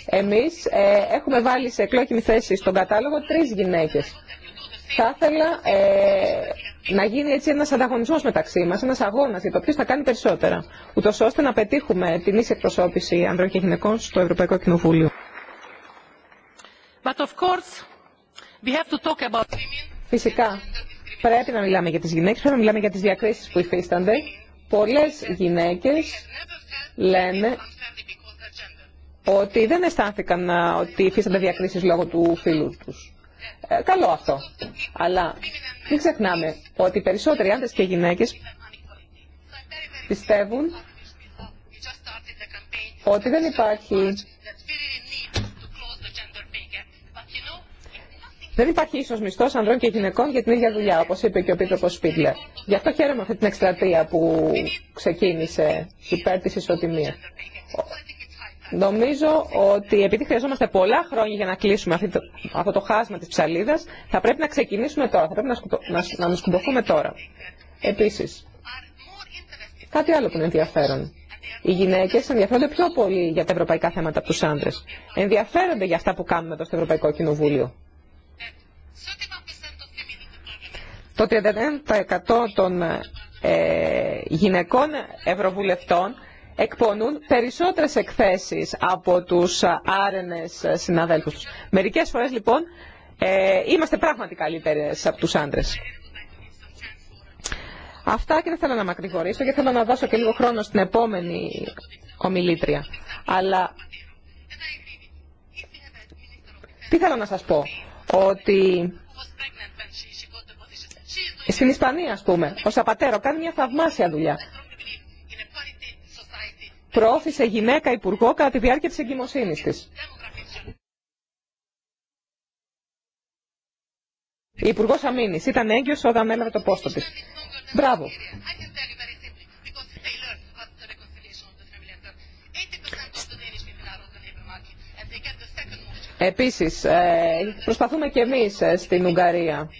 [SPEAKER 3] Εμείς ε, έχουμε βάλει σε εκλόκιμη θέση στον κατάλογο τρεις γυναίκες. Θα ήθελα ε, να γίνει έτσι ένας ανταγωνισμός μεταξύ μας, ένας αγώνας για το ποιος θα κάνει περισσότερα, ούτως ώστε να πετύχουμε την ίση εκπροσώπηση ανδρών και γυναικών στο Ευρωπαϊκό Κοινοβούλιο. Φυσικά, πρέπει να μιλάμε για τις γυναίκες, πρέπει να μιλάμε για τις διακρίσεις που υφίστανται. Πολλές γυναίκες λένε ότι δεν αισθάνθηκαν ότι υφίστανται διακρίσεις λόγω του φίλου τους. Ε, καλό αυτό. Αλλά μην ξεχνάμε ότι περισσότεροι άντρες και γυναίκες πιστεύουν ότι δεν υπάρχει Δεν υπάρχει ίσω μισθό ανδρών και γυναικών για την ίδια δουλειά, όπω είπε και ο Πίτροπο Σπίτλερ. Γι' αυτό χαίρομαι αυτή την εκστρατεία που ξεκίνησε υπέρ τη ισοτιμία. Νομίζω ότι επειδή χρειαζόμαστε πολλά χρόνια για να κλείσουμε αυτό το χάσμα τη ψαλίδα, θα πρέπει να ξεκινήσουμε τώρα, θα πρέπει να σκουμποθούμε τώρα. Επίση, κάτι άλλο που είναι ενδιαφέρον. Οι γυναίκε ενδιαφέρονται πιο πολύ για τα ευρωπαϊκά θέματα από του άντρε. Ενδιαφέρονται για αυτά που κάνουμε εδώ στο Ευρωπαϊκό Κοινοβούλιο. Το 39% των ε, γυναικών ευρωβουλευτών εκπονούν περισσότερες εκθέσεις από τους άρενες συναδέλφους τους. Μερικές φορές λοιπόν ε, είμαστε πράγματι καλύτερες από τους άντρες. Αυτά και δεν θέλω να μακρηγορήσω και θέλω να δώσω και λίγο χρόνο στην επόμενη ομιλήτρια. Αλλά τι θέλω να σας πω, ότι στην Ισπανία α πούμε, ο Σαπατέρο κάνει μια θαυμάσια δουλειά. Προώθησε γυναίκα υπουργό κατά τη διάρκεια τη εγκυμοσύνης τη. Η Υπουργό Αμήνη ήταν έγκυο όταν με το πόστο τη. Μπράβο. Επίσης, ε, προσπαθούμε και εμείς ε, στην Ουγγαρία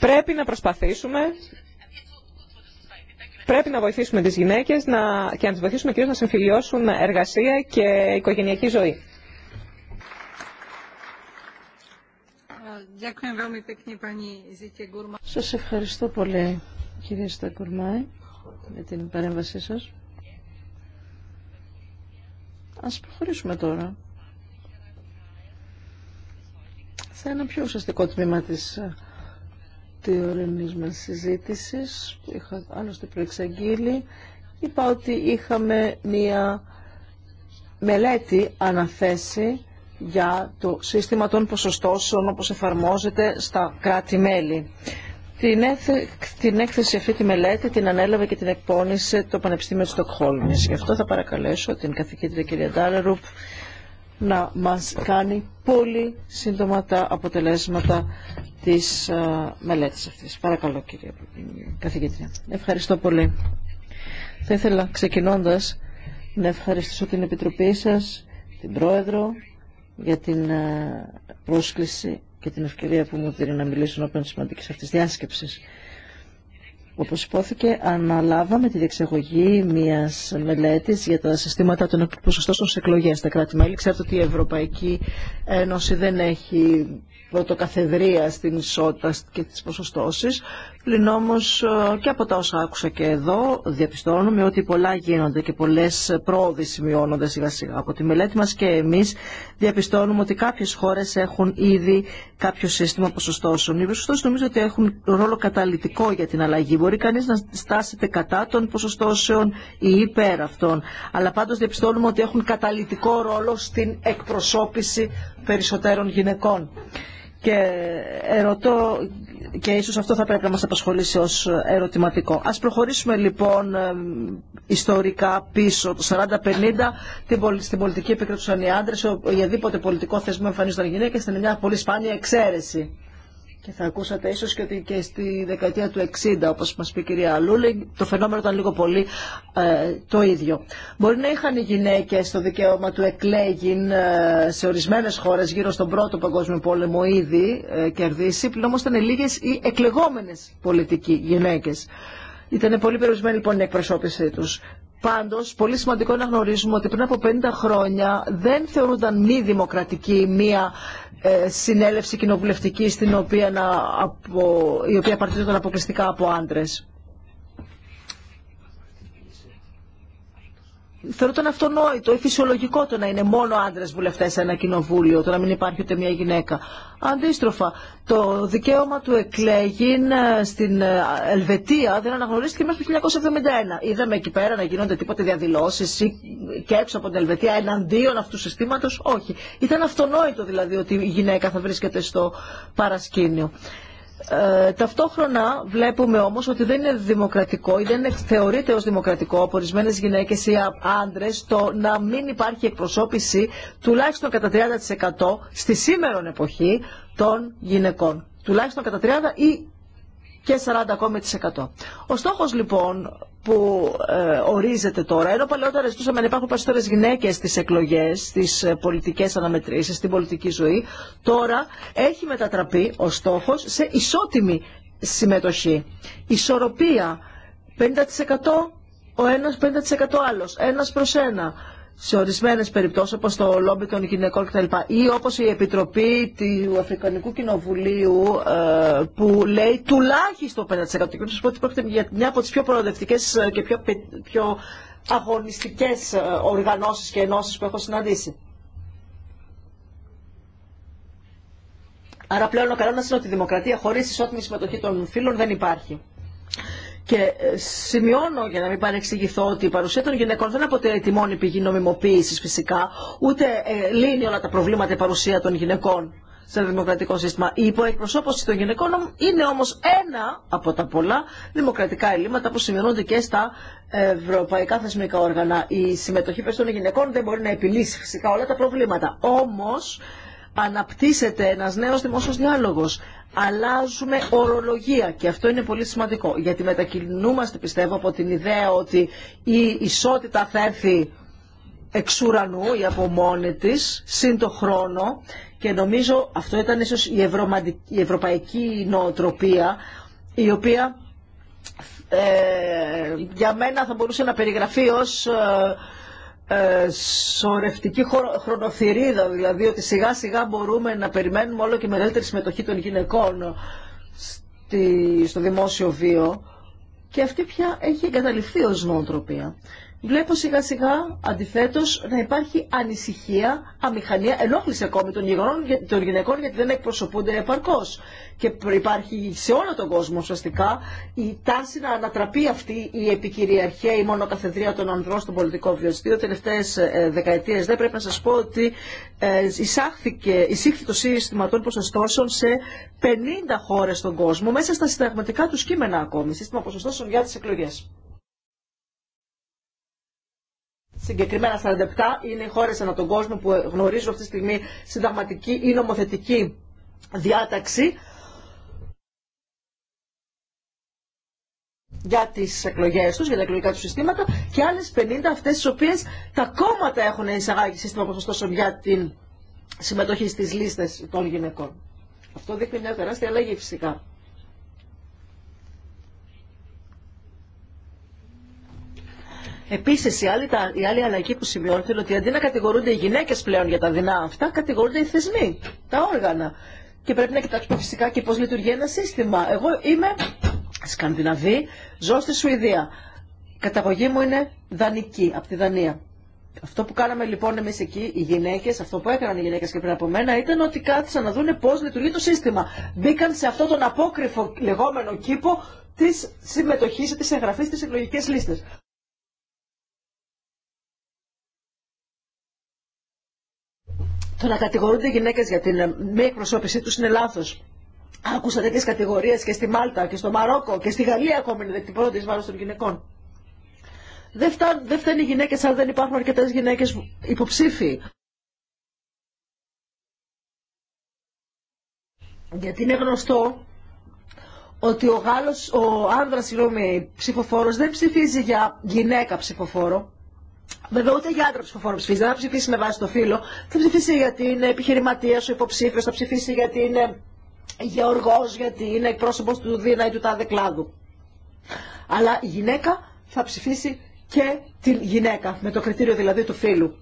[SPEAKER 3] Πρέπει να προσπαθήσουμε, πρέπει να βοηθήσουμε τις γυναίκες να, και να τις βοηθήσουμε κυρίως να συμφιλιώσουν εργασία και οικογενειακή ζωή.
[SPEAKER 2] Σας
[SPEAKER 1] ευχαριστώ πολύ κυρία Στακουρμάη για την παρέμβασή σας. Ας προχωρήσουμε τώρα σε ένα πιο ουσιαστικό τμήμα της ορεινή μα συζήτηση που είχα άλλωστε προεξαγγείλει, είπα ότι είχαμε μία μελέτη αναθέσει για το σύστημα των ποσοστώσεων όπως εφαρμόζεται στα κράτη-μέλη. Την, την έκθεση αυτή τη μελέτη την ανέλαβε και την εκπώνησε το Πανεπιστήμιο της Στοκχόλμης. Γι' αυτό θα παρακαλέσω την καθηγήτρια κυρία Ντάλερουπ να μας κάνει πολύ σύντομα τα αποτελέσματα της ε, μελέτης αυτής. Παρακαλώ κυρία καθηγήτρια. Ευχαριστώ πολύ. Θα ήθελα ξεκινώντας να ευχαριστήσω την Επιτροπή σας, την Πρόεδρο, για την ε, πρόσκληση και την ευκαιρία που μου δίνει να μιλήσω ενώπιον της σημαντικής αυτής διάσκεψης. Όπως υπόθηκε, αναλάβαμε τη διεξαγωγή μιας μελέτης για τα συστήματα των ποσοστών σε εκλογές στα κράτη-μέλη. Ξέρετε ότι η Ευρωπαϊκή Ένωση δεν έχει πρωτοκαθεδρία στην ισότητα και τις ποσοστώσεις. Πλην όμω ε, και από τα όσα άκουσα και εδώ, διαπιστώνουμε ότι πολλά γίνονται και πολλέ πρόοδοι σημειώνονται σιγά σιγά. Από τη μελέτη μα και εμεί διαπιστώνουμε ότι κάποιε χώρε έχουν ήδη κάποιο σύστημα ποσοστώσεων. Οι ποσοστώσει νομίζω ότι έχουν ρόλο καταλητικό για την αλλαγή. Μπορεί κανεί να στάσετε κατά των ποσοστώσεων ή υπέρ αυτών. Αλλά πάντω διαπιστώνουμε ότι έχουν καταλητικό ρόλο στην εκπροσώπηση περισσότερων γυναικών. Και ερωτώ, και ίσως αυτό θα πρέπει να μας απασχολήσει ως ερωτηματικό. Ας προχωρήσουμε λοιπόν ιστορικά πίσω, το 40-50, στην πολιτική επικρατούσαν οι άντρες, οποιαδήποτε πολιτικό θεσμό εμφανίζονταν γυναίκες, ήταν μια πολύ σπάνια εξαίρεση. Και θα ακούσατε ίσως και ότι και στη δεκαετία του 60, όπως μας πει η κυρία Λούλη, το φαινόμενο ήταν λίγο πολύ ε, το ίδιο. Μπορεί να είχαν οι γυναίκες το δικαίωμα του εκλέγην ε, σε ορισμένες χώρες γύρω στον Πρώτο Παγκόσμιο Πόλεμο ήδη ε, κερδίσει, πλην όμως ήταν λίγες οι εκλεγόμενες πολιτικοί γυναίκες. Ήταν πολύ περιορισμένη λοιπόν η εκπροσώπησή τους. Πάντως, πολύ σημαντικό είναι να γνωρίζουμε ότι πριν από 50 χρόνια δεν θεωρούνταν μη δημοκρατική μία ε, συνέλευση κοινοβουλευτική στην οποία απο, η οποία παρτίζονταν αποκλειστικά από άντρε. θεωρώ τον αυτονόητο ή φυσιολογικό το να είναι μόνο άντρε βουλευτέ σε ένα κοινοβούλιο, το να μην υπάρχει ούτε μια γυναίκα. Αντίστροφα, το δικαίωμα του εκλέγην ε, στην ε, Ελβετία δεν αναγνωρίστηκε μέχρι το 1971. Είδαμε εκεί πέρα να γίνονται τίποτε διαδηλώσει ή και έξω από την Ελβετία εναντίον αυτού του συστήματο. Όχι. Ήταν αυτονόητο δηλαδή ότι η γυναίκα θα βρίσκεται στο παρασκήνιο. Ε, ταυτόχρονα βλέπουμε όμως ότι δεν είναι δημοκρατικό ή δεν θεωρείται ως δημοκρατικό από ορισμένε γυναίκες ή άντρες το να μην υπάρχει εκπροσώπηση τουλάχιστον κατά 30% στη σήμερον εποχή των γυναικών. Τουλάχιστον κατά 30% ή και 40%. Ο στόχος λοιπόν που ε, ορίζεται τώρα, ενώ παλαιότερα ζητούσαμε να υπάρχουν περισσότερε γυναίκε στις εκλογές, στις ε, πολιτικές αναμετρήσεις, στην πολιτική ζωή, τώρα έχει μετατραπεί ο στόχος σε ισότιμη συμμετοχή. Ισορροπία 50% ο ένας 50% άλλος, ένα προς ένα σε ορισμένε περιπτώσει όπω το λόμπι των γυναικών κτλ. ή όπω η Επιτροπή του Αφρικανικού Κοινοβουλίου ε, που λέει τουλάχιστον 5%. Και να σα πω ότι πρόκειται για μια από τι πιο προοδευτικέ ε, και πιο, πιο αγωνιστικέ ε, οργανώσει και ενώσει που έχω συναντήσει. Άρα πλέον ο κανόνα είναι ότι η δημοκρατία χωρί ισότιμη συμμετοχή των φίλων δεν υπάρχει. Και ε, σημειώνω για να μην παρεξηγηθώ ότι η παρουσία των γυναικών δεν αποτελεί τη μόνη πηγή νομιμοποίηση φυσικά, ούτε ε, λύνει όλα τα προβλήματα η παρουσία των γυναικών σε ένα δημοκρατικό σύστημα. Η υποεκπροσώπωση των γυναικών είναι όμω ένα από τα πολλά δημοκρατικά ελλείμματα που σημειώνονται και στα ευρωπαϊκά θεσμικά όργανα. Η συμμετοχή των γυναικών δεν μπορεί να επιλύσει φυσικά όλα τα προβλήματα. Όμω αναπτύσσεται ένας νέος δημόσιος διάλογος. Αλλάζουμε ορολογία και αυτό είναι πολύ σημαντικό. Γιατί μετακινούμαστε πιστεύω από την ιδέα ότι η ισότητα θα έρθει εξ ουρανού ή από μόνη τη, συν το χρόνο και νομίζω αυτό ήταν ίσως η, η ευρωπαϊκή νοοτροπία η οποία ε, για μένα θα μπορούσε να περιγραφεί ως ε, ε, σορευτική χρονοθυρίδα, δηλαδή ότι σιγά σιγά μπορούμε να περιμένουμε όλο και μεγαλύτερη συμμετοχή των γυναικών στο δημόσιο βίο και αυτή πια έχει εγκαταληφθεί ως νοοτροπία βλέπω σιγά σιγά αντιθέτω να υπάρχει ανησυχία, αμηχανία, ενόχληση ακόμη των, γυναικών, των γυναικών γιατί δεν εκπροσωπούνται επαρκώ. Και υπάρχει σε όλο τον κόσμο ουσιαστικά η τάση να ανατραπεί αυτή η επικυριαρχία, η μονοκαθεδρία των ανδρών στον πολιτικό βιοστήριο. Τελευταίε δεκαετίε δεν πρέπει να σα πω ότι ε, εισάχθηκε, εισήχθη το σύστημα των ποσοστώσεων σε 50 χώρε στον κόσμο, μέσα στα συνταγματικά του κείμενα ακόμη, σύστημα ποσοστώσεων για τι εκλογέ. συγκεκριμένα 47 είναι οι χώρες ανά τον κόσμο που γνωρίζουν αυτή τη στιγμή συνταγματική ή νομοθετική διάταξη για τις εκλογές τους, για τα εκλογικά του συστήματα και άλλες 50 αυτές τις οποίες τα κόμματα έχουν εισαγάγει σύστημα ποσοστώσεων για την συμμετοχή στις λίστες των γυναικών. Αυτό δείχνει μια τεράστια αλλαγή φυσικά. Επίση, η, άλλη, η άλλη αλλαγή που σημειώνεται είναι ότι αντί να κατηγορούνται οι γυναίκε πλέον για τα δεινά αυτά, κατηγορούνται οι θεσμοί, τα όργανα. Και πρέπει να κοιτάξουμε φυσικά και πώ λειτουργεί ένα σύστημα. Εγώ είμαι Σκανδιναβή, ζω στη Σουηδία. Η Καταγωγή μου είναι δανική, από τη Δανία. Αυτό που κάναμε λοιπόν εμεί εκεί, οι γυναίκε, αυτό που έκαναν οι γυναίκε και πριν από μένα, ήταν ότι κάθισαν να δούνε πώ λειτουργεί το σύστημα. Μπήκαν σε αυτόν τον απόκριφο λεγόμενο κήπο τη συμμετοχή τη εγγραφή στι εκλογικέ λίστε. Το να κατηγορούνται γυναίκες για την ε, μη εκπροσώπησή τους είναι λάθος. Άκουσα τέτοιε κατηγορίε και στη Μάλτα και στο Μαρόκο και στη Γαλλία ακόμη είναι δεκτυπώνονται ει βάρο των γυναικών. Δεν, φτάνει δεν φταίνουν οι γυναίκε αν δεν υπάρχουν αρκετέ γυναίκε υποψήφοι. Γιατί είναι γνωστό ότι ο Γάλλος, ο άνδρας, συγγνώμη, ψηφοφόρος δεν ψηφίζει για γυναίκα ψηφοφόρο. Βέβαια ούτε για άντρα ψηφοφόρο ψηφίζει, δεν θα ψηφίσει με βάση το φύλλο, θα ψηφίσει γιατί είναι επιχειρηματία ο υποψήφιο, θα ψηφίσει γιατί είναι γεωργό, γιατί είναι εκπρόσωπο του Δίνα ή του τάδε κλάδου. Αλλά η γυναίκα θα ψηφίσει και την γυναίκα, με το κριτήριο δηλαδή του φίλου.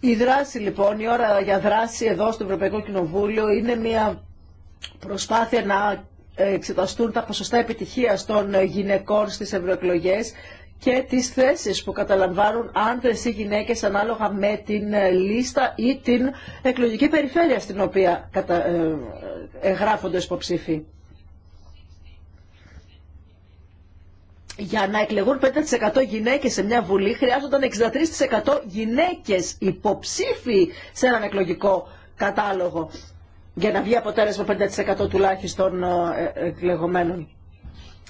[SPEAKER 1] Η δράση λοιπόν, η ώρα για δράση εδώ στο Ευρωπαϊκό Κοινοβούλιο είναι μια προσπάθεια να εξεταστούν τα ποσοστά επιτυχίας των γυναικών στις ευρωεκλογές και τις θέσεις που καταλαμβάνουν άντρες ή γυναίκες ανάλογα με την ε, λίστα ή την εκλογική περιφέρεια στην οποία κατα... Ε, ε, εγγράφονται υποψήφοι. Για να εκλεγούν 5% γυναίκες σε μια βουλή χρειάζονταν 63% γυναίκες υποψήφοι σε έναν εκλογικό κατάλογο για να βγει αποτέλεσμα 5% τουλάχιστον εκλεγωμένων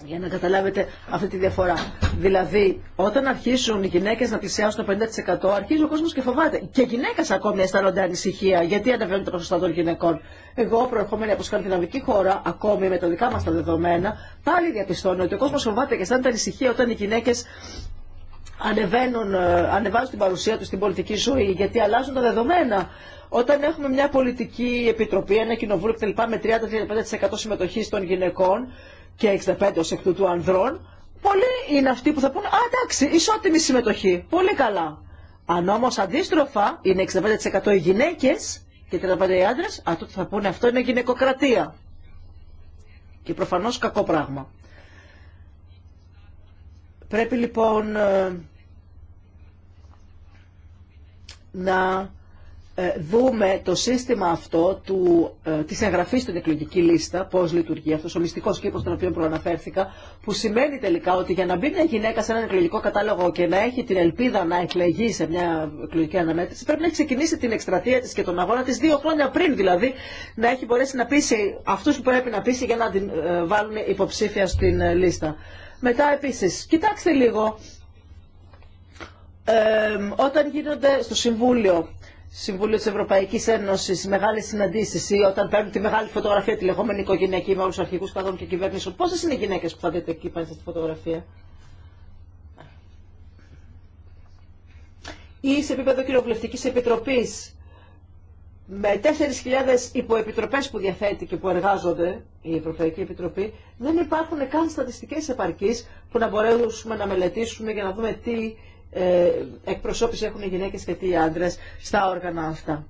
[SPEAKER 1] για να καταλάβετε αυτή τη διαφορά. Δηλαδή, όταν αρχίσουν οι γυναίκε να πλησιάσουν το 50%, αρχίζει ο κόσμο και φοβάται. Και γυναίκε ακόμη αισθάνονται ανησυχία, γιατί ανεβαίνουν τα ποσοστά των γυναικών. Εγώ, προερχόμενη από σκανδιναβική χώρα, ακόμη με τα δικά μα τα δεδομένα, πάλι διαπιστώνω ότι ο κόσμο φοβάται και αισθάνεται ανησυχία όταν οι γυναίκε ανεβαίνουν, ε, ανεβάζουν την παρουσία του στην πολιτική ζωή, γιατί αλλάζουν τα δεδομένα. Όταν έχουμε μια πολιτική επιτροπή, ένα κοινοβούλιο κτλ. με 30-35% συμμετοχή των γυναικών, και 65 ως εκ τούτου ανδρών, πολλοί είναι αυτοί που θα πούνε «Α, εντάξει, ισότιμη συμμετοχή, πολύ καλά». Αν όμως αντίστροφα είναι 65% οι γυναίκες και 35% οι άντρες, α, θα πούνε «Αυτό είναι γυναικοκρατία». Και προφανώς κακό πράγμα. Πρέπει λοιπόν ε, να ε, δούμε το σύστημα αυτό του, ε, της εγγραφής στην εκλογική λίστα, πώς λειτουργεί αυτός ο μυστικός κήπος τον οποίο προαναφέρθηκα, που σημαίνει τελικά ότι για να μπει μια γυναίκα σε έναν εκλογικό κατάλογο και να έχει την ελπίδα να εκλεγεί σε μια εκλογική αναμέτρηση, πρέπει να έχει ξεκινήσει την εκστρατεία της και τον αγώνα της δύο χρόνια πριν, δηλαδή να έχει μπορέσει να πείσει αυτούς που πρέπει να πείσει για να την ε, βάλουν υποψήφια στην λίστα. Μετά επίσης, κοιτάξτε λίγο, ε, όταν γίνονται στο Συμβούλιο Συμβούλιο τη Ευρωπαϊκή Ένωση, μεγάλε συναντήσει ή όταν παίρνουν τη μεγάλη φωτογραφία, τη λεγόμενη οικογενειακή με όλου του αρχηγού παδών και κυβέρνησεων. Πόσε είναι οι γυναίκε που θα δείτε εκεί πάνω στη φωτογραφία. Ή σε επίπεδο κοινοβουλευτική επιτροπή, με 4.000 υποεπιτροπέ που διαθέτει και που εργάζονται η Ευρωπαϊκή Επιτροπή, δεν υπάρχουν καν στατιστικέ επαρκεί που να μπορέσουμε να μελετήσουμε για να δούμε τι ε, εκπροσώπηση έχουν οι γυναίκες και οι άντρες στα όργανα αυτά.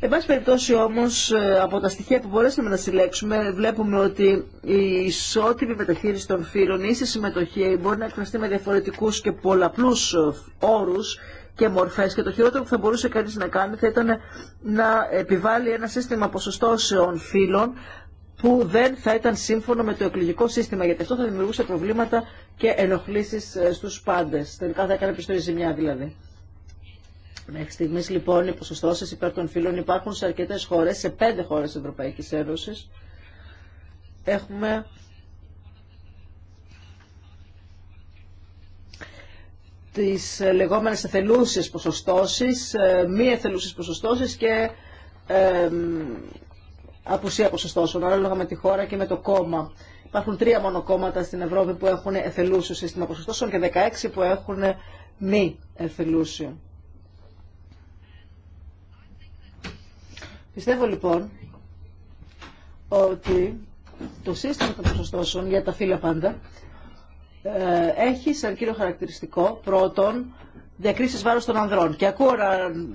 [SPEAKER 1] Εν πάση περιπτώσει όμως ε, από τα στοιχεία που μπορέσαμε να συλλέξουμε βλέπουμε ότι η ισότιμη μεταχείριση των φύλων ή η συμμετοχή μπορεί να εκφραστεί με διαφορετικούς και πολλαπλούς ε, όρους και μορφές και το χειρότερο που θα μπορούσε κανείς να κάνει θα ήταν να επιβάλλει ένα σύστημα ποσοστώσεων φύλων που δεν θα ήταν σύμφωνο με το εκλογικό σύστημα, γιατί αυτό θα δημιουργούσε προβλήματα και ενοχλήσεις ε, στους πάντες. Τελικά θα έκανε περισσότερη ζημιά δηλαδή. Μέχρι στιγμή λοιπόν οι ποσοστώσει υπέρ των φύλων υπάρχουν σε αρκετέ χώρε, σε πέντε χώρε Ευρωπαϊκή Ένωση. Έχουμε τις ε, λεγόμενες εθελούσες ποσοστώσεις, ε, μη εθελούσες ποσοστώσεις και απουσία ποσοστώσεων, ανάλογα με τη χώρα και με το κόμμα. Υπάρχουν τρία μόνο κόμματα στην Ευρώπη που έχουν εθελούσιο σύστημα ποσοστώσεων και 16 που έχουν μη εθελούσιο. Πιστεύω λοιπόν ότι το σύστημα των ποσοστώσεων για τα φύλλα πάντα ε, έχει σαν κύριο χαρακτηριστικό πρώτον διακρίσεις βάρος των ανδρών. Και ακούω να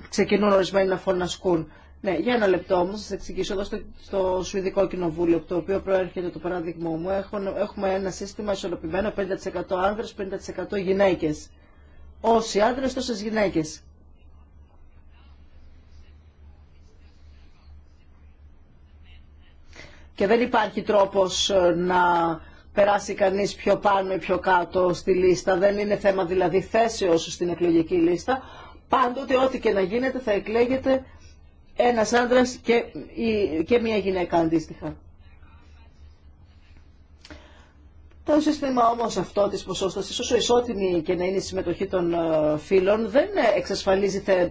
[SPEAKER 1] ξεκινούν ορισμένοι να φωνασκούν ναι, για ένα λεπτό όμω, σα εξηγήσω. Εδώ στο, στο Σουηδικό Κοινοβούλιο, το οποίο προέρχεται το παράδειγμα μου, έχουν, έχουμε ένα σύστημα ισορροπημένο 50% άνδρε, 50% γυναίκε. Όσοι άνδρε, τόσε γυναίκε. Και δεν υπάρχει τρόπος ε, να περάσει κανείς πιο πάνω ή πιο κάτω στη λίστα. Δεν είναι θέμα δηλαδή θέσεως στην εκλογική λίστα. Πάντοτε ό,τι και να γίνεται θα εκλέγεται ένας άντρας και, και μία γυναίκα αντίστοιχα. Το σύστημα όμω αυτό τη ποσόσταση, όσο ισότιμη και να είναι η συμμετοχή των ε, φίλων, δεν εξασφαλίζει ε,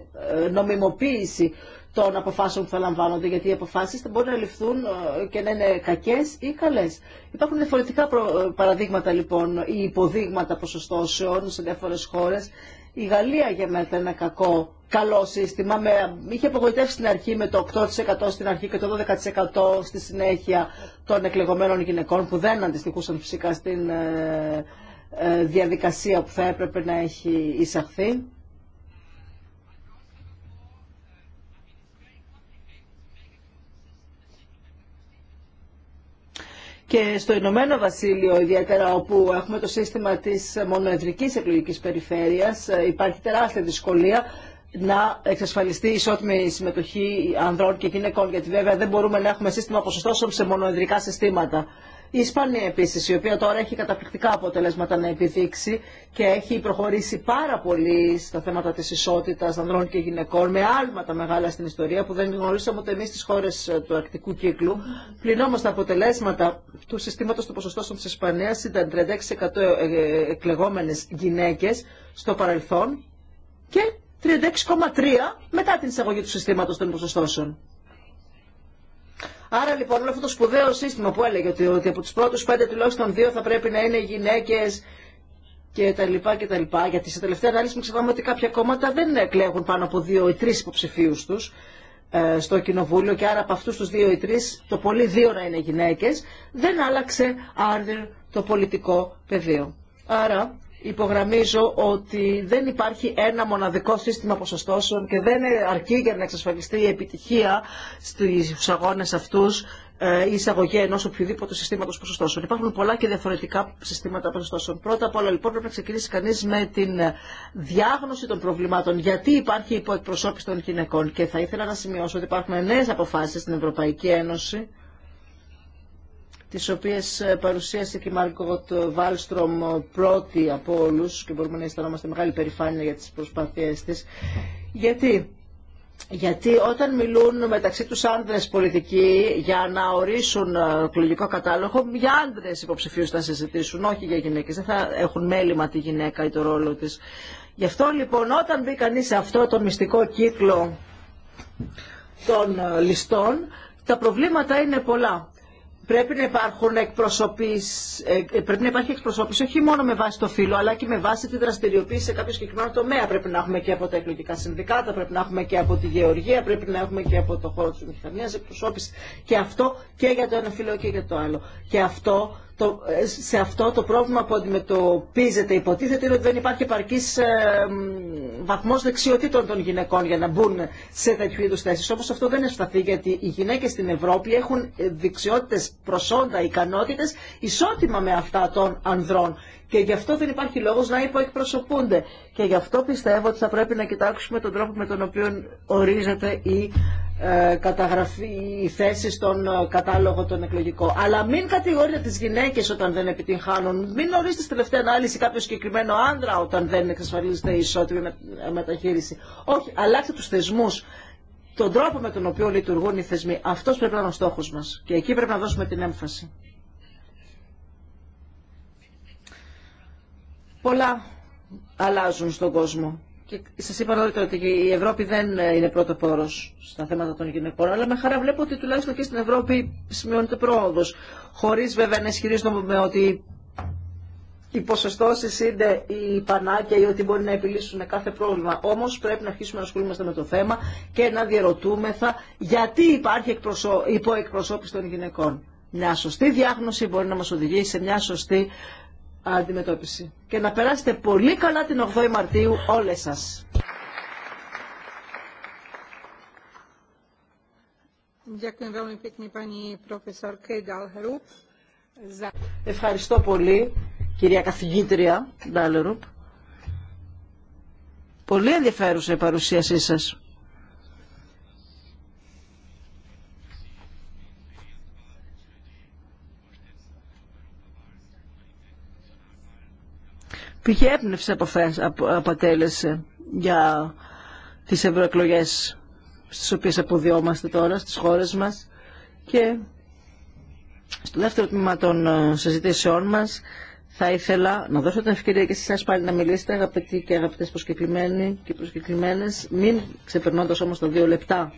[SPEAKER 1] νομιμοποίηση των αποφάσεων που θα λαμβάνονται, γιατί οι αποφάσει μπορούν να ληφθούν ε, και να είναι κακέ ή καλές. Υπάρχουν διαφορετικά παραδείγματα λοιπόν ή υποδείγματα ποσοστώσεων σε διάφορε χώρε η Γαλλία ήταν ένα κακό, καλό σύστημα. Με, είχε απογοητεύσει στην αρχή με το 8% στην αρχή και το 12% στη συνέχεια των εκλεγωμένων γυναικών που δεν αντιστοιχούσαν φυσικά στην ε, ε, διαδικασία που θα έπρεπε να έχει εισαχθεί. και στο Ηνωμένο Βασίλειο ιδιαίτερα όπου έχουμε το σύστημα της μονοεδρικής εκλογικής περιφέρειας ε, υπάρχει τεράστια δυσκολία να εξασφαλιστεί ισότιμη συμμετοχή ανδρών και γυναικών γιατί βέβαια δεν μπορούμε να έχουμε σύστημα ποσοστώσεων σε μονοεδρικά συστήματα. Η Ισπανία επίση, η οποία τώρα έχει καταπληκτικά αποτελέσματα να επιδείξει και έχει προχωρήσει πάρα πολύ στα θέματα τη ισότητα, ανδρών και γυναικών με άλματα μεγάλα στην ιστορία που δεν γνωρίσαμε ούτε εμεί στις χώρες ε, του αρκτικού κύκλου. Πλην όμως τα αποτελέσματα του συστήματο των ποσοστώσεων τη Ισπανίας ήταν 36% ε, ε, εκλεγόμενες γυναίκε στο παρελθόν και 36,3% μετά την εισαγωγή του συστήματο των ποσοστώσεων. Άρα λοιπόν όλο αυτό το σπουδαίο σύστημα που έλεγε ότι, ότι από τους πρώτους πέντε τουλάχιστον δύο θα πρέπει να είναι γυναίκες και τα λοιπά και τα λοιπά, γιατί σε τελευταία ανάλυση μην ξεχνάμε ότι κάποια κόμματα δεν εκλέγουν πάνω από δύο ή τρεις υποψηφίους τους ε, στο κοινοβούλιο και άρα από αυτούς τους δύο ή τρεις, το πολύ δύο να είναι γυναίκες, δεν άλλαξε άρδερ το πολιτικό πεδίο. Άρα υπογραμμίζω ότι δεν υπάρχει ένα μοναδικό σύστημα ποσοστώσεων και δεν αρκεί για να εξασφαλιστεί η επιτυχία στους αγώνες αυτούς ε, η εισαγωγή ενό οποιοδήποτε συστήματο ποσοστώσεων. Υπάρχουν πολλά και διαφορετικά συστήματα ποσοστώσεων. Πρώτα απ' όλα λοιπόν πρέπει να ξεκινήσει κανεί με την διάγνωση των προβλημάτων. Γιατί υπάρχει υποεκπροσώπηση των γυναικών. Και θα ήθελα να σημειώσω ότι υπάρχουν νέε αποφάσει στην Ευρωπαϊκή Ένωση τις οποίες ε, παρουσίασε και η Μάρκοτ Βάλστρομ ε, πρώτη από όλους και μπορούμε να αισθανόμαστε μεγάλη περηφάνεια για τις προσπάθειές της. Γιατί γιατί όταν μιλούν μεταξύ τους άνδρες πολιτικοί για να ορίσουν ε, εκλογικό κατάλογο, για άνδρες υποψηφίους θα συζητήσουν, όχι για γυναίκες. Δεν θα έχουν μέλημα τη γυναίκα ή το ρόλο της. Γι' αυτό λοιπόν όταν μπει κανείς σε αυτό το μυστικό κύκλο των ληστών, τα προβλήματα είναι πολλά πρέπει να, υπάρχουν ε, πρέπει να υπάρχει εκπροσώπηση όχι μόνο με βάση το φύλλο, αλλά και με βάση τη δραστηριοποίηση σε κάποιο συγκεκριμένο τομέα. Πρέπει να έχουμε και από τα εκλογικά συνδικάτα, πρέπει να έχουμε και από τη γεωργία, πρέπει να έχουμε και από το χώρο τη μηχανία εκπροσώπηση. Και αυτό και για το ένα φύλλο και για το άλλο. Και αυτό ε, σε αυτό το πρόβλημα που αντιμετωπίζεται υποτίθεται είναι ότι δεν υπάρχει επαρκής ε, βαθμός δεξιοτήτων των γυναικών για να μπουν σε τέτοιου είδους θέσεις. Όμως αυτό δεν ευσταθεί γιατί οι γυναίκες στην Ευρώπη έχουν δεξιότητες προσόντα, ικανότητες ισότιμα με αυτά των ανδρών και γι' αυτό δεν υπάρχει λόγος να υποεκπροσωπούνται. Και γι' αυτό πιστεύω ότι θα πρέπει να κοιτάξουμε τον τρόπο με τον οποίο ορίζεται η ε, καταγραφή, η θέση στον ε, κατάλογο τον εκλογικό. Αλλά μην κατηγορείτε τις γυναίκες όταν δεν επιτυγχάνουν. Μην ορίσετε στην τελευταία ανάλυση κάποιο συγκεκριμένο άντρα όταν δεν εξασφαλίζεται η ισότιμη ε, μεταχείριση. Όχι, αλλάξτε τους θεσμούς τον τρόπο με τον οποίο λειτουργούν οι θεσμοί. Αυτός πρέπει να είναι ο στόχος μας. Και εκεί πρέπει να δώσουμε την έμφαση. Πολλά αλλάζουν στον κόσμο. Και σας είπα νωρίτερα ότι η Ευρώπη δεν είναι πρώτο πόρος στα θέματα των γυναικών, αλλά με χαρά βλέπω ότι τουλάχιστον και στην Ευρώπη σημειώνεται πρόοδος. Χωρίς βέβαια να ισχυρίζομαι ότι οι ποσοστώσεις είναι οι πανάκια ή ότι μπορεί να επιλύσουν κάθε πρόβλημα. Όμως πρέπει να αρχίσουμε να ασχολούμαστε με το θέμα και να διαρωτούμεθα γιατί υπάρχει υποεκπροσώπηση των γυναικών. Μια σωστή διάγνωση μπορεί να μας οδηγήσει σε μια σωστή αντιμετώπιση. Και να περάσετε πολύ καλά την 8η Μαρτίου όλες σας. Ευχαριστώ πολύ, κυρία καθηγήτρια Ντάλερουπ. Πολύ ενδιαφέρουσα η παρουσίασή σας. πήγε έμπνευση από αποτέλεσε για τις ευρωεκλογέ στις οποίες αποδιόμαστε τώρα στις χώρες μας και στο δεύτερο τμήμα των ε, συζητήσεών μας θα ήθελα να δώσω την ευκαιρία και σε εσάς πάλι να μιλήσετε αγαπητοί και αγαπητές προσκεκλημένοι και προσκεκλημένες μην ξεπερνώντας όμως τα δύο λεπτά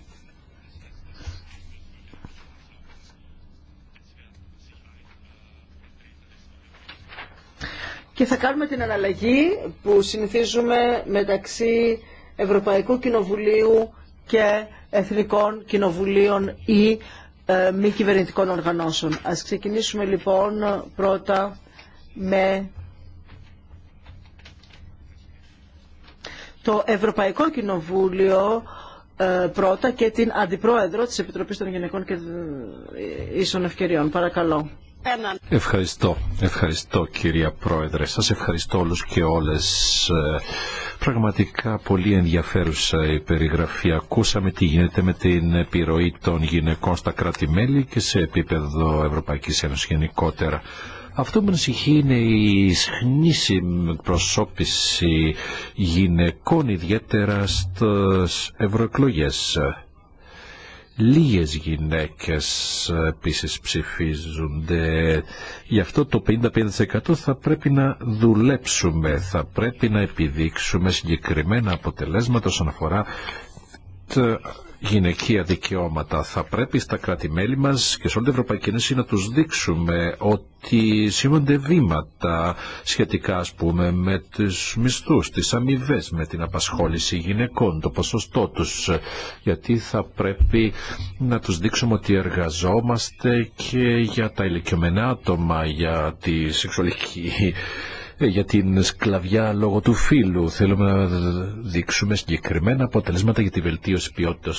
[SPEAKER 1] και θα κάνουμε την αναλλαγή που συνηθίζουμε μεταξύ Ευρωπαϊκού Κοινοβουλίου και Εθνικών Κοινοβουλίων ή ε, μη κυβερνητικών οργανώσεων. Ας ξεκινήσουμε λοιπόν πρώτα με το Ευρωπαϊκό Κοινοβούλιο ε, πρώτα και την Αντιπρόεδρο της Επιτροπής των Γενικών και ε, Ίσων Ευκαιριών. Παρακαλώ.
[SPEAKER 4] Ευχαριστώ. Ευχαριστώ κυρία Πρόεδρε. Σας ευχαριστώ όλους και όλες. Ε, πραγματικά πολύ ενδιαφέρουσα η περιγραφή. Ακούσαμε τι γίνεται με την επιρροή των γυναικών στα κράτη-μέλη και σε επίπεδο Ευρωπαϊκής Ένωσης γενικότερα. Αυτό που ανησυχεί είναι η σχνήση προσώπηση γυναικών ιδιαίτερα στις ευρωεκλογές. Λίγες γυναίκες ε, επίση ψηφίζονται. Γι' αυτό το 55% θα πρέπει να δουλέψουμε, θα πρέπει να επιδείξουμε συγκεκριμένα αποτελέσματα όσον αφορά γυναικεία δικαιώματα. Θα πρέπει στα κρατη μας και σε όλη την Ευρωπαϊκή Ένωση να τους δείξουμε ότι σήμονται βήματα σχετικά πούμε με τις μισθούς, τις αμοιβέ, με την απασχόληση γυναικών, το ποσοστό τους. Γιατί θα πρέπει να τους δείξουμε ότι εργαζόμαστε και για τα ηλικιωμένα άτομα, για τη σεξουαλική ε, για την σκλαβιά λόγω του φύλου. Θέλουμε να δείξουμε συγκεκριμένα αποτελέσματα για τη βελτίωση ποιότητα,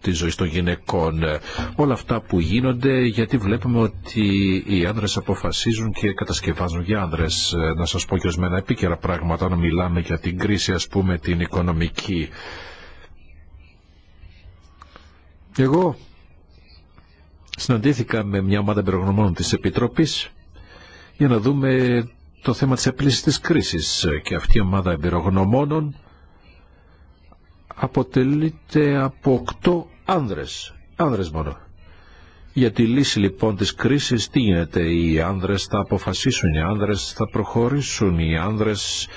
[SPEAKER 4] τη ζωή των γυναικών. Όλα αυτά που γίνονται γιατί βλέπουμε ότι οι άνδρε αποφασίζουν και κατασκευάζουν για άνδρε. Ε, να σα πω και μένα επίκαιρα πράγματα να μιλάμε για την κρίση, α πούμε, την οικονομική. Εγώ συναντήθηκα με μια ομάδα εμπειρογνωμών της Επιτροπής για να δούμε το θέμα της απλής της κρίσης και αυτή η ομάδα εμπειρογνωμόνων αποτελείται από οκτώ άνδρες, άνδρες μόνο. Για τη λύση λοιπόν της κρίσης τι γίνεται, οι άνδρες θα αποφασίσουν, οι άνδρες θα προχωρήσουν, οι άνδρες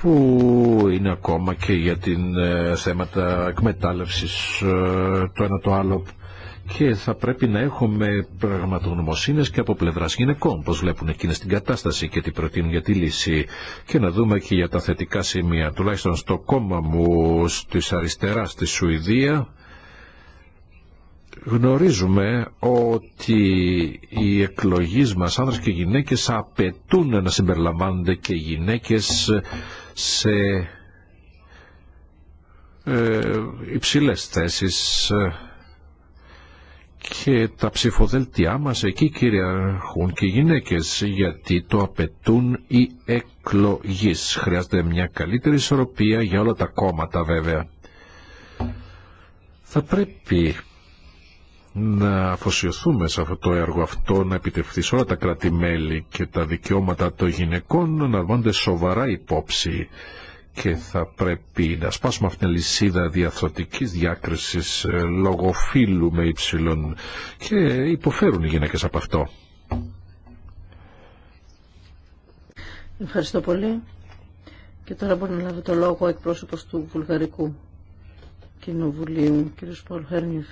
[SPEAKER 4] που είναι ακόμα και για την ε, θέματα εκμετάλλευσης ε, το ένα το άλλο και θα πρέπει να έχουμε πραγματογνωμοσύνες και από πλευράς γυναικών, πώς βλέπουν εκείνες την κατάσταση και τι προτείνουν για τη λύση και να δούμε και για τα θετικά σημεία, τουλάχιστον στο κόμμα μου της αριστερά στη Σουηδία, γνωρίζουμε ότι οι εκλογείς μας άνδρες και γυναίκες απαιτούν να συμπεριλαμβάνονται και γυναίκες σε ε, υψηλές θέσεις και τα ψηφοδέλτιά μας εκεί κυριαρχούν και οι γυναίκες γιατί το απαιτούν οι εκλογείς. Χρειάζεται μια καλύτερη ισορροπία για όλα τα κόμματα βέβαια. Θα πρέπει να αφοσιωθούμε σε αυτό το έργο αυτό, να επιτευχθεί σε όλα τα κράτη-μέλη και τα δικαιώματα των γυναικών να λαμβάνονται σοβαρά υπόψη και θα πρέπει να σπάσουμε αυτήν την λυσίδα διαθρωτικής διάκρισης ε, λόγω φύλου με υψηλών και υποφέρουν οι γυναίκες από αυτό.
[SPEAKER 1] Ευχαριστώ πολύ. Και τώρα μπορεί να λάβει το λόγο εκπρόσωπος του Βουλγαρικού Κοινοβουλίου, κ. Πολ Χέρνιεφ,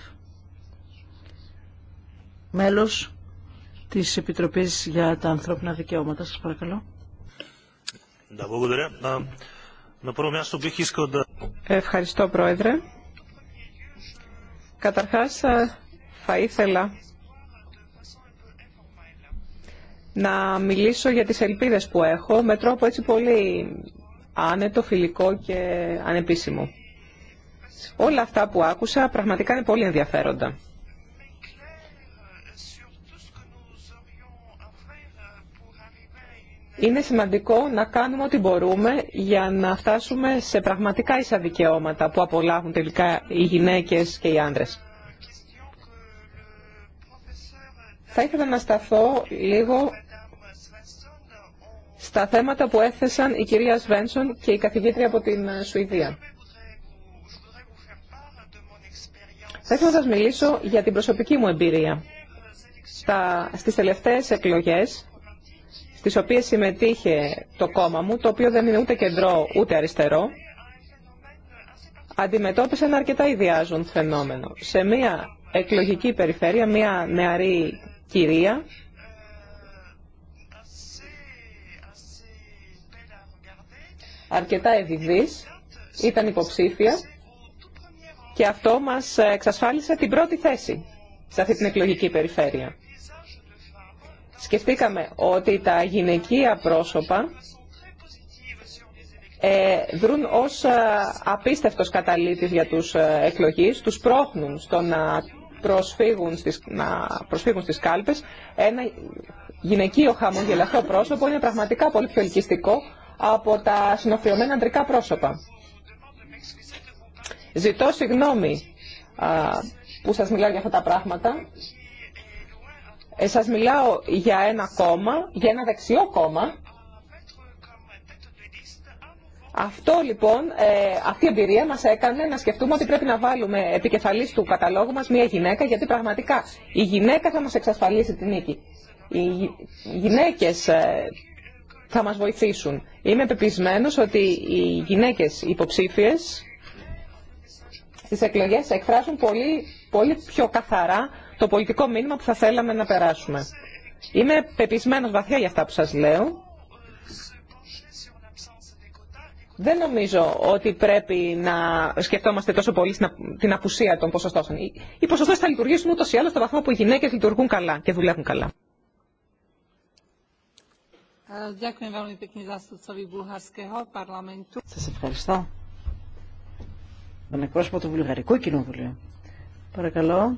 [SPEAKER 1] μέλος της Επιτροπής για τα Ανθρώπινα Δικαιώματα. Σας παρακαλώ.
[SPEAKER 3] Ευχαριστώ, Πρόεδρε. Καταρχάς, ε, θα ήθελα να μιλήσω για τις ελπίδες που έχω με τρόπο έτσι πολύ άνετο, φιλικό και ανεπίσημο. Όλα αυτά που άκουσα πραγματικά είναι πολύ ενδιαφέροντα. είναι σημαντικό να κάνουμε ό,τι μπορούμε για να φτάσουμε σε πραγματικά ίσα δικαιώματα που απολάβουν τελικά οι γυναίκες και οι άντρες. Θα ήθελα να σταθώ λίγο στα θέματα που έθεσαν η κυρία Σβένσον και η καθηγήτρια από την ε, Σουηδία. Θα ήθελα να σας μιλήσω για την προσωπική μου εμπειρία. Στα, στις τελευταίες εκλογές στις οποίες συμμετείχε το κόμμα μου, το οποίο δεν είναι ούτε κεντρό ούτε αριστερό, αντιμετώπισε ένα αρκετά ιδιάζον φαινόμενο. Σε μία εκλογική περιφέρεια, μία νεαρή κυρία, αρκετά ευηδής, ήταν υποψήφια και αυτό μας εξασφάλισε την πρώτη θέση σε αυτή την εκλογική περιφέρεια σκεφτήκαμε ότι τα γυναικεία πρόσωπα ε, δρούν ως ε, απίστευτος καταλήτης για τους ε, εκλογείς, τους πρόχνουν στο να προσφύγουν στις, να προσφύγουν στις κάλπες. Ένα γυναικείο χαμογελαστό πρόσωπο είναι πραγματικά πολύ πιο ελκυστικό από τα συνοφιωμένα αντρικά πρόσωπα. Ζητώ συγγνώμη που σας μιλάω για αυτά τα πράγματα. Ε, σας μιλάω για ένα κόμμα, για ένα δεξιό κόμμα. Αυτό λοιπόν, ε, αυτή η εμπειρία μας έκανε να σκεφτούμε ότι πρέπει να βάλουμε επικεφαλής του καταλόγου μας μια γυναίκα, γιατί πραγματικά η γυναίκα θα μας εξασφαλίσει την νίκη. Οι γυναίκες ε, θα μας βοηθήσουν. Είμαι πεπισμένος ότι οι γυναίκες υποψήφιες στις εκλογές εκφράζουν πολύ, πολύ πιο καθαρά το πολιτικό μήνυμα που θα θέλαμε να περάσουμε. Είμαι πεπισμένο βαθιά για αυτά που σας λέω. Δεν νομίζω ότι πρέπει να σκεφτόμαστε τόσο πολύ την απουσία των ποσοστώσεων. Οι ποσοστώσεις θα λειτουργήσουν ούτως ή άλλως στο βαθμό που οι γυναίκες λειτουργούν καλά και δουλεύουν καλά. Σα ευχαριστώ.
[SPEAKER 1] Τον εκπρόσωπο του Βουλγαρικού Κοινοβουλίου. Παρακαλώ.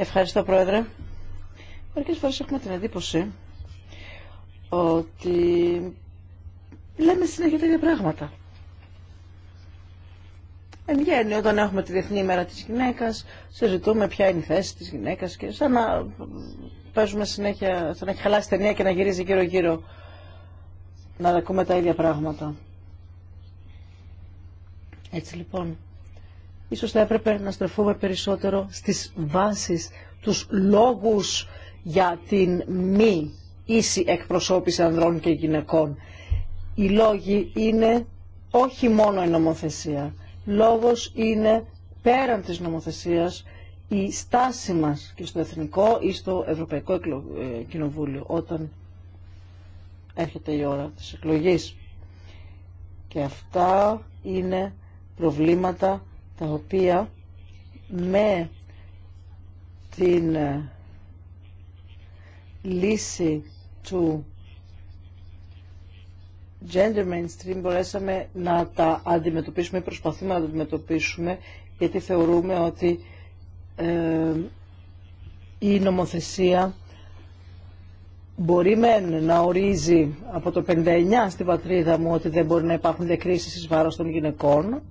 [SPEAKER 1] Ευχαριστώ, Πρόεδρε. Μερικέ φορέ έχουμε την εντύπωση ότι λέμε συνέχεια τα ίδια πράγματα. Εν γέννη, όταν έχουμε τη Διεθνή ημέρα της γυναίκας, συζητούμε ποια είναι η θέση τη γυναίκα και σαν να παίζουμε συνέχεια, σαν να έχει χαλάσει ταινία και να γυρίζει γύρω-γύρω να ακούμε τα ίδια πράγματα. Έτσι λοιπόν, Ίσως θα έπρεπε να στρεφούμε περισσότερο στις βάσεις, τους λόγους για την μη ίση εκπροσώπηση ανδρών και γυναικών. Οι λόγοι είναι όχι μόνο η νομοθεσία. Λόγος είναι πέραν της νομοθεσίας η στάση μας και στο Εθνικό ή στο Ευρωπαϊκό ε, Κοινοβούλιο όταν έρχεται η ώρα της εκλογής. Και αυτά είναι προβλήματα τα οποία με την ε, λύση του gender mainstream μπορέσαμε να τα αντιμετωπίσουμε, προσπαθούμε να τα αντιμετωπίσουμε γιατί θεωρούμε ότι ε, η νομοθεσία μπορεί μεν να ορίζει από το 59 στην πατρίδα μου ότι δεν μπορεί να υπάρχουν διακρίσεις εις βάρος των γυναικών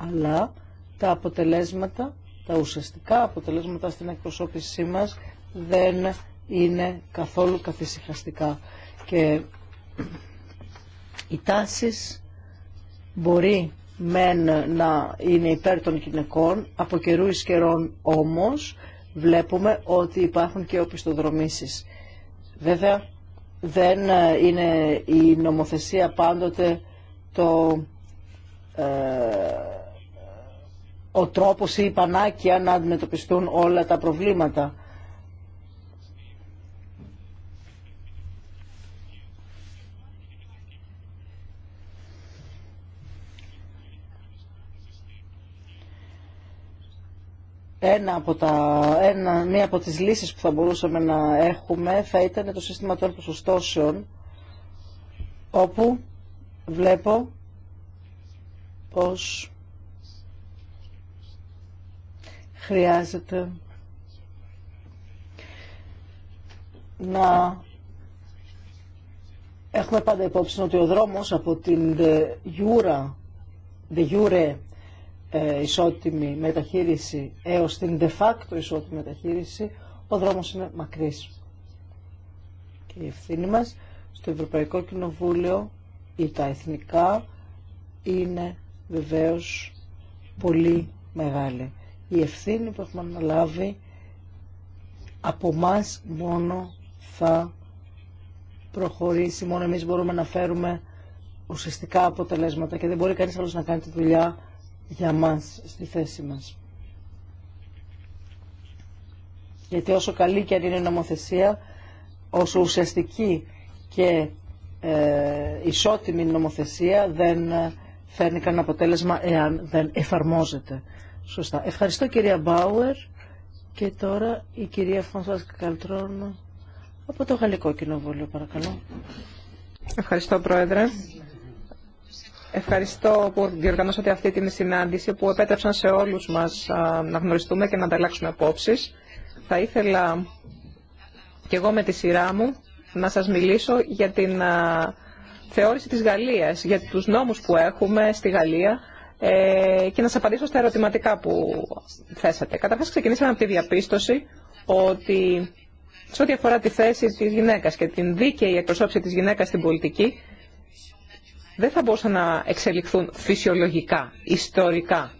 [SPEAKER 1] αλλά τα αποτελέσματα, τα ουσιαστικά αποτελέσματα στην εκπροσώπησή μας δεν είναι καθόλου καθησυχαστικά. Και οι τάσεις μπορεί μεν να είναι υπέρ των γυναικών, από καιρού εις καιρών όμως βλέπουμε ότι υπάρχουν και οπισθοδρομήσεις. Βέβαια δεν είναι η νομοθεσία πάντοτε το... Ε, ο τρόπος ή η πανάκια να αντιμετωπιστούν όλα τα προβλήματα. Ένα από τα, ένα, μία από τις λύσεις που θα μπορούσαμε να έχουμε θα ήταν το σύστημα των ποσοστώσεων όπου βλέπω πως χρειάζεται να έχουμε πάντα υπόψη ότι ο δρόμος από την γιούρα, ε, ισότιμη μεταχείριση έως την de facto ισότιμη μεταχείριση, ο δρόμος είναι μακρύς. Και η ευθύνη μας στο Ευρωπαϊκό Κοινοβούλιο ή τα εθνικά είναι βεβαίως πολύ μεγάλη η ευθύνη που έχουμε αναλάβει από εμά μόνο θα προχωρήσει, μόνο εμείς μπορούμε να φέρουμε ουσιαστικά αποτελέσματα και δεν μπορεί κανείς άλλος να κάνει τη δουλειά για μας, στη θέση μας. Γιατί όσο καλή και αν είναι η νομοθεσία, όσο ουσιαστική και ε, ισότιμη νομοθεσία δεν ε, φέρνει κανένα αποτέλεσμα εάν δεν εφαρμόζεται. Σωστά. Ευχαριστώ κυρία Μπάουερ και τώρα η κυρία Φανσουάς Καλτρών από το
[SPEAKER 3] Γαλλικό Κοινοβούλιο παρακαλώ. Ευχαριστώ Πρόεδρε. Ευχαριστώ που διοργανώσατε αυτή την συνάντηση που επέτρεψαν σε όλους μας να γνωριστούμε και να ανταλλάξουμε απόψεις. Θα ήθελα και εγώ με τη σειρά μου να σας μιλήσω για την θεώρηση της Γαλλίας, για τους νόμους που έχουμε στη Γαλλία ε, και να σα απαντήσω στα ερωτηματικά που θέσατε. Καταρχάς ξεκινήσαμε από τη διαπίστωση ότι σε ό,τι αφορά τη θέση της γυναίκας και την δίκαιη εκπροσώπηση της γυναίκας στην πολιτική, δεν θα μπορούσαν να εξελιχθούν φυσιολογικά, ιστορικά.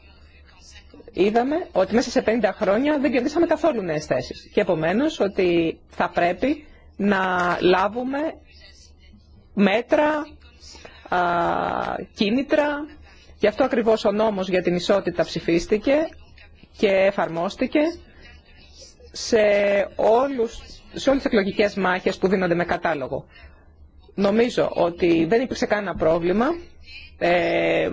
[SPEAKER 3] Είδαμε ότι μέσα σε 50 χρόνια δεν κερδίσαμε καθόλου νέες θέσεις και επομένως ότι θα πρέπει να λάβουμε μέτρα, κίνητρα Γι' αυτό ακριβώς ο νόμος για την ισότητα ψηφίστηκε και εφαρμόστηκε σε, όλους, σε όλες τις εκλογικές μάχες που δίνονται με κατάλογο. Νομίζω ότι δεν υπήρξε κανένα πρόβλημα, ε,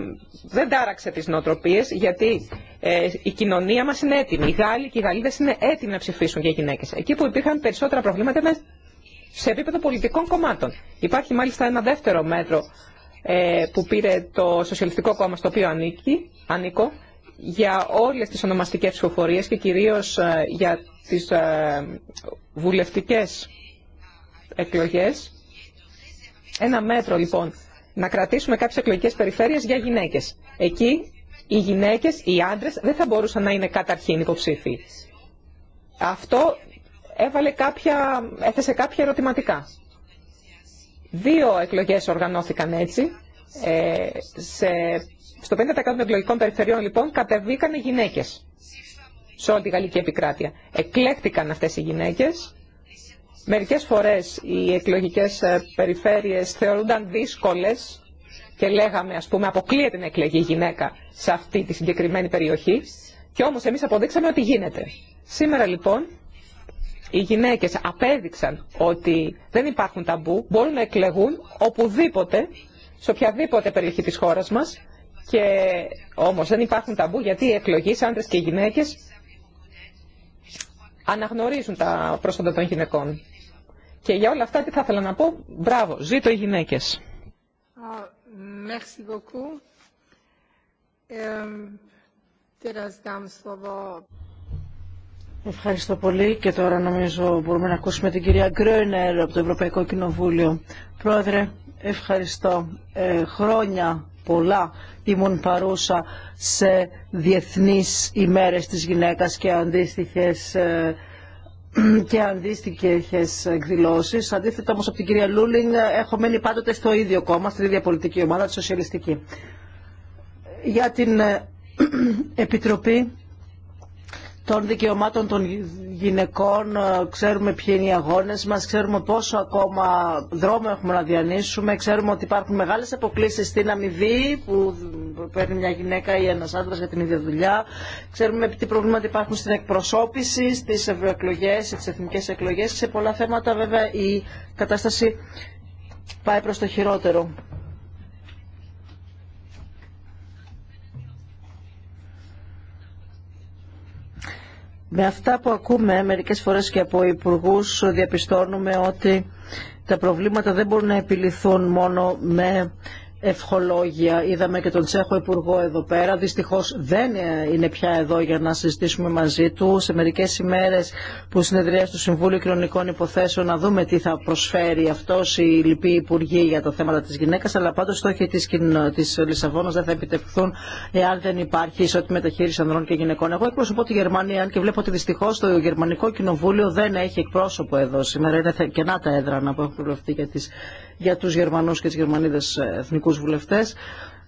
[SPEAKER 3] δεν τάραξε τις νοοτροπίες, γιατί ε, η κοινωνία μας είναι έτοιμη. Οι Γάλλοι και οι Γαλλίδες είναι έτοιμοι να ψηφίσουν για γυναίκες. Εκεί που υπήρχαν περισσότερα προβλήματα ήταν σε επίπεδο πολιτικών κομμάτων. Υπάρχει μάλιστα ένα δεύτερο μέτρο ε, που πήρε το Σοσιαλιστικό Κόμμα στο οποίο ανήκει, ανήκω για όλες τις ονομαστικές ψηφοφορίες και κυρίως ε, για τις ε, βουλευτικές εκλογές. Ένα μέτρο λοιπόν να κρατήσουμε κάποιες εκλογικές περιφέρειες για γυναίκες. Εκεί οι γυναίκες, οι άντρες δεν θα μπορούσαν να είναι καταρχήν υποψήφοι. Αυτό έβαλε κάποια, έθεσε κάποια ερωτηματικά. Δύο εκλογές οργανώθηκαν έτσι. Ε, σε, στο 50% των εκλογικών περιφερειών λοιπόν κατεβήκαν οι γυναίκες σε όλη τη γαλλική επικράτεια. Εκλέχτηκαν αυτές οι γυναίκες. Μερικές φορές οι εκλογικές ε, περιφέρειες θεωρούνταν δύσκολες και λέγαμε ας πούμε αποκλείεται να εκλεγεί γυναίκα σε αυτή τη συγκεκριμένη περιοχή. Και όμως εμείς αποδείξαμε ότι γίνεται. Σήμερα λοιπόν οι γυναίκες απέδειξαν ότι δεν υπάρχουν ταμπού, μπορούν να εκλεγούν οπουδήποτε, σε οποιαδήποτε περιοχή της χώρας μας και όμως δεν υπάρχουν ταμπού γιατί οι εκλογείς, άντρες και γυναίκες αναγνωρίζουν τα πρόσφατα των γυναικών. Και για όλα αυτά τι θα ήθελα να πω, μπράβο, ζήτω οι γυναίκες.
[SPEAKER 2] Ε,
[SPEAKER 1] Ευχαριστώ πολύ και τώρα νομίζω μπορούμε να ακούσουμε την κυρία Γκρόινερ από το Ευρωπαϊκό Κοινοβούλιο. Πρόεδρε, ευχαριστώ. Ε, χρόνια πολλά ήμουν παρούσα σε διεθνείς ημέρες της γυναίκας και αντίστοιχες ε, και αντίστοιχε εκδηλώσει. Αντίθετα όμω από την κυρία Λούλινγκ, έχω μένει πάντοτε στο ίδιο κόμμα, στην ίδια πολιτική ομάδα, τη Σοσιαλιστική. Για την ε, Επιτροπή των δικαιωμάτων των γυναικών, ε, ξέρουμε ποιοι είναι οι αγώνες μας, ξέρουμε πόσο ακόμα δρόμο έχουμε να διανύσουμε, ξέρουμε ότι υπάρχουν μεγάλες αποκλήσεις στην αμοιβή που παίρνει μια γυναίκα ή ένας άντρας για την ίδια δουλειά, ξέρουμε τι προβλήματα υπάρχουν στην εκπροσώπηση, στις ευρωεκλογές, στις εθνικές εκλογές, σε πολλά θέματα βέβαια η κατάσταση πάει προς το χειρότερο. Με αυτά που ακούμε μερικές φορές και από υπουργού διαπιστώνουμε ότι τα προβλήματα δεν μπορούν να επιληθούν μόνο με ευχολόγια. Είδαμε και τον Τσέχο Υπουργό εδώ πέρα. Δυστυχώ δεν ε, είναι πια εδώ για να συζητήσουμε μαζί του. Σε μερικέ ημέρε που συνεδρία το Συμβούλιο Κοινωνικών Υποθέσεων να δούμε τι θα προσφέρει αυτό η λυπή Υπουργή για τα θέματα τη γυναίκα, Αλλά πάντως στόχοι τη της Λισαβόνας δεν θα επιτευχθούν εάν δεν υπάρχει ισότιμη μεταχείριση ανδρών και γυναικών. Εγώ εκπροσωπώ τη Γερμανία αν και βλέπω ότι δυστυχώ το Γερμανικό Κοινοβούλιο δεν έχει εκπρόσωπο εδώ σήμερα. Είναι κενά τα έδρανα που έχουν για τις για τους Γερμανούς και τις Γερμανίδες ε, εθνικούς βουλευτές.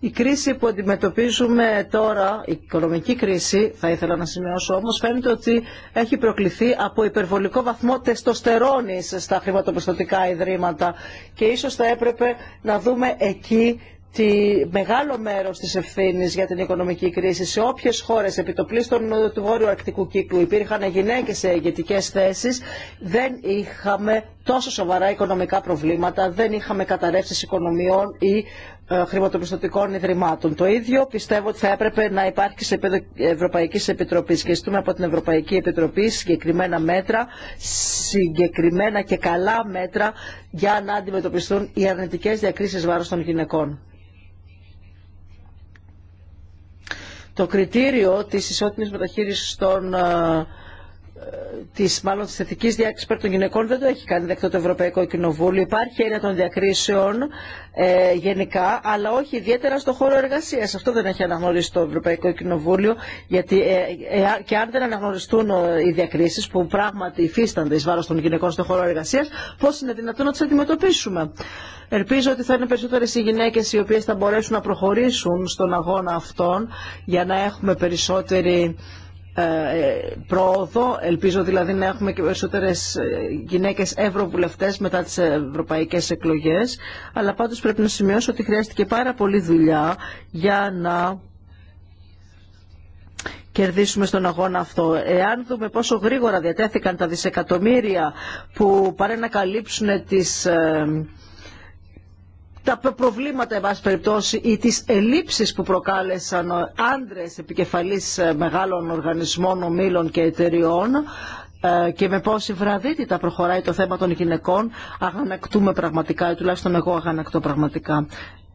[SPEAKER 1] Η κρίση που αντιμετωπίζουμε τώρα, η οικονομική κρίση, θα ήθελα να σημειώσω όμως, φαίνεται ότι έχει προκληθεί από υπερβολικό βαθμό τεστοστερώνης στα χρηματοπιστωτικά ιδρύματα και ίσως θα έπρεπε να δούμε εκεί ότι μεγάλο μέρος της ευθύνης για την οικονομική κρίση σε όποιες χώρες επιτοπλίστων του Βόρειου Αρκτικού Κύκλου υπήρχαν γυναίκες σε ηγετικές θέσεις δεν είχαμε τόσο σοβαρά οικονομικά προβλήματα, δεν είχαμε καταρρεύσεις οικονομιών ή ε, χρηματοπιστωτικών ιδρυμάτων. Το ίδιο πιστεύω ότι θα έπρεπε να υπάρχει σε επίπεδο Ευρωπαϊκής Επιτροπής και ζητούμε από την Ευρωπαϊκή Επιτροπή συγκεκριμένα μέτρα, συγκεκριμένα και καλά μέτρα για να αντιμετωπιστούν οι αρνητικές διακρίσεις βάρος των γυναικών. το κριτήριο της ισότιμης μεταχείρισης των ε, Τη μάλλον τη θετική διάκρισης των γυναικών δεν το έχει κάνει δεκτό το Ευρωπαϊκό Κοινοβούλιο. Υπάρχει έννοια των διακρίσεων ε, γενικά, αλλά όχι ιδιαίτερα στον χώρο εργασία. Αυτό δεν έχει αναγνωρίσει το Ευρωπαϊκό Κοινοβούλιο, γιατί ε, ε, και αν δεν αναγνωριστούν ε, οι διακρίσει που πράγματι υφίστανται ει βάρο των γυναικών στον χώρο εργασία, πώ είναι δυνατόν να τι αντιμετωπίσουμε. Ελπίζω ότι θα είναι περισσότερε οι γυναίκε οι οποίε θα μπορέσουν να προχωρήσουν στον αγώνα αυτόν για να έχουμε περισσότερη ε, ε, πρόοδο. Ελπίζω δηλαδή να έχουμε και περισσότερε ε, γυναίκες ευρωβουλευτέ μετά τις ευρωπαϊκές εκλογές. Αλλά πάντως πρέπει να σημειώσω ότι χρειάστηκε πάρα πολύ δουλειά για να κερδίσουμε στον αγώνα αυτό. Εάν δούμε πόσο γρήγορα διατέθηκαν τα δισεκατομμύρια που παρένα να καλύψουν τις τα προβλήματα, εν περιπτώσει, ή τις ελλείψεις που προκάλεσαν άντρες επικεφαλής ε, μεγάλων οργανισμών, ομίλων και εταιριών, ε, και με πόση βραδύτητα προχωράει το θέμα των γυναικών, αγανακτούμε πραγματικά, τουλάχιστον εγώ αγανακτώ πραγματικά.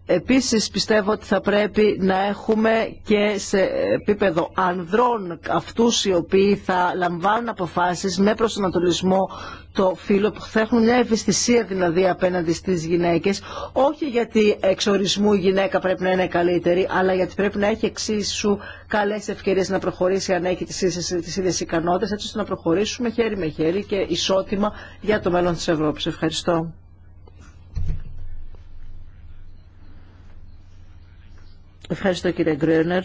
[SPEAKER 1] Επίσης πιστεύω ότι θα πρέπει να έχουμε και σε επίπεδο ανδρών αυτούς οι οποίοι θα λαμβάνουν αποφάσεις με προσανατολισμό το φύλλο που θα έχουν μια ευαισθησία δηλαδή απέναντι στις γυναίκες όχι γιατί εξορισμού η γυναίκα πρέπει να είναι καλύτερη αλλά γιατί πρέπει να έχει εξίσου καλές ευκαιρίες να προχωρήσει αν έχει τις ίδιε τις ίδιες ικανότητες έτσι ώστε να προχωρήσουμε χέρι με χέρι και ισότιμα για το μέλλον της Ευρώπης. Ευχαριστώ. Ευχαριστώ κύριε Γκρένερ.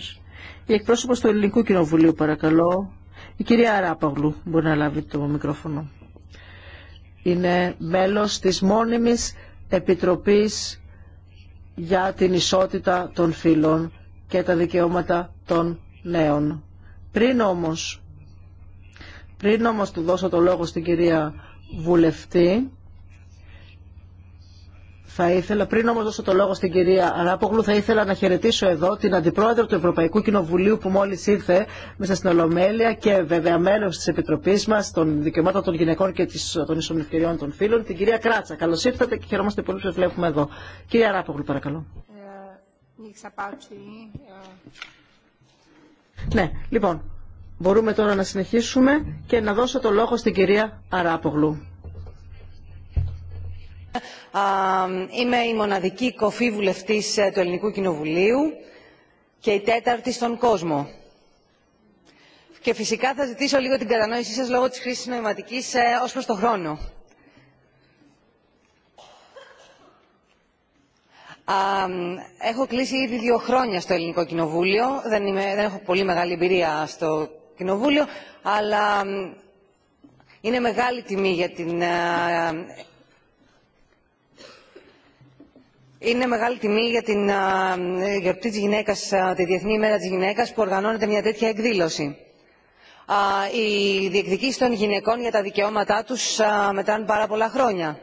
[SPEAKER 1] Η εκπρόσωπος του Ελληνικού Κοινοβουλίου παρακαλώ. Η κυρία Αράπαγλου μπορεί να λάβει το μικρόφωνο. Είναι μέλος της μόνιμης Επιτροπής για την ισότητα των φύλων και τα δικαιώματα των νέων. Πριν όμως, πριν όμως του δώσω το λόγο στην κυρία Βουλευτή, θα ήθελα, πριν όμω δώσω το λόγο στην κυρία Αράπογλου, θα ήθελα να χαιρετήσω εδώ την Αντιπρόεδρο του Ευρωπαϊκού Κοινοβουλίου που μόλι ήρθε μέσα στην Ολομέλεια και βέβαια μέλο τη Επιτροπή μα των Δικαιωμάτων των Γυναικών και των Ίσων των Φίλων, την κυρία Κράτσα. Καλώ ήρθατε και χαιρόμαστε πολύ που σα βλέπουμε εδώ. Κυρία Αράπογλου, παρακαλώ. Ναι, λοιπόν, μπορούμε τώρα να συνεχίσουμε και να δώσω το λόγο στην κυρία Αράπογλου.
[SPEAKER 7] Είμαι η μοναδική κοφή βουλευτής ε, του Ελληνικού Κοινοβουλίου και η τέταρτη στον κόσμο. Και φυσικά θα ζητήσω λίγο την κατανόησή σας λόγω της χρήσης νοηματικής ε, ως προς το χρόνο. Έχω κλείσει ήδη δύο χρόνια στο Ελληνικό Κοινοβούλιο. Δεν, δεν έχω πολύ μεγάλη εμπειρία στο Κοινοβούλιο, αλλά είναι μεγάλη τιμή για την ε, είναι μεγάλη τιμή για την γιορτή της γυναίκας, τη Διεθνή ημέρα της γυναίκας που οργανώνεται μια τέτοια εκδήλωση. Οι διεκδικήσεις των γυναικών για τα δικαιώματά τους μετράνε πάρα πολλά χρόνια.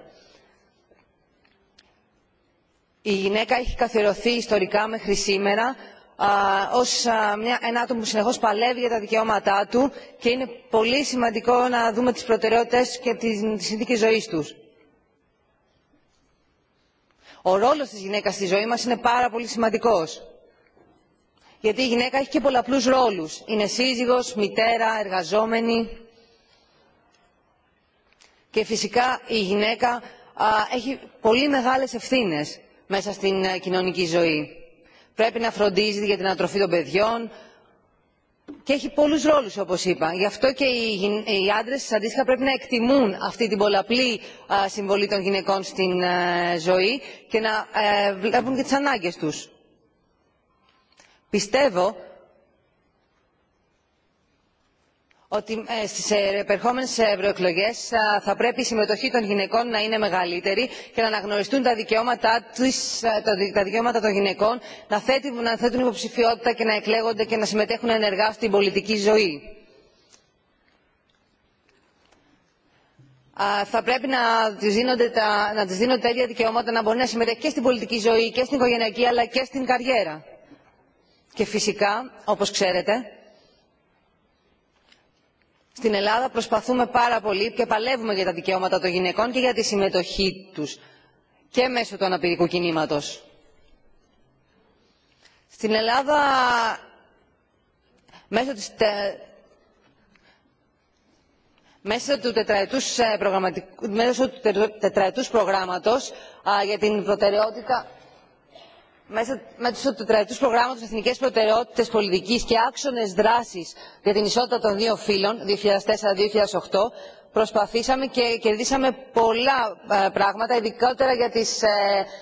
[SPEAKER 7] Η γυναίκα έχει καθιερωθεί ιστορικά μέχρι σήμερα ως μια, ένα άτομο που συνεχώς παλεύει για τα δικαιώματά του και είναι πολύ σημαντικό να δούμε τις προτεραιότητες και τις συνθήκες ζωής τους ο ρόλος της γυναίκας στη ζωή μας είναι πάρα πολύ σημαντικός. Γιατί η γυναίκα έχει και πολλαπλούς ρόλους. Είναι σύζυγος, μητέρα, εργαζόμενη. Και φυσικά η γυναίκα έχει πολύ μεγάλες ευθύνες μέσα στην ε, κοινωνική ζωή. Πρέπει να φροντίζει για την ανατροφή των παιδιών, και έχει πολλούς ρόλους όπως είπα. Γι' αυτό και οι άντρες αντίστοιχα πρέπει να εκτιμούν αυτή την πολλαπλή συμβολή των γυναικών στην ε, ζωή και να ε, βλέπουν και τις ανάγκες τους. Πιστεύω ότι ε, στις ε, επερχόμενες ε, ευρωεκλογέ θα πρέπει η συμμετοχή των γυναικών να είναι μεγαλύτερη και να αναγνωριστούν τα δικαιώματα, των γυναικών να, να θέτουν υποψηφιότητα και να εκλέγονται και να συμμετέχουν ενεργά στην πολιτική ζωή. θα πρέπει να τη δίνονται, τα δικαιώματα να μπορεί να συμμετέχει και στην πολιτική ζωή και στην οικογενειακή αλλά και στην καριέρα. Και φυσικά, όπως ξέρετε, στην ελλάδα προσπαθούμε πάρα πολύ και παλεύουμε για τα δικαιώματα των γυναικών και για τη συμμετοχή τους και μέσω του αναπηρικού κινήματος. Στην Ελλάδα, μέσω, της, του μέσω του τετραετούς ε, προγράμματος για την προτεραιότητα μέσα μέσω του τετραετού προγράμματο εθνικέ προτεραιότητε, πολιτική και Άξονες Δράσης για την Ισότητα των Δύο Φύλων 2004-2008 προσπαθήσαμε και κερδίσαμε πολλά ε, πράγματα, ειδικότερα για τις ε,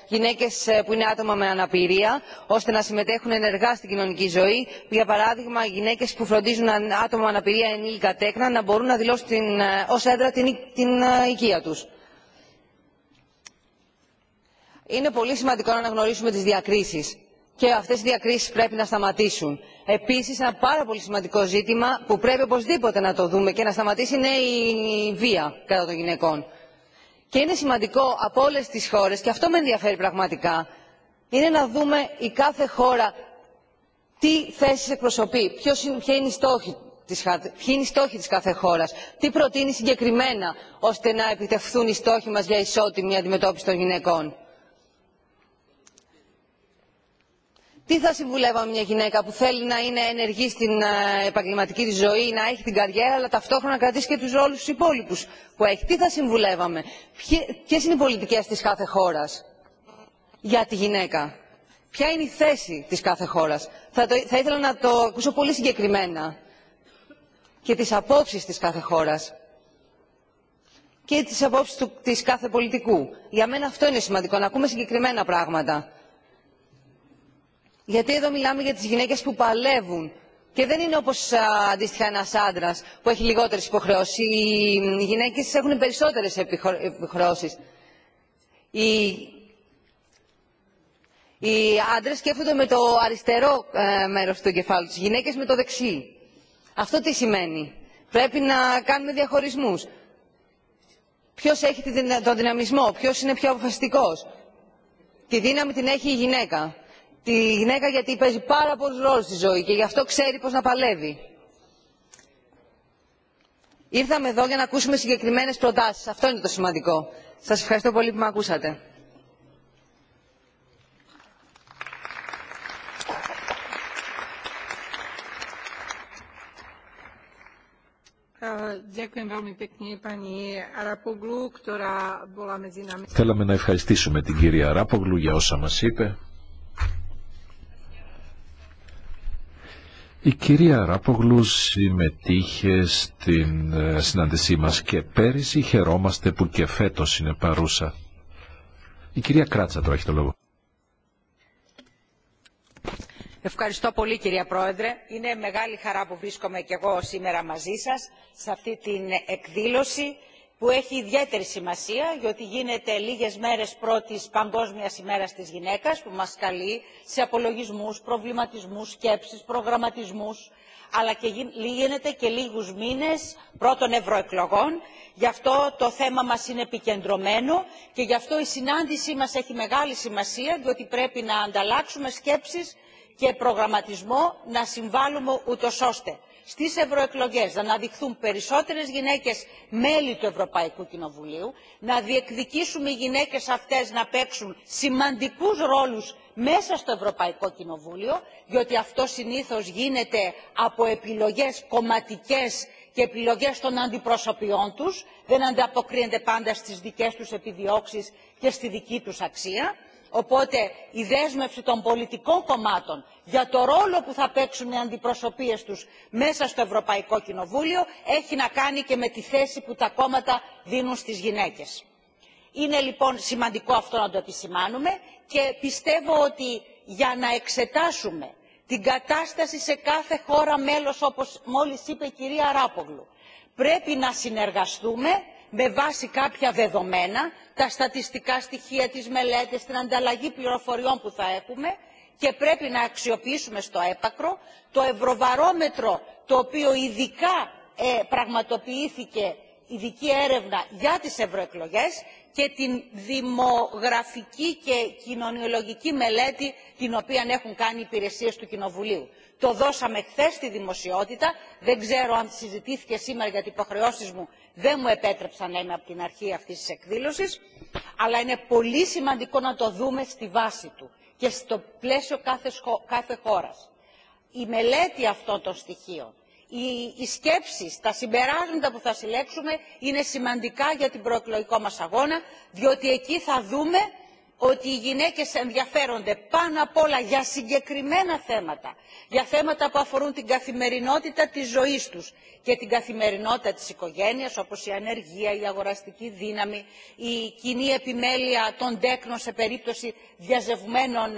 [SPEAKER 7] γυναίκες ε, που είναι άτομα με αναπηρία, ώστε να συμμετέχουν ενεργά στην κοινωνική ζωή. Για παράδειγμα, γυναίκες που φροντίζουν άτομα με αναπηρία ενήλικα τέκνα να μπορούν να δηλώσουν ω έδρα την οικία του είναι πολύ σημαντικό να αναγνωρίσουμε τι διακρίσει, και αυτέ οι διακρίσει πρέπει να σταματήσουν. Επίση, ένα πάρα πολύ σημαντικό ζήτημα που πρέπει οπωσδήποτε να το δούμε και να σταματήσει είναι η βία κατά των γυναικών. Και είναι σημαντικό από όλε τι χώρε, και αυτό με ενδιαφέρει πραγματικά, είναι να δούμε η κάθε χώρα τι θέσει εκπροσωπεί, ποιος, είναι η στόχη της, ποιοι είναι οι στόχοι της κάθε χώρας, τι προτείνει συγκεκριμένα ώστε να επιτευχθούν οι στόχοι μας για ισότιμη αντιμετώπιση των γυναικών. τι θα συμβουλεύαμε μια γυναίκα που θέλει να είναι ενεργή στην ε, επαγγελματική της ζωή, να έχει την καριέρα, αλλά ταυτόχρονα να κρατήσει και τους ρόλους τους υπόλοιπους που έχει. Τι θα συμβουλεύαμε, ποιε είναι οι πολιτικές της κάθε χώρας για τη γυναίκα. Ποια είναι η θέση της κάθε χώρας. Θα, θα ήθελα να το ακούσω πολύ συγκεκριμένα. Και τις απόψεις της κάθε χώρας. Και τις απόψεις του, της κάθε πολιτικού. Για μένα αυτό είναι σημαντικό, να ακούμε συγκεκριμένα πράγματα γιατί εδώ μιλάμε για τις γυναίκες που παλεύουν και δεν είναι όπως αντίστοιχα ένα άντρα που έχει λιγότερες υποχρεώσεις. Οι γυναίκες έχουν περισσότερες υποχρεώσεις. Οι, οι άντρες σκέφτονται με το αριστερό ε, μέρος του τους. Οι γυναίκες με το δεξί. Αυτό τι σημαίνει. Πρέπει να κάνουμε διαχωρισμούς. Ποιος έχει τον δυναμισμό, ποιος είναι πιο αποφασιστικός. Τη δύναμη την έχει η γυναίκα τη γυναίκα γιατί παίζει πάρα πολλούς ρόλους στη ζωή και γι' αυτό ξέρει πώς να παλεύει. Ήρθαμε εδώ για να ακούσουμε συγκεκριμένες προτάσεις. Αυτό είναι το σημαντικό. Σας ευχαριστώ πολύ που με ακούσατε.
[SPEAKER 2] Ε,
[SPEAKER 4] Θέλαμε να ευχαριστήσουμε την κυρία Ράπογλου για όσα μας είπε. Η κυρία Ράπογλου συμμετείχε στην ε, συνάντησή μας και πέρυσι χαιρόμαστε που και φέτος είναι παρούσα. Η κυρία Κράτσα το έχει το λόγο.
[SPEAKER 8] Ευχαριστώ πολύ κυρία Πρόεδρε. Είναι μεγάλη χαρά που βρίσκομαι και εγώ σήμερα μαζί σας σε αυτή την εκδήλωση που έχει ιδιαίτερη σημασία γιατί γίνεται λίγες μέρες πρώτης Παγκόσμιας ημέρας της γυναίκας που μας καλεί σε απολογισμούς, προβληματισμούς, σκέψεις, προγραμματισμούς αλλά και γίνεται και λίγους μήνες πρώτων ευρωεκλογών. Γι' αυτό το θέμα μας είναι επικεντρωμένο και γι' αυτό η συνάντησή μας έχει μεγάλη σημασία διότι πρέπει να ανταλλάξουμε σκέψεις και προγραμματισμό να συμβάλλουμε ούτως ώστε στις ευρωεκλογές να αναδειχθούν περισσότερες γυναίκες μέλη του Ευρωπαϊκού Κοινοβουλίου, να διεκδικήσουμε οι γυναίκες αυτές να παίξουν σημαντικούς ρόλους μέσα στο Ευρωπαϊκό Κοινοβούλιο, διότι αυτό συνήθως γίνεται από επιλογές κομματικές και επιλογές των αντιπροσωπιών τους, δεν ανταποκρίνεται πάντα στις δικές τους επιδιώξεις και στη δική τους αξία Οπότε η δέσμευση των πολιτικών κομμάτων για το ρόλο που θα παίξουν οι αντιπροσωπείες τους μέσα στο Ευρωπαϊκό Κοινοβούλιο έχει να κάνει και με τη θέση που τα κόμματα δίνουν στις γυναίκες. Είναι λοιπόν σημαντικό αυτό να το επισημάνουμε και πιστεύω ότι για να εξετάσουμε την κατάσταση σε κάθε χώρα μέλος όπως μόλις είπε η κυρία Ράπογλου πρέπει να συνεργαστούμε με βάση κάποια δεδομένα, τα στατιστικά στοιχεία, της μελέτης, την ανταλλαγή πληροφοριών που θα έχουμε και πρέπει να αξιοποιήσουμε στο έπακρο το ευρωβαρόμετρο το οποίο ειδικά ε, πραγματοποιήθηκε ειδική έρευνα για τις ευρωεκλογέ και την δημογραφική και κοινωνιολογική μελέτη την οποία έχουν κάνει οι υπηρεσίες του Κοινοβουλίου το δώσαμε χθε στη δημοσιότητα. Δεν ξέρω αν συζητήθηκε σήμερα γιατί οι υποχρεώσει μου δεν μου επέτρεψαν να είμαι από την αρχή αυτή τη εκδήλωση. Αλλά είναι πολύ σημαντικό να το δούμε στη βάση του και στο πλαίσιο κάθε, κάθε χώρα. Η μελέτη αυτών των στοιχείων, οι, οι σκέψει, τα συμπεράσματα που θα συλλέξουμε είναι σημαντικά για την προεκλογικό μα αγώνα, διότι εκεί θα δούμε ότι οι γυναίκες ενδιαφέρονται πάνω απ' όλα για συγκεκριμένα θέματα, για θέματα που αφορούν την καθημερινότητα της ζωής τους και την καθημερινότητα της οικογένειας, όπως η ανεργία, η αγοραστική δύναμη, η κοινή επιμέλεια των τέκνων σε περίπτωση διαζευμένων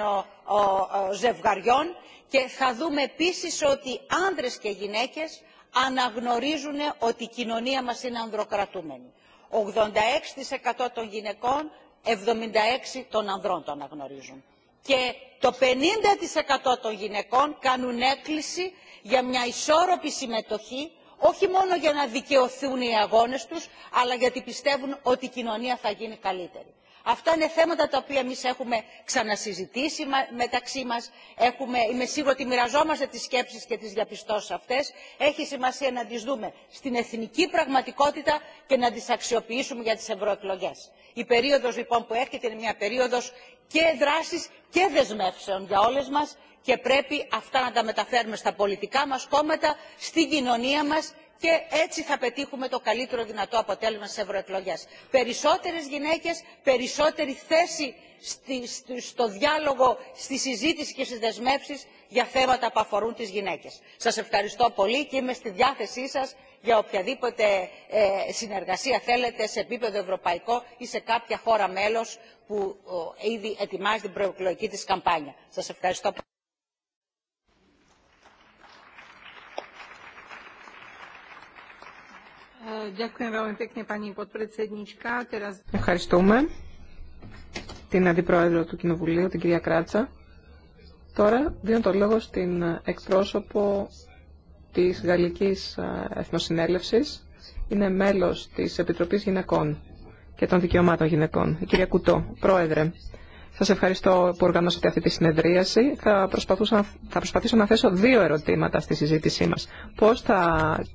[SPEAKER 8] ζευγαριών και θα δούμε επίσης ότι άνδρες και γυναίκες αναγνωρίζουν ότι η κοινωνία μας είναι ανδροκρατούμενη. 86% των γυναικών 76 των ανδρών το αναγνωρίζουν. Και το 50% των γυναικών κάνουν έκκληση για μια ισόρροπη συμμετοχή, όχι μόνο για να δικαιωθούν οι αγώνες τους, αλλά γιατί πιστεύουν ότι η κοινωνία θα γίνει καλύτερη. Αυτά είναι θέματα τα οποία εμεί έχουμε ξανασυζητήσει μεταξύ μα. Είμαι σίγουρη ότι μοιραζόμαστε τι σκέψει και τι διαπιστώσει αυτέ. Έχει σημασία να τι δούμε στην εθνική πραγματικότητα και να τι αξιοποιήσουμε για τι ευρωεκλογέ. Η περίοδο λοιπόν που έρχεται είναι μια περίοδο και δράση και δεσμεύσεων για όλε μα και πρέπει αυτά να τα μεταφέρουμε στα πολιτικά μα κόμματα, στην κοινωνία μα και έτσι θα πετύχουμε το καλύτερο δυνατό αποτέλεσμα στις ευρωεκλογές. Περισσότερες γυναίκες, περισσότερη θέση στο διάλογο, στη συζήτηση και στις δεσμεύσεις για θέματα που αφορούν τις γυναίκες. Σας ευχαριστώ πολύ και είμαι στη διάθεσή σας για οποιαδήποτε ε, συνεργασία θέλετε σε επίπεδο ευρωπαϊκό ή σε κάποια χώρα μέλος που ήδη ετοιμάζει την προεκλογική της καμπάνια. Σας ευχαριστώ πολύ.
[SPEAKER 3] Ευχαριστούμε την Αντιπρόεδρο του Κοινοβουλίου, την κυρία Κράτσα. Τώρα δίνω το λόγο στην εκπρόσωπο της Γαλλικής Εθνοσυνέλευσης. Είναι μέλος της Επιτροπής Γυναικών και των Δικαιωμάτων Γυναικών. Η κυρία Κουτό, Πρόεδρε. Σα ευχαριστώ που οργανώσατε αυτή τη συνεδρίαση. Θα, θα προσπαθήσω να θέσω δύο ερωτήματα στη συζήτησή μα. Πώ θα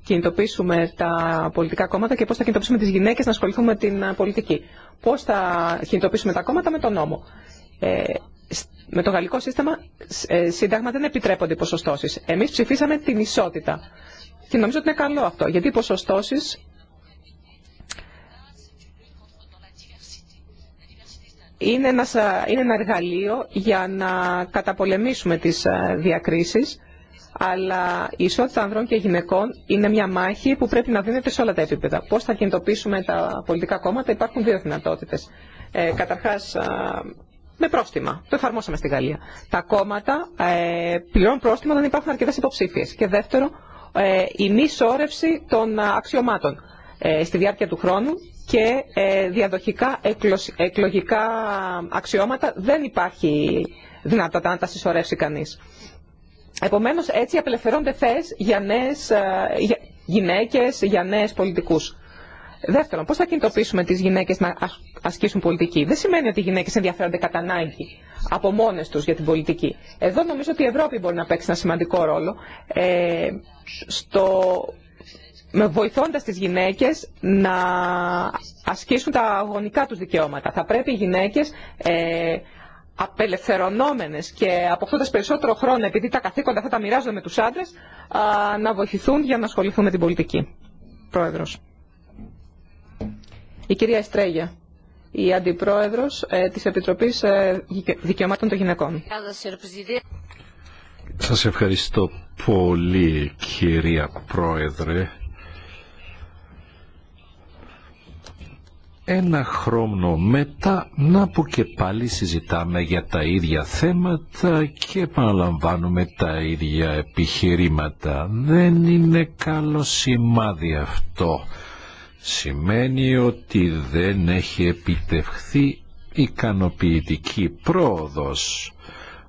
[SPEAKER 3] κινητοποιήσουμε τα πολιτικά κόμματα και πώ θα κινητοποιήσουμε τι γυναίκε να ασχοληθούν με την ε, πολιτική. Πώ θα κινητοποιήσουμε τα κόμματα με τον νόμο. Ε, με το γαλλικό σύστημα σύνταγμα ε, δεν επιτρέπονται οι ποσοστώσεις. Εμεί ψηφίσαμε την ισότητα. Και νομίζω ότι είναι καλό αυτό, γιατί οι ποσοστώσεις είναι, είναι ένα εργαλείο για να καταπολεμήσουμε τις ε, διακρίσεις, αλλά η ισότητα ανδρών και γυναικών είναι μια μάχη που πρέπει να δίνεται σε όλα τα επίπεδα. Πώς θα κινητοποιήσουμε τα πολιτικά κόμματα, υπάρχουν δύο δυνατότητες. Ε, καταρχάς, ε, με πρόστιμα. Το εφαρμόσαμε στη Γαλλία. Τα κόμματα ε, πληρώνουν πρόστιμα όταν υπάρχουν αρκετέ υποψήφιε. Και δεύτερο, ε, η μη σώρευση των αξιωμάτων. Ε, στη διάρκεια του χρόνου και ε, διαδοχικά εκλογικά αξιώματα δεν υπάρχει δυνατότητα να τα συσσωρεύσει κανείς. Επομένως έτσι απελευθερώνται θέσεις για νέες ε, για γυναίκες, για νέες πολιτικούς. Δεύτερον, πώς θα κινητοποιήσουμε τις γυναίκες να ασκήσουν πολιτική. Δεν σημαίνει ότι οι γυναίκες ενδιαφέρονται κατά ανάγκη από μόνες τους για την πολιτική. Εδώ νομίζω ότι η Ευρώπη μπορεί να παίξει ένα σημαντικό ρόλο ε, στο βοηθώντας τις γυναίκες να ασκήσουν τα αγωνικά τους δικαιώματα. Θα πρέπει οι γυναίκες ε, απελευθερωνόμενες και αποκτώντας περισσότερο χρόνο επειδή τα καθήκοντα θα τα μοιράζονται με τους άντρες να βοηθηθούν για να ασχοληθούν με την πολιτική. Πρόεδρος. Η κυρία Εστρέγια, η αντιπρόεδρος ε, της Επιτροπής ε, Δικαιωμάτων των Γυναικών.
[SPEAKER 4] Σας ευχαριστώ πολύ κυρία Πρόεδρε ένα χρόνο μετά να που και πάλι συζητάμε για τα ίδια θέματα και επαναλαμβάνουμε τα ίδια επιχειρήματα. Δεν είναι καλό σημάδι αυτό. Σημαίνει ότι δεν έχει επιτευχθεί ικανοποιητική πρόοδος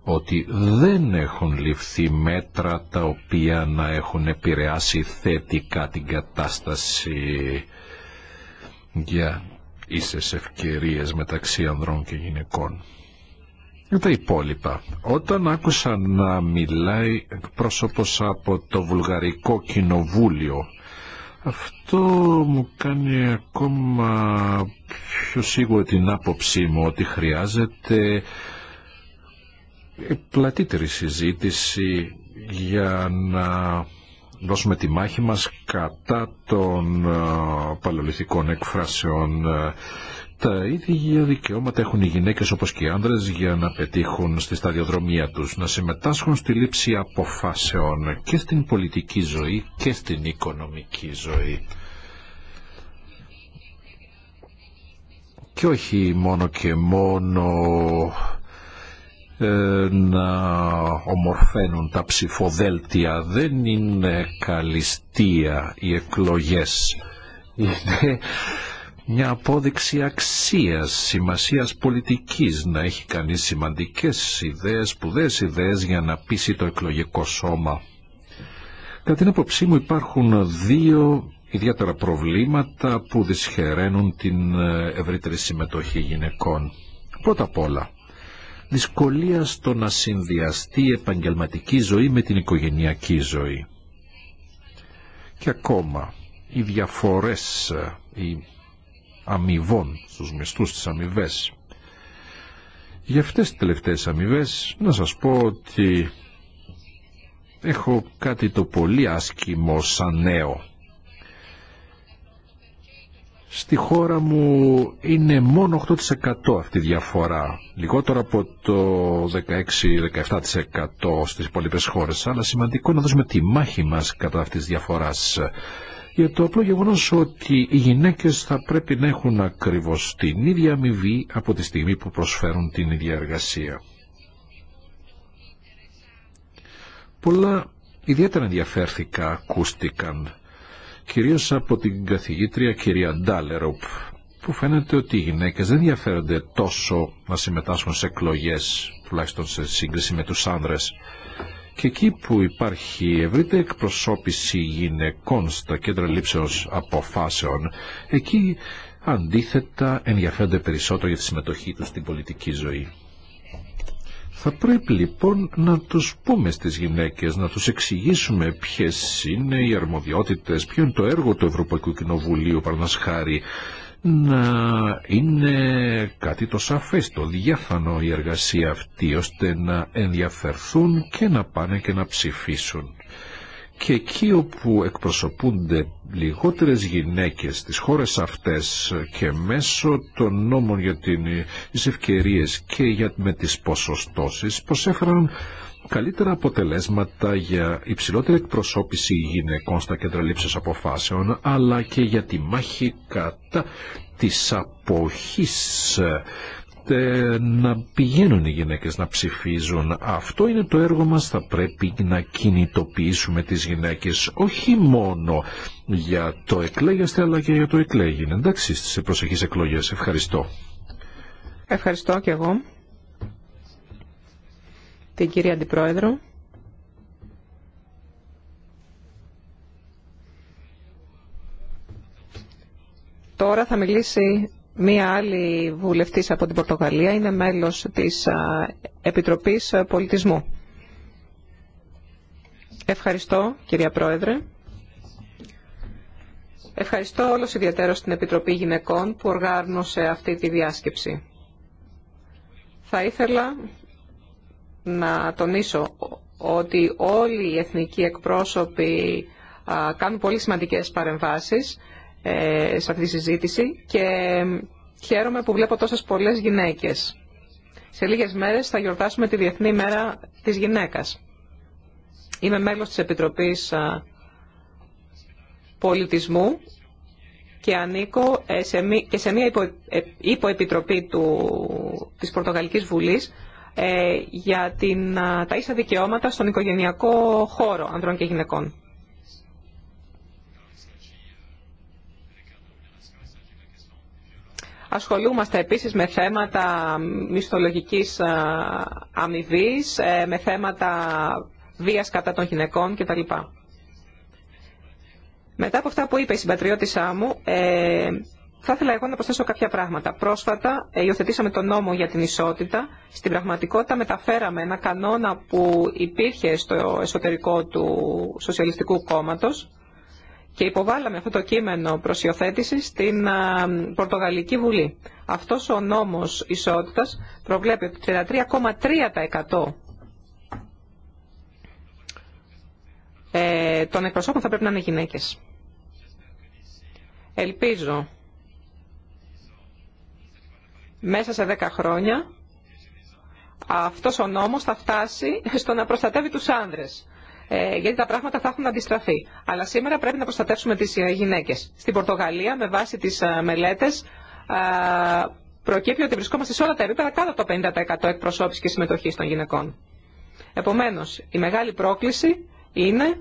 [SPEAKER 4] ότι δεν έχουν ληφθεί μέτρα τα οποία να έχουν επηρεάσει θετικά την κατάσταση για ίσες ευκαιρίες μεταξύ ανδρών και γυναικών. Για τα υπόλοιπα, όταν άκουσα να μιλάει πρόσωπος από το Βουλγαρικό Κοινοβούλιο, αυτό μου κάνει ακόμα πιο σίγουρο την άποψή μου ότι χρειάζεται πλατύτερη συζήτηση για να δώσουμε τη μάχη μας κατά των ε, παλαιοληθικών εκφράσεων. Ε, τα ίδια δικαιώματα έχουν οι γυναίκες όπως και οι άνδρες για να πετύχουν στη σταδιοδρομία τους, να συμμετάσχουν στη λήψη αποφάσεων και στην πολιτική ζωή και στην οικονομική ζωή. Και όχι μόνο και μόνο ε, να ομορφαίνουν τα ψηφοδέλτια. Δεν είναι καλυστία οι εκλογές. Είναι μια απόδειξη αξίας, σημασίας πολιτικής, να έχει κανείς σημαντικές ιδέες, σπουδαίες ιδέες για να πείσει το εκλογικό σώμα. Κατά την άποψή μου υπάρχουν δύο ιδιαίτερα προβλήματα που δυσχεραίνουν την ευρύτερη συμμετοχή γυναικών. Πρώτα απ' όλα, δυσκολία στο να συνδυαστεί επαγγελματική ζωή με την οικογενειακή ζωή. Και ακόμα, οι διαφορές οι αμοιβών στους μισθούς της αμοιβέ. Για αυτές τις τελευταίες αμοιβέ να σας πω ότι έχω κάτι το πολύ άσκημο σαν νέο Στη χώρα μου είναι μόνο 8% αυτή η διαφορά. Λιγότερο από το 16-17% στις υπόλοιπες χώρες. Αλλά σημαντικό να δώσουμε τη μάχη μας κατά αυτής της διαφοράς. Για το απλό γεγονό ότι οι γυναίκες θα πρέπει να έχουν ακριβώς την ίδια αμοιβή από τη στιγμή που προσφέρουν την ίδια εργασία. Πολλά ιδιαίτερα ενδιαφέρθηκα ακούστηκαν κυρίως από την καθηγήτρια κυρία Ντάλερουπ, που φαίνεται ότι οι γυναίκες δεν ενδιαφέρονται τόσο να συμμετάσχουν σε εκλογές, τουλάχιστον σε σύγκριση με τους άνδρες. Και εκεί που υπάρχει ευρύτερη εκπροσώπηση γυναικών στα κέντρα λήψεως αποφάσεων, εκεί αντίθετα ενδιαφέρονται περισσότερο για τη συμμετοχή τους στην πολιτική ζωή. Θα πρέπει λοιπόν να τους πούμε στις γυναίκες, να τους εξηγήσουμε ποιες είναι οι αρμοδιότητες, ποιο είναι το έργο του Ευρωπαϊκού Κοινοβουλίου, Παρνασχάρη, να είναι κάτι το σαφές, το διάφανο η εργασία αυτή, ώστε να ενδιαφερθούν και να πάνε και να ψηφίσουν και εκεί όπου εκπροσωπούνται λιγότερες γυναίκες στις χώρες αυτές και μέσω των νόμων για τις ευκαιρίες και για, με τις ποσοστώσεις προσέφεραν καλύτερα αποτελέσματα για υψηλότερη εκπροσώπηση γυναικών στα κέντρα λήψης αποφάσεων αλλά και για τη μάχη κατά της αποχής να πηγαίνουν οι γυναίκες να ψηφίζουν. Αυτό είναι το έργο μας, θα πρέπει να κινητοποιήσουμε τις γυναίκες, όχι μόνο για το εκλέγεστε αλλά και για το εκλέγειν. Εντάξει, στις προσεχείς εκλογές. Ευχαριστώ.
[SPEAKER 3] Ευχαριστώ και εγώ την κυρία Αντιπρόεδρο. Τώρα θα μιλήσει Μία άλλη βουλευτής από την Πορτογαλία είναι μέλος της Επιτροπής Πολιτισμού. Ευχαριστώ, κυρία Πρόεδρε. Ευχαριστώ όλο ιδιαίτερος την Επιτροπή Γυναικών που οργάνωσε αυτή τη διάσκεψη. Θα ήθελα να τονίσω ότι όλοι οι εθνικοί εκπρόσωποι κάνουν πολύ σημαντικές παρεμβάσεις ε, σε αυτή τη συζήτηση και χαίρομαι που βλέπω τόσες πολλές γυναίκες. Σε λίγες μέρες θα γιορτάσουμε τη Διεθνή Μέρα της Γυναίκας. Είμαι μέλος της Επιτροπής Πολιτισμού και ανήκω ε, και σε μια ε, υποεπιτροπή του, της Πορτογαλικής Βουλής για την, τα ίσα δικαιώματα στον οικογενειακό χώρο ανδρών και γυναικών. Ασχολούμαστε επίσης με θέματα μισθολογικής ε, αμοιβή, ε, με θέματα βίας κατά των γυναικών κτλ. Μετά από αυτά που είπε η συμπατριώτησά μου, ε, θα ήθελα εγώ να προσθέσω κάποια πράγματα. Πρόσφατα υιοθετήσαμε τον νόμο για την ισότητα. Στην πραγματικότητα μεταφέραμε ένα κανόνα που υπήρχε στο εσωτερικό του Σοσιαλιστικού Κόμματος και υποβάλαμε αυτό το κείμενο προς στην Πορτογαλική Βουλή. Αυτός ο νόμος ισότητας προβλέπει ότι 33,3% ε, των εκπροσώπων θα πρέπει να είναι γυναίκες. Ελπίζω μέσα σε 10 χρόνια αυτός ο νόμος θα φτάσει στο να προστατεύει τους άνδρες. Ε, γιατί τα πράγματα θα έχουν αντιστραφεί. Αλλά σήμερα πρέπει να προστατεύσουμε τις ε, γυναίκες. Στην Πορτογαλία, με βάση τις ε, μελέτες, προκύπτει ότι βρισκόμαστε σε όλα τα επίπεδα κάτω από το 50% εκπροσώπηση και συμμετοχή των γυναικών. Επομένως, η μεγάλη πρόκληση είναι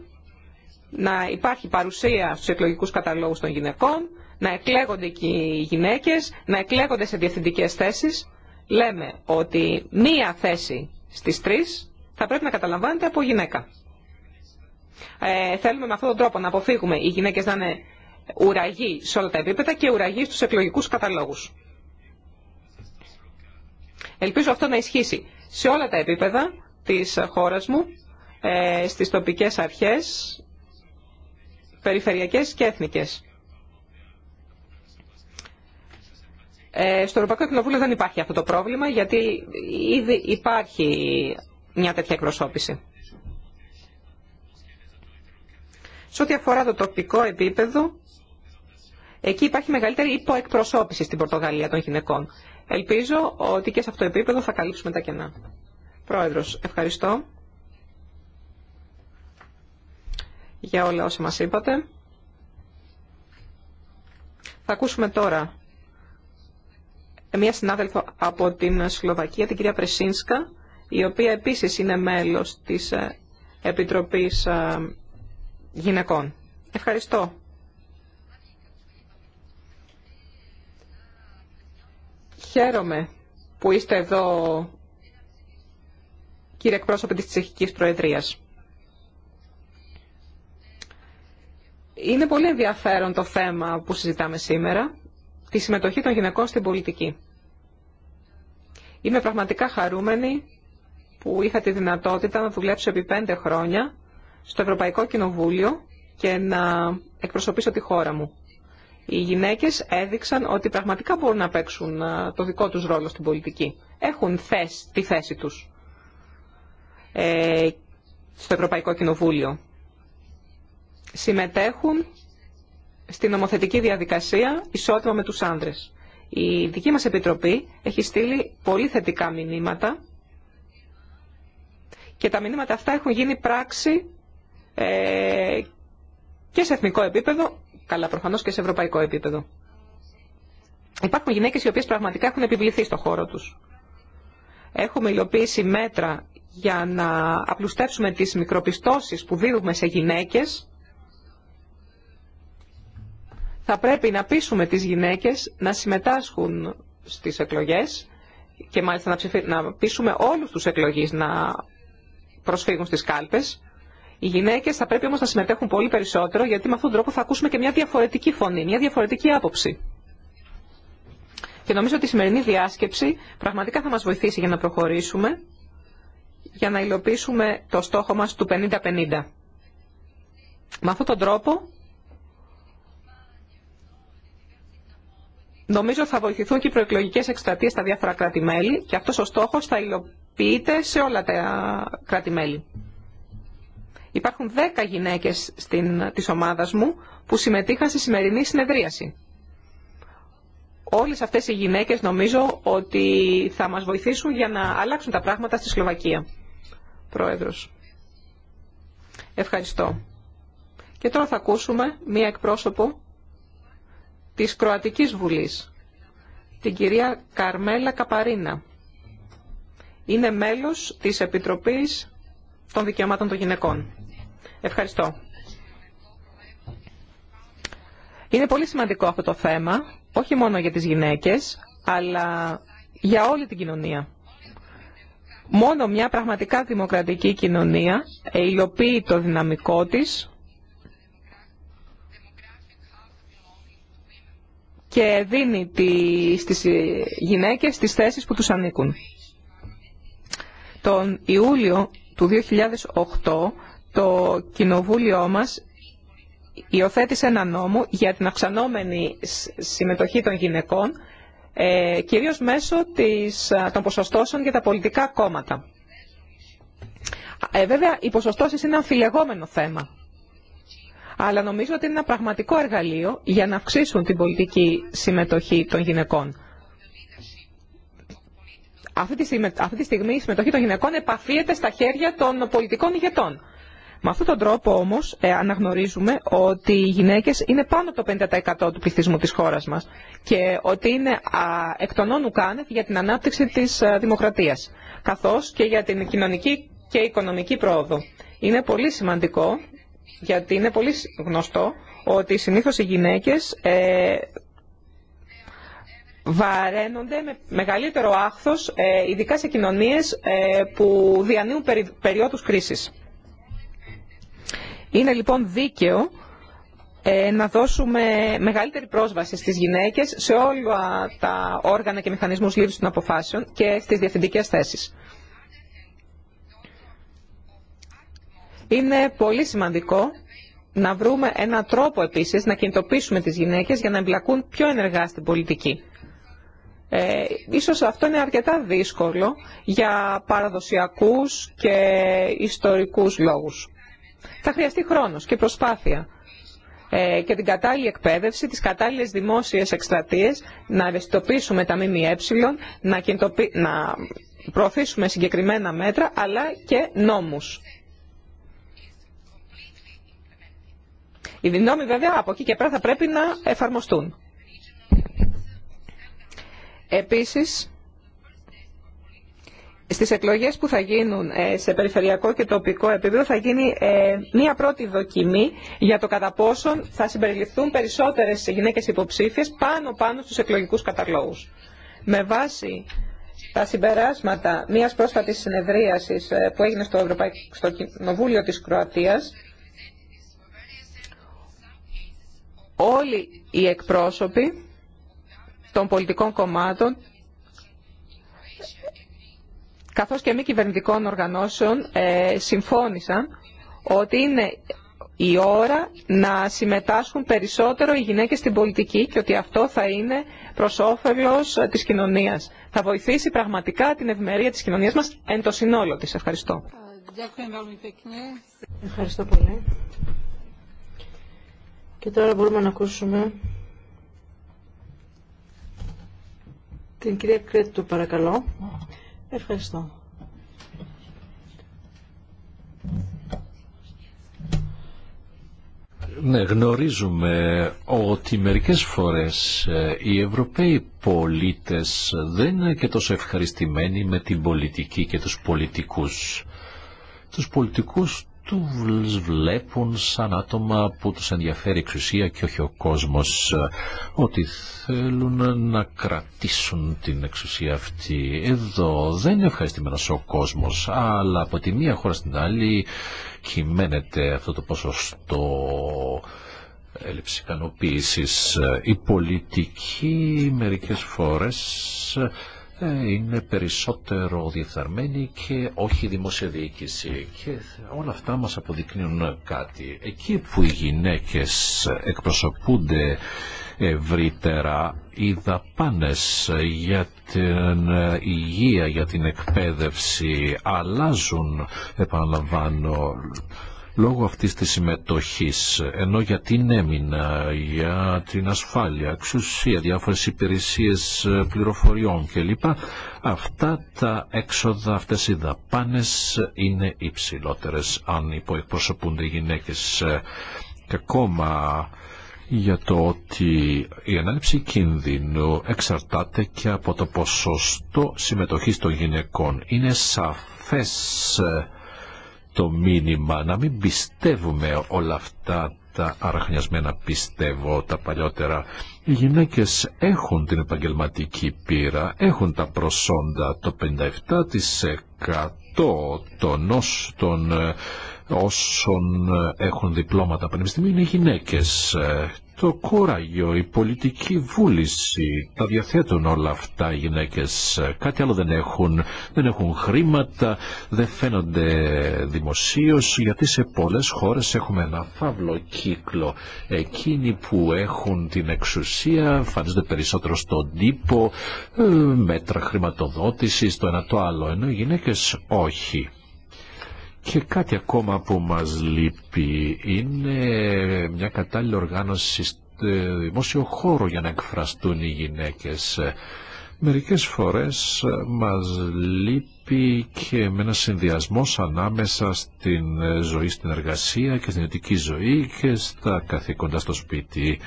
[SPEAKER 3] να υπάρχει παρουσία στους εκλογικούς καταλόγους των γυναικών, να εκλέγονται και οι γυναίκες, να εκλέγονται σε διευθυντικές θέσεις. Λέμε ότι μία θέση στις τρεις θα πρέπει να καταλαμβάνεται από γυναίκα. Ε, θέλουμε με αυτόν τον τρόπο να αποφύγουμε οι γυναίκες να είναι ουραγοί σε όλα τα επίπεδα και ουραγοί στους εκλογικούς καταλόγους. Ελπίζω αυτό να ισχύσει σε όλα τα επίπεδα της χώρας μου, ε, στις τοπικές αρχές, περιφερειακές και εθνικές. Ε, στο Ευρωπαϊκό Κοινοβούλιο δεν υπάρχει αυτό το πρόβλημα, γιατί ήδη υπάρχει μια τέτοια εκπροσώπηση. Σε ό,τι αφορά το τοπικό επίπεδο, εκεί υπάρχει μεγαλύτερη υποεκπροσώπηση στην Πορτογαλία των γυναικών. Ελπίζω ότι και σε αυτό το επίπεδο θα καλύψουμε τα κενά. Πρόεδρος, ευχαριστώ για όλα όσα μας είπατε. Θα ακούσουμε τώρα μια συνάδελφο από την Σλοβακία, την κυρία Πρεσίνσκα, η οποία επίσης είναι μέλος της Επιτροπής ε, γυναικών. Ευχαριστώ. Χαίρομαι που είστε εδώ, κύριε εκπρόσωπε της Τσεχικής Προεδρίας. Είναι πολύ ενδιαφέρον το θέμα που συζητάμε σήμερα, τη συμμετοχή των γυναικών στην πολιτική. Είμαι πραγματικά χαρούμενη που είχα τη δυνατότητα να δουλέψω επί πέντε χρόνια στο Ευρωπαϊκό Κοινοβούλιο και να εκπροσωπήσω τη χώρα μου. Οι γυναίκες έδειξαν ότι πραγματικά μπορούν να παίξουν το δικό τους ρόλο στην πολιτική. Έχουν θέση, τη θέση τους ε, στο Ευρωπαϊκό Κοινοβούλιο. Συμμετέχουν στην νομοθετική διαδικασία ισότιμα με τους άνδρες. Η δική μας Επιτροπή έχει στείλει πολύ θετικά μηνύματα και τα μηνύματα αυτά έχουν γίνει πράξη ε, και σε εθνικό επίπεδο, καλά προφανώς και σε ευρωπαϊκό επίπεδο. Υπάρχουν γυναίκες οι οποίες πραγματικά έχουν επιβληθεί στο χώρο τους. Έχουμε υλοποιήσει μέτρα για να απλουστεύσουμε τις μικροπιστώσεις που δίδουμε σε γυναίκες. Θα πρέπει να πείσουμε τις γυναίκες να συμμετάσχουν στις εκλογές και μάλιστα να, πείσουμε όλους τους εκλογείς να προσφύγουν στις κάλπες. Οι γυναίκε θα πρέπει όμως να συμμετέχουν πολύ περισσότερο γιατί με αυτόν τον τρόπο θα ακούσουμε και μια διαφορετική φωνή, μια διαφορετική άποψη. Και νομίζω ότι η σημερινή διάσκεψη πραγματικά θα μας βοηθήσει για να προχωρήσουμε, για να υλοποιήσουμε το στόχο μας του 50-50. Με αυτόν τον τρόπο Νομίζω θα βοηθηθούν και οι προεκλογικές εκστρατείες στα διάφορα κράτη-μέλη και αυτός ο στόχος θα υλοποιείται σε όλα τα κράτη-μέλη. Υπάρχουν 10 γυναίκες στην, της ομάδας μου που συμμετείχαν στη σημερινή συνεδρίαση. Όλες αυτές οι γυναίκες νομίζω ότι θα μας βοηθήσουν για να αλλάξουν τα πράγματα στη Σλοβακία. Πρόεδρος. Ευχαριστώ. Και τώρα θα ακούσουμε μία εκπρόσωπο της Κροατικής Βουλής, την κυρία Καρμέλα Καπαρίνα. Είναι μέλος της Επιτροπής των δικαιωμάτων των γυναικών. Ευχαριστώ. Είναι πολύ σημαντικό αυτό το θέμα, όχι μόνο για τις γυναίκες, αλλά για όλη την κοινωνία. Μόνο μια πραγματικά δημοκρατική κοινωνία υλοποιεί το δυναμικό της και δίνει στις γυναίκες τις θέσεις που τους ανήκουν. Τον Ιούλιο του 2008 το κοινοβούλιο μας υιοθέτησε ένα νόμο για την αυξανόμενη συμμετοχή των γυναικών, ε, κυρίως μέσω της, των ποσοστώσεων για τα πολιτικά κόμματα. Ε, βέβαια, οι ποσοστώσεις είναι αμφιλεγόμενο θέμα. Αλλά νομίζω ότι είναι ένα πραγματικό εργαλείο για να αυξήσουν την πολιτική συμμετοχή των γυναικών. Αυτή τη, στιγμή, η συμμετοχή των γυναικών επαφίεται στα χέρια των πολιτικών ηγετών. Με αυτόν τον τρόπο όμως ε, αναγνωρίζουμε ότι οι γυναίκες είναι πάνω το 50% του πληθυσμού της χώρας μας και ότι είναι α, εκ των όνου κάνευ για την ανάπτυξη της δημοκρατία, ε, δημοκρατίας καθώς και για την κοινωνική και οικονομική πρόοδο. Είναι πολύ σημαντικό γιατί είναι πολύ γνωστό ότι συνήθως οι γυναίκες ε, βαραίνονται με μεγαλύτερο άχθος, ε, ειδικά σε κοινωνίες ε, που διανύουν περι, περιόδους κρίσης. Είναι λοιπόν δίκαιο ε, να δώσουμε μεγαλύτερη πρόσβαση στις γυναίκες σε όλα τα όργανα και μηχανισμούς λήψης των αποφάσεων και στις διευθυντικές θέσεις. Είναι πολύ σημαντικό να βρούμε έναν τρόπο επίσης να κινητοποιήσουμε τις γυναίκες για να εμπλακούν πιο ενεργά στην πολιτική. Ε, ίσως αυτό είναι αρκετά δύσκολο για παραδοσιακούς και ιστορικούς λόγους. Θα χρειαστεί χρόνος και προσπάθεια ε, και την κατάλληλη εκπαίδευση, τις κατάλληλες δημόσιες εκστρατείες, να ευαισθητοποιήσουμε τα ΜΜΕ, να, να προωθήσουμε συγκεκριμένα μέτρα, αλλά και νόμους. Οι νόμοι βέβαια από εκεί και πέρα θα πρέπει να εφαρμοστούν. Επίσης, στις εκλογές που θα γίνουν ε, σε περιφερειακό και τοπικό επίπεδο θα γίνει ε, μία πρώτη δοκιμή για το κατά πόσον θα συμπεριληφθούν περισσότερες γυναίκες υποψήφιες πάνω-πάνω στους εκλογικούς καταλόγους. Με βάση τα συμπεράσματα μιας πρόσφατης συνεδρίασης ε, που έγινε στο, Ευρωπαϊκό, στο Κοινοβούλιο της Κροατίας, όλοι οι εκπρόσωποι των πολιτικών κομμάτων καθώς και μη κυβερνητικών οργανώσεων ε, συμφώνησαν ότι είναι η ώρα να συμμετάσχουν περισσότερο οι γυναίκες στην πολιτική και ότι αυτό θα είναι προς όφελος της κοινωνίας. Θα βοηθήσει πραγματικά την ευημερία της κοινωνίας μας εν το συνόλο της. Ευχαριστώ. Ευχαριστώ πολύ. Και τώρα μπορούμε να ακούσουμε
[SPEAKER 1] Την κυρία Κρέτου, παρακαλώ. Ευχαριστώ.
[SPEAKER 4] Ναι, γνωρίζουμε ότι μερικές φορές ε, οι Ευρωπαίοι πολίτες δεν είναι και τόσο ευχαριστημένοι με την πολιτική και τους πολιτικούς. Τους πολιτικούς τους βλέπουν σαν άτομα που τους ενδιαφέρει εξουσία και όχι ο κόσμος ότι θέλουν να κρατήσουν την εξουσία αυτή. Εδώ δεν είναι ευχαριστημένος ο κόσμος αλλά από τη μία χώρα στην άλλη κυμαίνεται αυτό το ποσοστό έλλειψη ικανοποίησης. Η πολιτική μερικές φορές ε, είναι περισσότερο διεφθαρμένη και όχι δημόσια διοίκηση. Και όλα αυτά μας αποδεικνύουν κάτι. Εκεί που οι γυναίκες εκπροσωπούνται ευρύτερα οι δαπάνες για την υγεία, για την εκπαίδευση αλλάζουν, επαναλαμβάνω, λόγω αυτής της συμμετοχής, ενώ για την ναι, έμεινα, για την ασφάλεια, εξουσία, διάφορες υπηρεσίες ε, πληροφοριών κλπ. Αυτά τα έξοδα, αυτές οι δαπάνες είναι υψηλότερες αν υποεκπροσωπούνται οι γυναίκες ε, και ακόμα για το ότι η ανάληψη κίνδυνου εξαρτάται και από το ποσοστό συμμετοχής των γυναικών. Είναι σαφές ε, το μήνυμα, να μην πιστεύουμε όλα αυτά τα αραχνιασμένα πιστεύω τα παλιότερα. Οι γυναίκες έχουν την επαγγελματική πείρα, έχουν τα προσόντα το 57% των, όσων ε, ε, έχουν διπλώματα πανεπιστημίου είναι οι γυναίκες ε, το κούραγιο, η πολιτική βούληση. Τα διαθέτουν όλα αυτά οι γυναίκες. Κάτι άλλο δεν έχουν. Δεν έχουν χρήματα, δεν φαίνονται δημοσίως, γιατί σε πολλές χώρες έχουμε ένα φαύλο κύκλο. Εκείνοι που έχουν την εξουσία φανίζονται περισσότερο στον τύπο, ε, μέτρα χρηματοδότησης, το ένα το άλλο. Ενώ οι γυναίκες όχι. Και κάτι ακόμα που μας λείπει είναι μια κατάλληλη οργάνωση δημόσιο χώρο για να εκφραστούν οι γυναίκες. Μερικές φορές μας λείπει και με ένα συνδυασμό ανάμεσα στην ζωή στην εργασία και στην ειδική ζωή και στα καθήκοντα στο σπίτι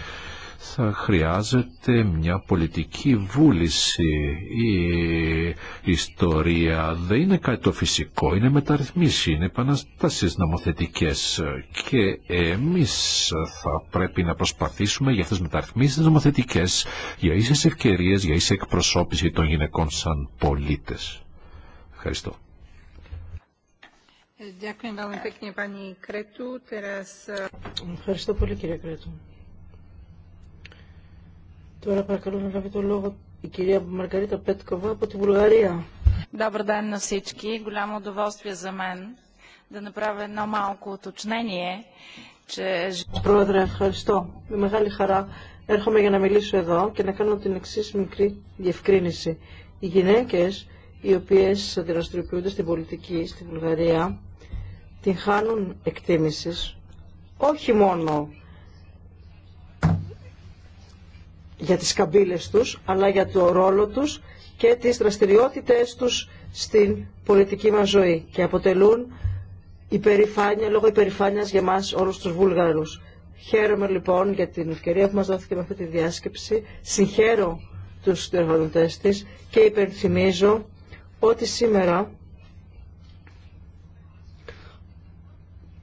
[SPEAKER 4] θα χρειάζεται μια πολιτική βούληση. Η ιστορία δεν είναι κάτι το φυσικό, είναι μεταρρυθμίσεις, είναι επαναστάσεις νομοθετικές και εμείς θα πρέπει να προσπαθήσουμε για αυτές τις μεταρρυθμίσεις νομοθετικές, για ίσες ευκαιρίες, για ίση εκπροσώπηση των γυναικών σαν πολίτες. Ευχαριστώ.
[SPEAKER 1] Ευχαριστώ πολύ κύριε Κρέτου. Τώρα παρακαλώ να λάβει το λόγο η κυρία Μαργαρίτα Πέτκοβα από τη Βουλγαρία.
[SPEAKER 2] Добър ден на всички. Голямо удоволствие за мен да направя едно малко уточнение, че...
[SPEAKER 1] Πρόεδρε, ευχαριστώ.
[SPEAKER 2] Με μεγάλη χαρά
[SPEAKER 1] έρχομαι για να μιλήσω εδώ και να κάνω την εξή μικρή διευκρίνηση. Οι γυναίκε οι οποίε δραστηριοποιούνται στην πολιτική στη Βουλγαρία την χάνουν εκτίμηση όχι μόνο για τις καμπύλες τους, αλλά για το ρόλο τους και τις δραστηριότητες τους στην πολιτική μας ζωή και αποτελούν υπερηφάνεια, λόγω υπερηφάνειας για μας όλους τους Βούλγαρους. Χαίρομαι λοιπόν για την ευκαιρία που μας δόθηκε με αυτή τη διάσκεψη. Συγχαίρω τους συνεργοδοτές της και υπενθυμίζω ότι σήμερα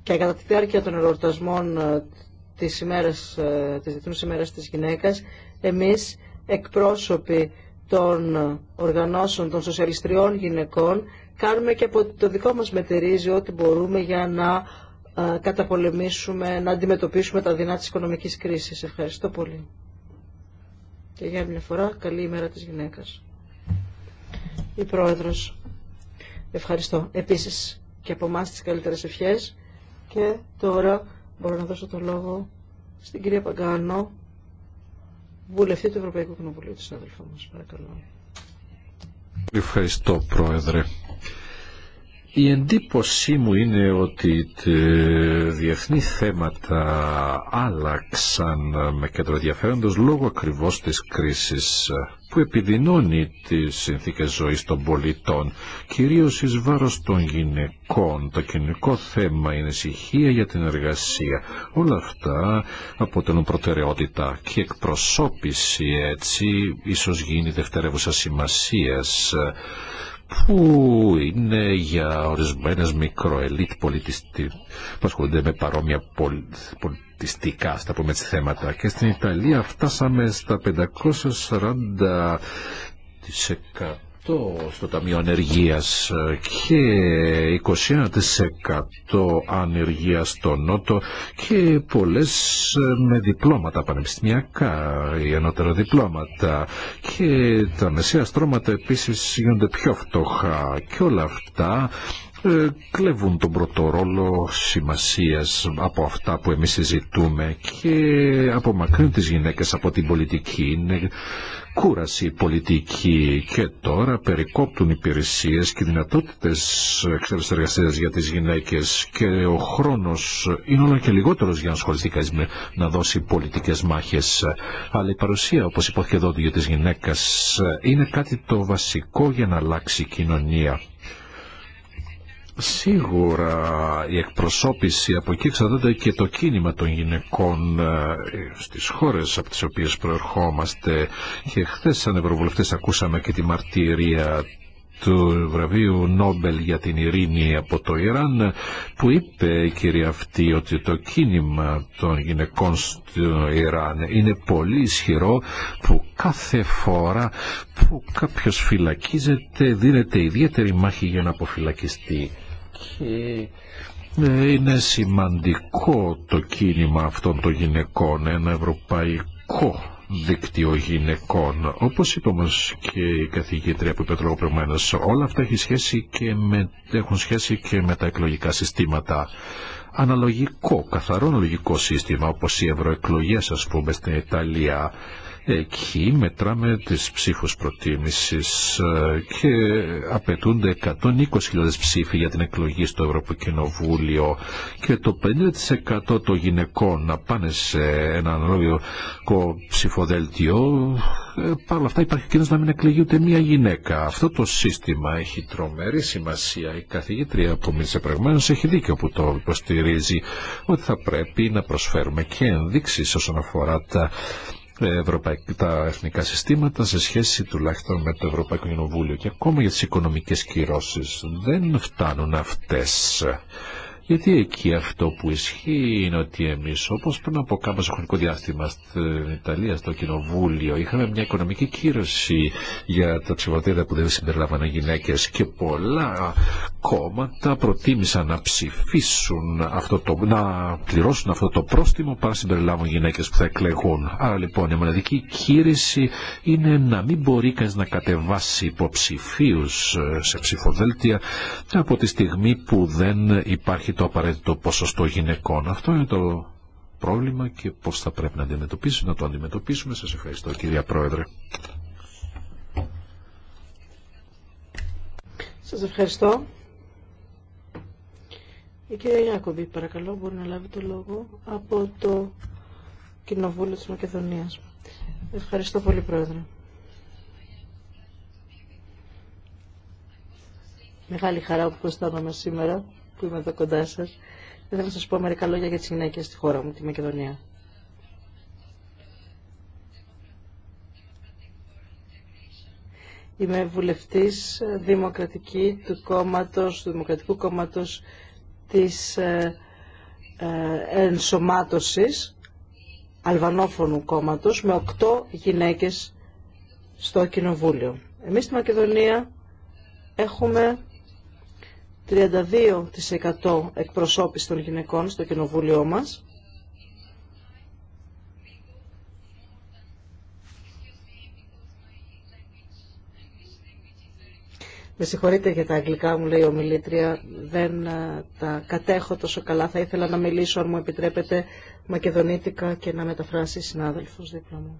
[SPEAKER 1] και κατά τη διάρκεια των ερωτασμών ε, της, ημέρας, ε, της ημέρας της Γυναίκας εμείς εκπρόσωποι των οργανώσεων των σοσιαλιστριών γυναικών κάνουμε και από το δικό μας μετερίζει ό,τι μπορούμε για να ε, καταπολεμήσουμε, να αντιμετωπίσουμε τα δεινά της οικονομικής κρίσης. Ευχαριστώ πολύ. Και για μια φορά, καλή ημέρα της γυναίκας. Η Πρόεδρος. Ευχαριστώ. Επίσης και από εμάς τις καλύτερες ευχές. Και τώρα μπορώ να δώσω το λόγο στην κυρία Παγκάνο βουλευτή του Ευρωπαϊκού Κοινοβουλίου, του συναδελφού μας. Παρακαλώ.
[SPEAKER 4] Ευχαριστώ, Πρόεδρε. Η εντύπωσή μου είναι ότι οι διεθνή θέματα άλλαξαν με κέντρο ενδιαφέροντος λόγω ακριβώς της κρίσης που επιδεινώνει τις συνθήκες ζωής των πολιτών, κυρίως εις βάρος των γυναικών. Το κοινωνικό θέμα είναι ησυχία για την εργασία. Όλα αυτά αποτελούν προτεραιότητα και εκπροσώπηση έτσι ίσως γίνει δευτερεύουσα σημασίας που είναι για ορισμένες μικροελίτ πολιτιστή που ασχολούνται με παρόμοια πολιτιστικά στα πούμε θέματα και στην Ιταλία φτάσαμε στα 540% στο Ταμείο Ανεργίας και 21% ανεργία στο Νότο και πολλές ε, με διπλώματα πανεπιστημιακά ή ανώτερα διπλώματα και τα μεσαία στρώματα επίσης γίνονται πιο φτωχά και όλα αυτά ε, κλέβουν τον ρόλο σημασίας από αυτά που εμείς συζητούμε και απομακρύνουν τις γυναίκες από την πολιτική κούραση η πολιτική και τώρα περικόπτουν υπηρεσίες και δυνατότητες εξεργασίας για τις γυναίκες και ο χρόνος είναι όλο και λιγότερος για να ασχοληθεί κανείς με να δώσει πολιτικές μάχες. Αλλά η παρουσία όπως υπόθηκε εδώ για τις γυναίκες ε, είναι κάτι το βασικό για να αλλάξει η κοινωνία. Σίγουρα η εκπροσώπηση από εκεί εξαρτάται και το κίνημα των γυναικών ε, στις χώρες από τις οποίες προερχόμαστε και χθες σαν Ευρωβουλευτές ακούσαμε και τη μαρτυρία του βραβείου Νόμπελ για την ειρήνη από το Ιράν που είπε η κυρία αυτή ότι το κίνημα των γυναικών στο Ιράν είναι πολύ ισχυρό που κάθε φορά που κάποιος φυλακίζεται δίνεται ιδιαίτερη μάχη για να αποφυλακιστεί. Και είναι σημαντικό το κίνημα αυτών των γυναικών, ένα ευρωπαϊκό δίκτυο γυναικών. Όπως είπε όμως και η καθηγήτρια που είπε προηγουμένως, όλα αυτά σχέση και με, έχουν σχέση και με τα εκλογικά συστήματα. Αναλογικό, καθαρό αναλογικό σύστημα όπως οι ευρωεκλογέ, ας πούμε στην Ιταλία Εκεί μετράμε τις ψήφους προτίμησης ε, και απαιτούνται 120.000 ψήφοι για την εκλογή στο Κοινοβούλιο και το 50% των γυναικών να πάνε σε ένα ρόλιο ψηφοδέλτιο ε, Παρ' όλα αυτά υπάρχει κίνδυνο να μην εκλεγεί ούτε μία γυναίκα. Αυτό το σύστημα έχει τρομερή σημασία. Η καθηγήτρια που μίλησε προηγουμένω έχει δίκιο που το υποστηρίζει ότι θα πρέπει να προσφέρουμε και ενδείξει όσον αφορά τα τα εθνικά συστήματα σε σχέση τουλάχιστον με το Ευρωπαϊκό Κοινοβούλιο και ακόμα για τις οικονομικές κυρώσεις. Δεν φτάνουν αυτές. Γιατί εκεί αυτό που ισχύει είναι ότι εμεί όπω πριν από κάποιο χρονικό διάστημα στην Ιταλία, στο Κοινοβούλιο, είχαμε μια οικονομική κύρωση για τα ψηφοδέλτια που δεν συμπεριλάμβανε γυναίκε. και πολλά κόμματα προτίμησαν να ψηφίσουν αυτό το, να πληρώσουν αυτό το πρόστιμο παρά συμπεριλάβουν γυναίκε που θα εκλεγούν. Άρα λοιπόν η μοναδική κύρωση είναι να μην μπορεί κανεί να κατεβάσει υποψηφίου ε, σε ψηφοδέλτια από τη στιγμή που δεν υπάρχει το απαραίτητο ποσοστό γυναικών. Αυτό είναι το πρόβλημα και πώς θα πρέπει να, αντιμετωπίσουμε, να το αντιμετωπίσουμε. Σας ευχαριστώ κυρία Πρόεδρε.
[SPEAKER 1] Σας ευχαριστώ. Η κυρία Ιακωβή παρακαλώ, μπορεί να λάβει το λόγο από το Κοινοβούλιο της Μακεδονίας. Ευχαριστώ πολύ, Πρόεδρε. Μεγάλη χαρά που προστάνομαι σήμερα που είμαι εδώ κοντά σα, θέλω να σα πω μερικά λόγια για τι γυναίκε στη χώρα μου, τη Μακεδονία. Είμαι βουλευτής δημοκρατική του κόμματος, του Δημοκρατικού Κόμματος της ε, ε, ενσωμάτωσης αλβανόφωνου κόμματος με οκτώ γυναίκες στο Κοινοβούλιο. Εμείς στη Μακεδονία έχουμε 32% εκπροσώπηση των γυναικών στο κοινοβούλιο μας. Με συγχωρείτε για τα αγγλικά μου λέει η ομιλήτρια, δεν ε, τα κατέχω τόσο καλά. Θα ήθελα να μιλήσω αν μου επιτρέπετε μακεδονίτικα και να μεταφράσει συνάδελφος δίπλα μου.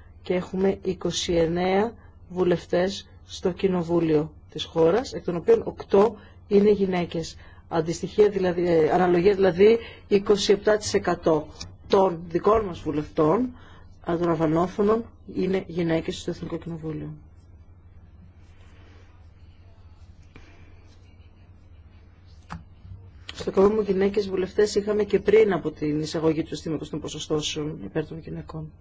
[SPEAKER 1] και έχουμε 29 βουλευτές στο κοινοβούλιο της χώρας, εκ των οποίων 8 είναι γυναίκες. Αντιστοιχεία δηλαδή, ε, αναλογία δηλαδή 27% των δικών μας βουλευτών, ε, των αβανόφωνων, είναι γυναίκες στο Εθνικό Κοινοβούλιο. Στο κόμμα μου γυναίκες βουλευτές είχαμε και πριν από την εισαγωγή του συστήματος των ποσοστώσεων υπέρ των γυναικών.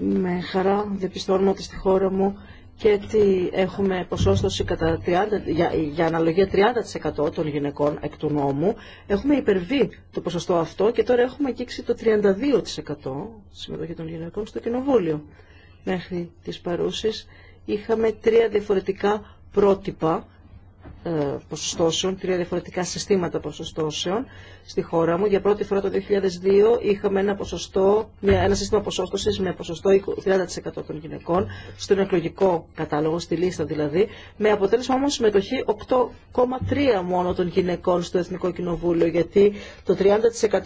[SPEAKER 1] με χαρά διαπιστώνουμε ότι στη χώρα μου και ότι έχουμε ποσόστοση κατά 30, για, για αναλογία 30% των γυναικών εκ του νόμου. Έχουμε υπερβεί το ποσοστό αυτό και τώρα έχουμε αγγίξει το 32% συμμετοχή των γυναικών στο κοινοβούλιο. Μέχρι τις παρούσεις είχαμε τρία διαφορετικά πρότυπα ε, ποσοστώσεων, τρία διαφορετικά συστήματα ποσοστώσεων στη χώρα μου. Για πρώτη φορά το 2002 είχαμε ένα, ποσοστό, ένα σύστημα ποσόστοσης με ποσοστό 30% των γυναικών στον εκλογικό κατάλογο, στη λίστα δηλαδή, με αποτέλεσμα όμως συμμετοχή 8,3 μόνο των γυναικών στο Εθνικό Κοινοβούλιο, γιατί το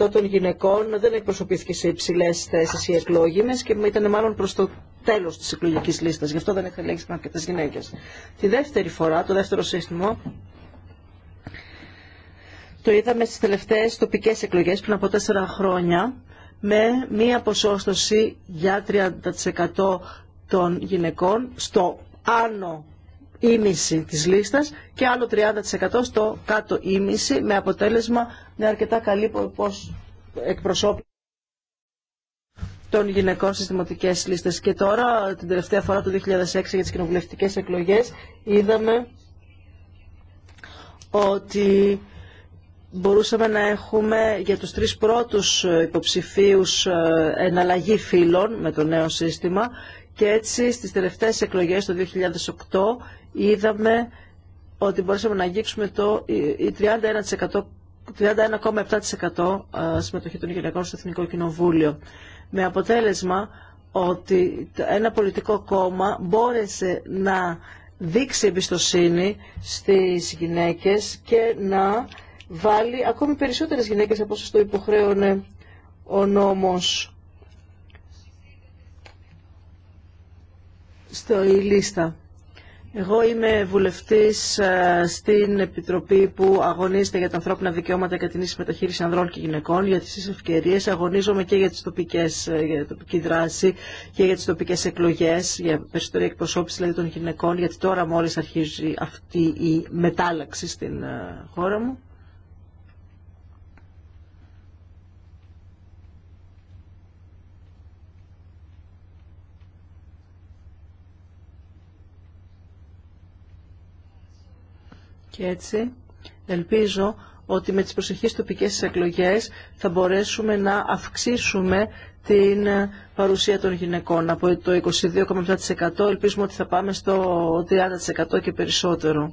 [SPEAKER 1] 30% των γυναικών δεν εκπροσωπήθηκε σε υψηλέ θέσει ή εκλόγιμες και ήταν μάλλον προς το τέλο τη εκλογική λίστα. Γι' αυτό δεν με αρκετέ γυναίκε. Τη δεύτερη φορά, το δεύτερο σύστημα, το είδαμε στι τελευταίε τοπικέ εκλογέ πριν από τέσσερα χρόνια με μία ποσόστοση για 30% των γυναικών στο άνω ίμιση της λίστας και άλλο 30% στο κάτω ίμιση με αποτέλεσμα μια αρκετά καλή εκπροσώπηση των γυναικών στις δημοτικές λίστες. Και τώρα, την τελευταία φορά του 2006 για τις κοινοβουλευτικές εκλογές, είδαμε ότι μπορούσαμε να έχουμε για τους τρεις πρώτους υποψηφίους ε, εναλλαγή φύλων με το νέο σύστημα και έτσι στις τελευταίες εκλογές το 2008 είδαμε ότι μπορούσαμε να αγγίξουμε το 31% 31,7% ε, συμμετοχή των γυναικών στο Εθνικό Κοινοβούλιο με αποτέλεσμα ότι ένα πολιτικό κόμμα μπόρεσε να δείξει εμπιστοσύνη στις γυναίκες και να βάλει ακόμη περισσότερες γυναίκες από όσες το υποχρέωνε ο νόμος στο η λίστα. Εγώ είμαι βουλευτής ε, στην Επιτροπή που αγωνίζεται για τα ανθρώπινα δικαιώματα και την ίση μεταχείριση ανδρών και γυναικών, για τις ευκαιρίες. Αγωνίζομαι και για, τις τοπικές, ε, για την τοπική δράση και για τις τοπικές εκλογές, για περισσότερη εκπροσώπηση δηλαδή, των γυναικών, γιατί τώρα μόλις αρχίζει αυτή η μετάλλαξη στην ε, χώρα μου. Και έτσι ελπίζω ότι με τις προσεχείς τοπικές εκλογές θα μπορέσουμε να αυξήσουμε την ε, παρουσία των γυναικών. Από το 22,7% ελπίζουμε ότι θα πάμε στο 30% και περισσότερο.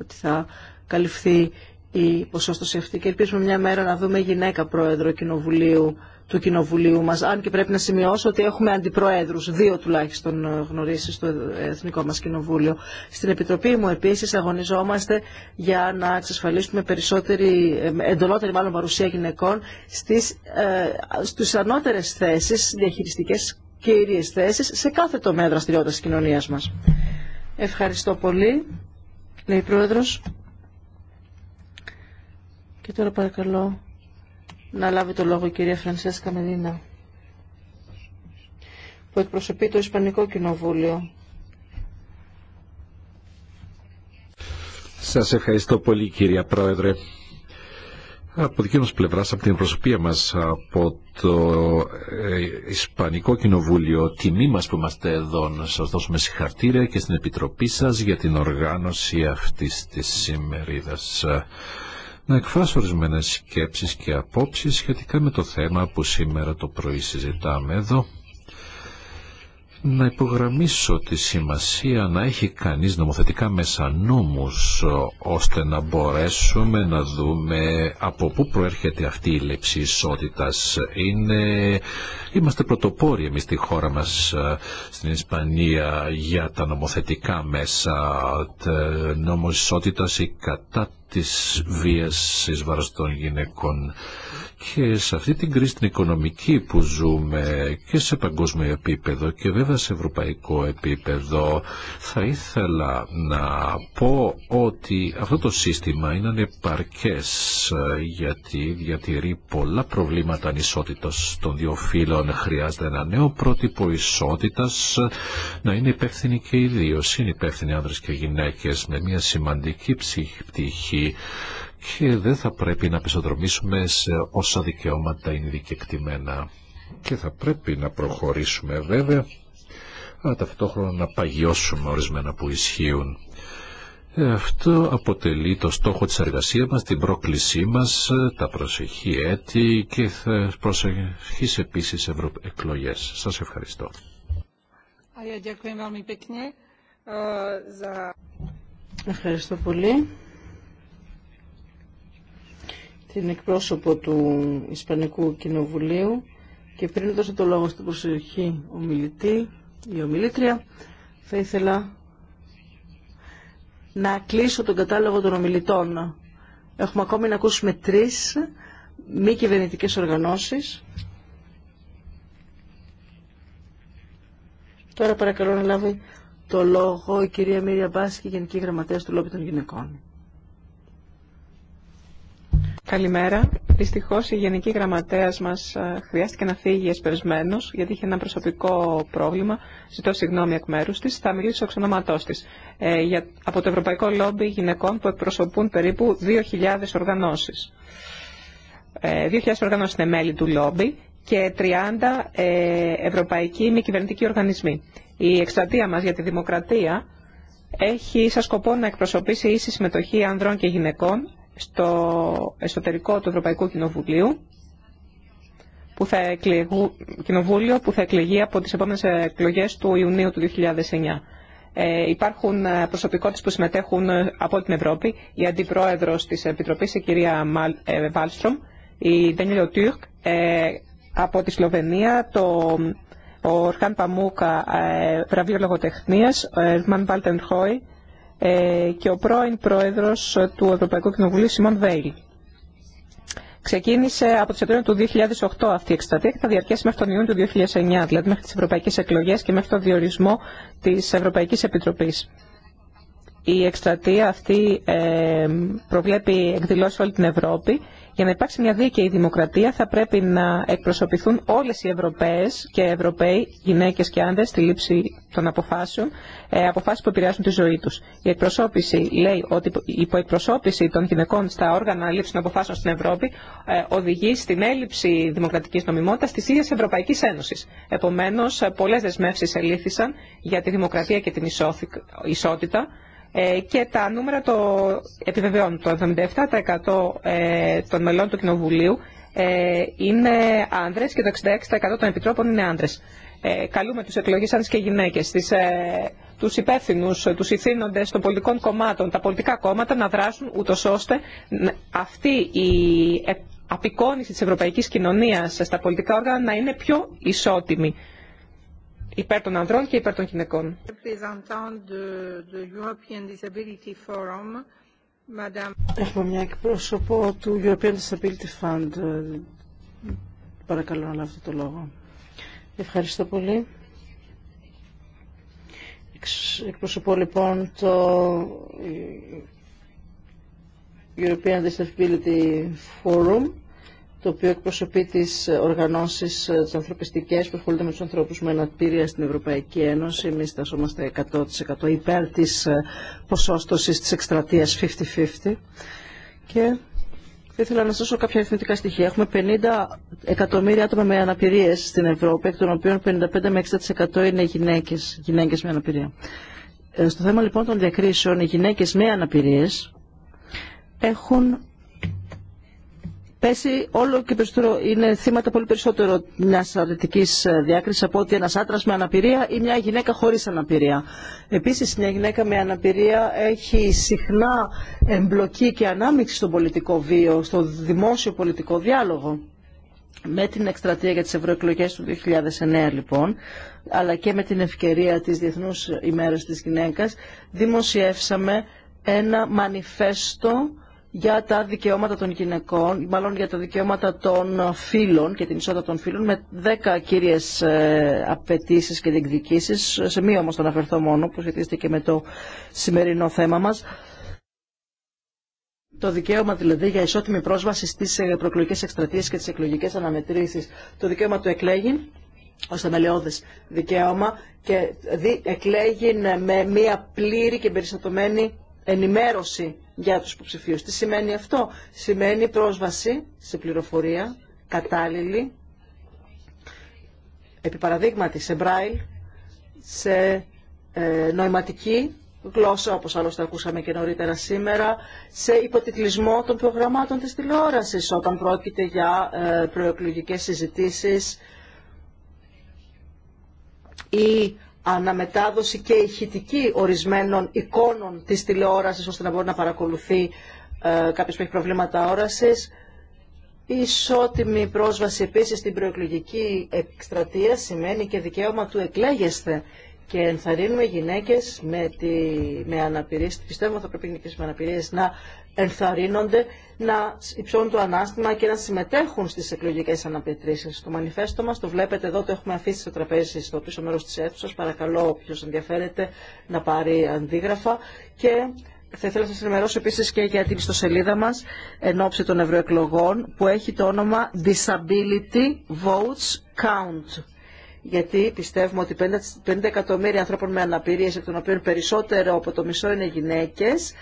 [SPEAKER 1] Ότι θα καλυφθεί η ποσόστοση αυτή και ελπίζουμε μια μέρα να δούμε γυναίκα πρόεδρο Κοινοβουλίου του Κοινοβουλίου μας. Αν και πρέπει να σημειώσω ότι έχουμε αντιπροέδρους, δύο τουλάχιστον ε, γνωρίσεις στο Εθνικό μας Κοινοβούλιο. Στην Επιτροπή μου επίσης αγωνιζόμαστε για να εξασφαλίσουμε περισσότερη, ε, εντολότερη μάλλον παρουσία γυναικών στις, ε, στους ανώτερες θέσεις, διαχειριστικές κύριες θέσεις, σε κάθε τομέα δραστηριότητας της κοινωνίας μας. Ευχαριστώ πολύ, λέει η Πρόεδρος. Και τώρα παρακαλώ να λάβει το λόγο η κυρία Φρανσέσκα Μελίνα που εκπροσωπεί το Ισπανικό Κοινοβούλιο.
[SPEAKER 4] Σας ευχαριστώ πολύ κυρία Πρόεδρε. Από δική μας πλευράς, από την προσωπία μας, από το ε, Ισπανικό Κοινοβούλιο, τιμή μας που είμαστε εδώ να σας δώσουμε συγχαρτήρια και στην Επιτροπή σας για την οργάνωση αυτής της σημερίδας να εκφράσω ορισμένες σκέψεις και απόψεις σχετικά με το θέμα που σήμερα το πρωί συζητάμε εδώ. Να υπογραμμίσω τη σημασία να έχει κανείς νομοθετικά μέσα νόμους, ώστε να μπορέσουμε να δούμε από πού προέρχεται αυτή η λήψη ισότητας. Είναι... Είμαστε πρωτοπόροι εμείς στη χώρα μας, στην Ισπανία, για τα νομοθετικά μέσα νόμος ισότητας ή κατά της βίας εις γυναικών. Και σε αυτή την κρίση την οικονομική που ζούμε και σε παγκόσμιο επίπεδο και βέβαια σε ευρωπαϊκό επίπεδο θα ήθελα να πω ότι αυτό το σύστημα είναι ανεπαρκές γιατί διατηρεί πολλά προβλήματα ανισότητας των δύο φύλων. Χρειάζεται ένα νέο πρότυπο ισότητας να είναι υπεύθυνοι και οι δύο, είναι υπεύθυνοι άνδρες και γυναίκες με μια σημαντική ψυχή και δεν θα πρέπει να πεισοδρομήσουμε σε όσα δικαιώματα είναι δικαικτημένα. Και θα πρέπει να προχωρήσουμε βέβαια, αλλά ταυτόχρονα να παγιώσουμε ορισμένα που ισχύουν. Ε, αυτό αποτελεί το στόχο της εργασίας μας, την πρόκλησή μας, τα προσεχή έτη και θα προσεχείς επίσης ευρω... εκλογές. Σας ευχαριστώ.
[SPEAKER 2] E, ευχαριστώ
[SPEAKER 1] πολύ την εκπρόσωπο του Ισπανικού Κοινοβουλίου και πριν δώσω το λόγο στην προσοχή ομιλητή ή ομιλήτρια, θα ήθελα να κλείσω τον κατάλογο των ομιλητών. Έχουμε ακόμη να ακούσουμε τρεις μη κυβερνητικέ οργανώσεις. Τώρα παρακαλώ να λάβει
[SPEAKER 3] το λόγο η κυρία Μύρια Μπάσκη, Γενική Γραμματέας του Λόπι των Γυναικών. Καλημέρα. Δυστυχώ η Γενική Γραμματέα μα ε, χρειάστηκε να φύγει εσπερισμένο γιατί είχε ένα προσωπικό πρόβλημα. Ζητώ συγγνώμη εκ μέρου τη. Θα μιλήσω εξ ονόματό τη. Ε, από το Ευρωπαϊκό Λόμπι Γυναικών που εκπροσωπούν περίπου 2.000 οργανώσει. Ε, 2.000 οργανώσει είναι μέλη του Λόμπι και 30 ε, ευρωπαϊκοί μη κυβερνητικοί οργανισμοί. Η εκστρατεία μα για τη δημοκρατία έχει σαν σκοπό να εκπροσωπήσει ίση συμμετοχή ανδρών και γυναικών στο εσωτερικό του Ευρωπαϊκού Κοινοβουλίου που θα εκλεγού, κοινοβούλιο που θα εκλεγεί από τις επόμενες εκλογές του Ιουνίου του 2009. Ε, υπάρχουν ε, προσωπικότητες που συμμετέχουν ε, από την Ευρώπη, η Αντιπρόεδρος της Επιτροπής, η κυρία ε, Βάλστρομ, η Ντένιλο Τούρκ, από τη Σλοβενία, το, ο Ορκάν Παμούκα, βραβείο λογοτεχνίας, ο Ερμαν Βάλτεν Χόι, ε, και ο πρώην πρόεδρος του Ευρωπαϊκού Κοινοβουλίου Σιμών Βέιλ. Ξεκίνησε από το Σεπτέμβριο του 2008 αυτή η εκστρατεία και θα διαρκέσει μέχρι τον Ιούνιο του 2009, δηλαδή μέχρι τις ευρωπαϊκές εκλογές και μέχρι το διορισμό της Ευρωπαϊκής Επιτροπής η εκστρατεία αυτή ε, προβλέπει εκδηλώσει όλη την Ευρώπη. Για να υπάρξει μια δίκαιη δημοκρατία θα πρέπει να εκπροσωπηθούν όλες οι Ευρωπαίες και Ευρωπαίοι, γυναίκες και άνδρες, στη λήψη των αποφάσεων, ε, αποφάσεις που επηρεάζουν τη ζωή τους. Η εκπροσώπηση λέει ότι η υποεκπροσώπηση των γυναικών στα όργανα λήψη των αποφάσεων στην Ευρώπη ε, οδηγεί στην έλλειψη δημοκρατικής νομιμότητας της ίδιας Ευρωπαϊκής Ένωσης. Επομένως, πολλές δεσμεύσεις ελήφθησαν για τη δημοκρατία και την ισότητα ε, και τα νούμερα το επιβεβαιώνουν. Το 77% ε, των μελών του Κοινοβουλίου ε, είναι άνδρες και το 66% των επιτρόπων είναι άνδρες. καλούμε τους εκλογές άνδρες και γυναίκες, τις, τους υπεύθυνους, τους ηθήνοντες των πολιτικών κομμάτων, τα πολιτικά κόμματα να δράσουν ούτω ώστε αυτή η απεικόνηση της ευρωπαϊκής κοινωνίας στα πολιτικά όργανα να είναι πιο ισότιμη υπέρ των ανδρών και υπέρ των γυναικών. Έχουμε μια
[SPEAKER 1] εκπρόσωπο του European Disability Fund. Παρακαλώ να λάβετε το λόγο. Ευχαριστώ πολύ. Εκπροσωπώ λοιπόν το ε, European Disability Forum το οποίο εκπροσωπεί τι οργανώσεις ε, ανθρωπιστικές που ασχολούνται με τους ανθρώπους με αναπηρία στην Ευρωπαϊκή Ένωση. Εμεί στασόμαστε 100% υπέρ της ε, ποσόστοσης της εκστρατεια 50 50-50. Και θα ήθελα να σα δώσω κάποια αριθμητικά στοιχεία. Έχουμε 50 εκατομμύρια άτομα με αναπηρίε στην Ευρώπη, εκ των οποίων 55 με 60% είναι γυναίκε γυναίκες με αναπηρία. Ε, στο θέμα λοιπόν των διακρίσεων, οι γυναίκε με αναπηρίες έχουν πέσει όλο και περισσότερο, είναι θύματα πολύ περισσότερο μια αρνητική ε, διάκριση από ότι ένα άντρα με αναπηρία ή μια γυναίκα χωρί αναπηρία. Επίση, μια γυναίκα με αναπηρία έχει συχνά εμπλοκή και ανάμειξη στον πολιτικό βίο, στο δημόσιο πολιτικό διάλογο. Με την εκστρατεία για τις ευρωεκλογές του 2009 λοιπόν, αλλά και με την ευκαιρία της Διεθνούς ημέρας της γυναίκας, δημοσιεύσαμε ένα μανιφέστο για τα δικαιώματα των γυναικών, μάλλον για τα δικαιώματα των φίλων και την ισότητα των φίλων με δέκα κύριε απαιτήσει και διεκδικήσει. σε μία όμω θα αναφερθώ μόνο που σχετίζεται και με το σημερινό θέμα μας. Το δικαίωμα δηλαδή για ισότιμη πρόσβαση στι ε, προεκλογικέ εκστρατείε και τι εκλογικέ αναμετρήσει, Το δικαίωμα του εκλέγει ω θεμελιώδε δικαίωμα και εκλέγει με μία πλήρη και περιστατωμένη ενημέρωση για τους υποψηφίους. Τι σημαίνει αυτό. Σημαίνει πρόσβαση σε πληροφορία κατάλληλη, επί παραδείγματι σε μπράιλ, σε ε, νοηματική γλώσσα, όπως άλλωστε ακούσαμε και νωρίτερα σήμερα, σε υποτιτλισμό των προγραμμάτων της τηλεόρασης, όταν πρόκειται για ε, προεκλογικές συζητήσεις ή αναμετάδοση και ηχητική ορισμένων εικόνων της τηλεόρασης ώστε να μπορεί να παρακολουθεί ε, κάποιος που έχει προβλήματα όρασης. ισότιμη πρόσβαση επίσης στην προεκλογική εκστρατεία σημαίνει και δικαίωμα του εκλέγεσθε και ενθαρρύνουμε γυναίκες με, τη, με αναπηρίες, πιστεύω θα πρέπει γυναίκες με αναπηρίες να ενθαρρύνονται να υψώνουν το ανάστημα και να συμμετέχουν στι εκλογικέ αναπετρήσει. Το μανιφέστο μα. το βλέπετε εδώ, το έχουμε αφήσει στο τραπέζι στο πίσω μέρο τη αίθουσα. Παρακαλώ όποιο ενδιαφέρεται να πάρει αντίγραφα και θα ήθελα να σα ενημερώσω επίση και για την ιστοσελίδα μα εν ώψη των ευρωεκλογών που έχει το όνομα Disability Votes Count γιατί πιστεύουμε ότι 50, εκατομμύρια ανθρώπων με αναπηρίες, εκ των οποίων περισσότερο από το μισό είναι γυναίκες,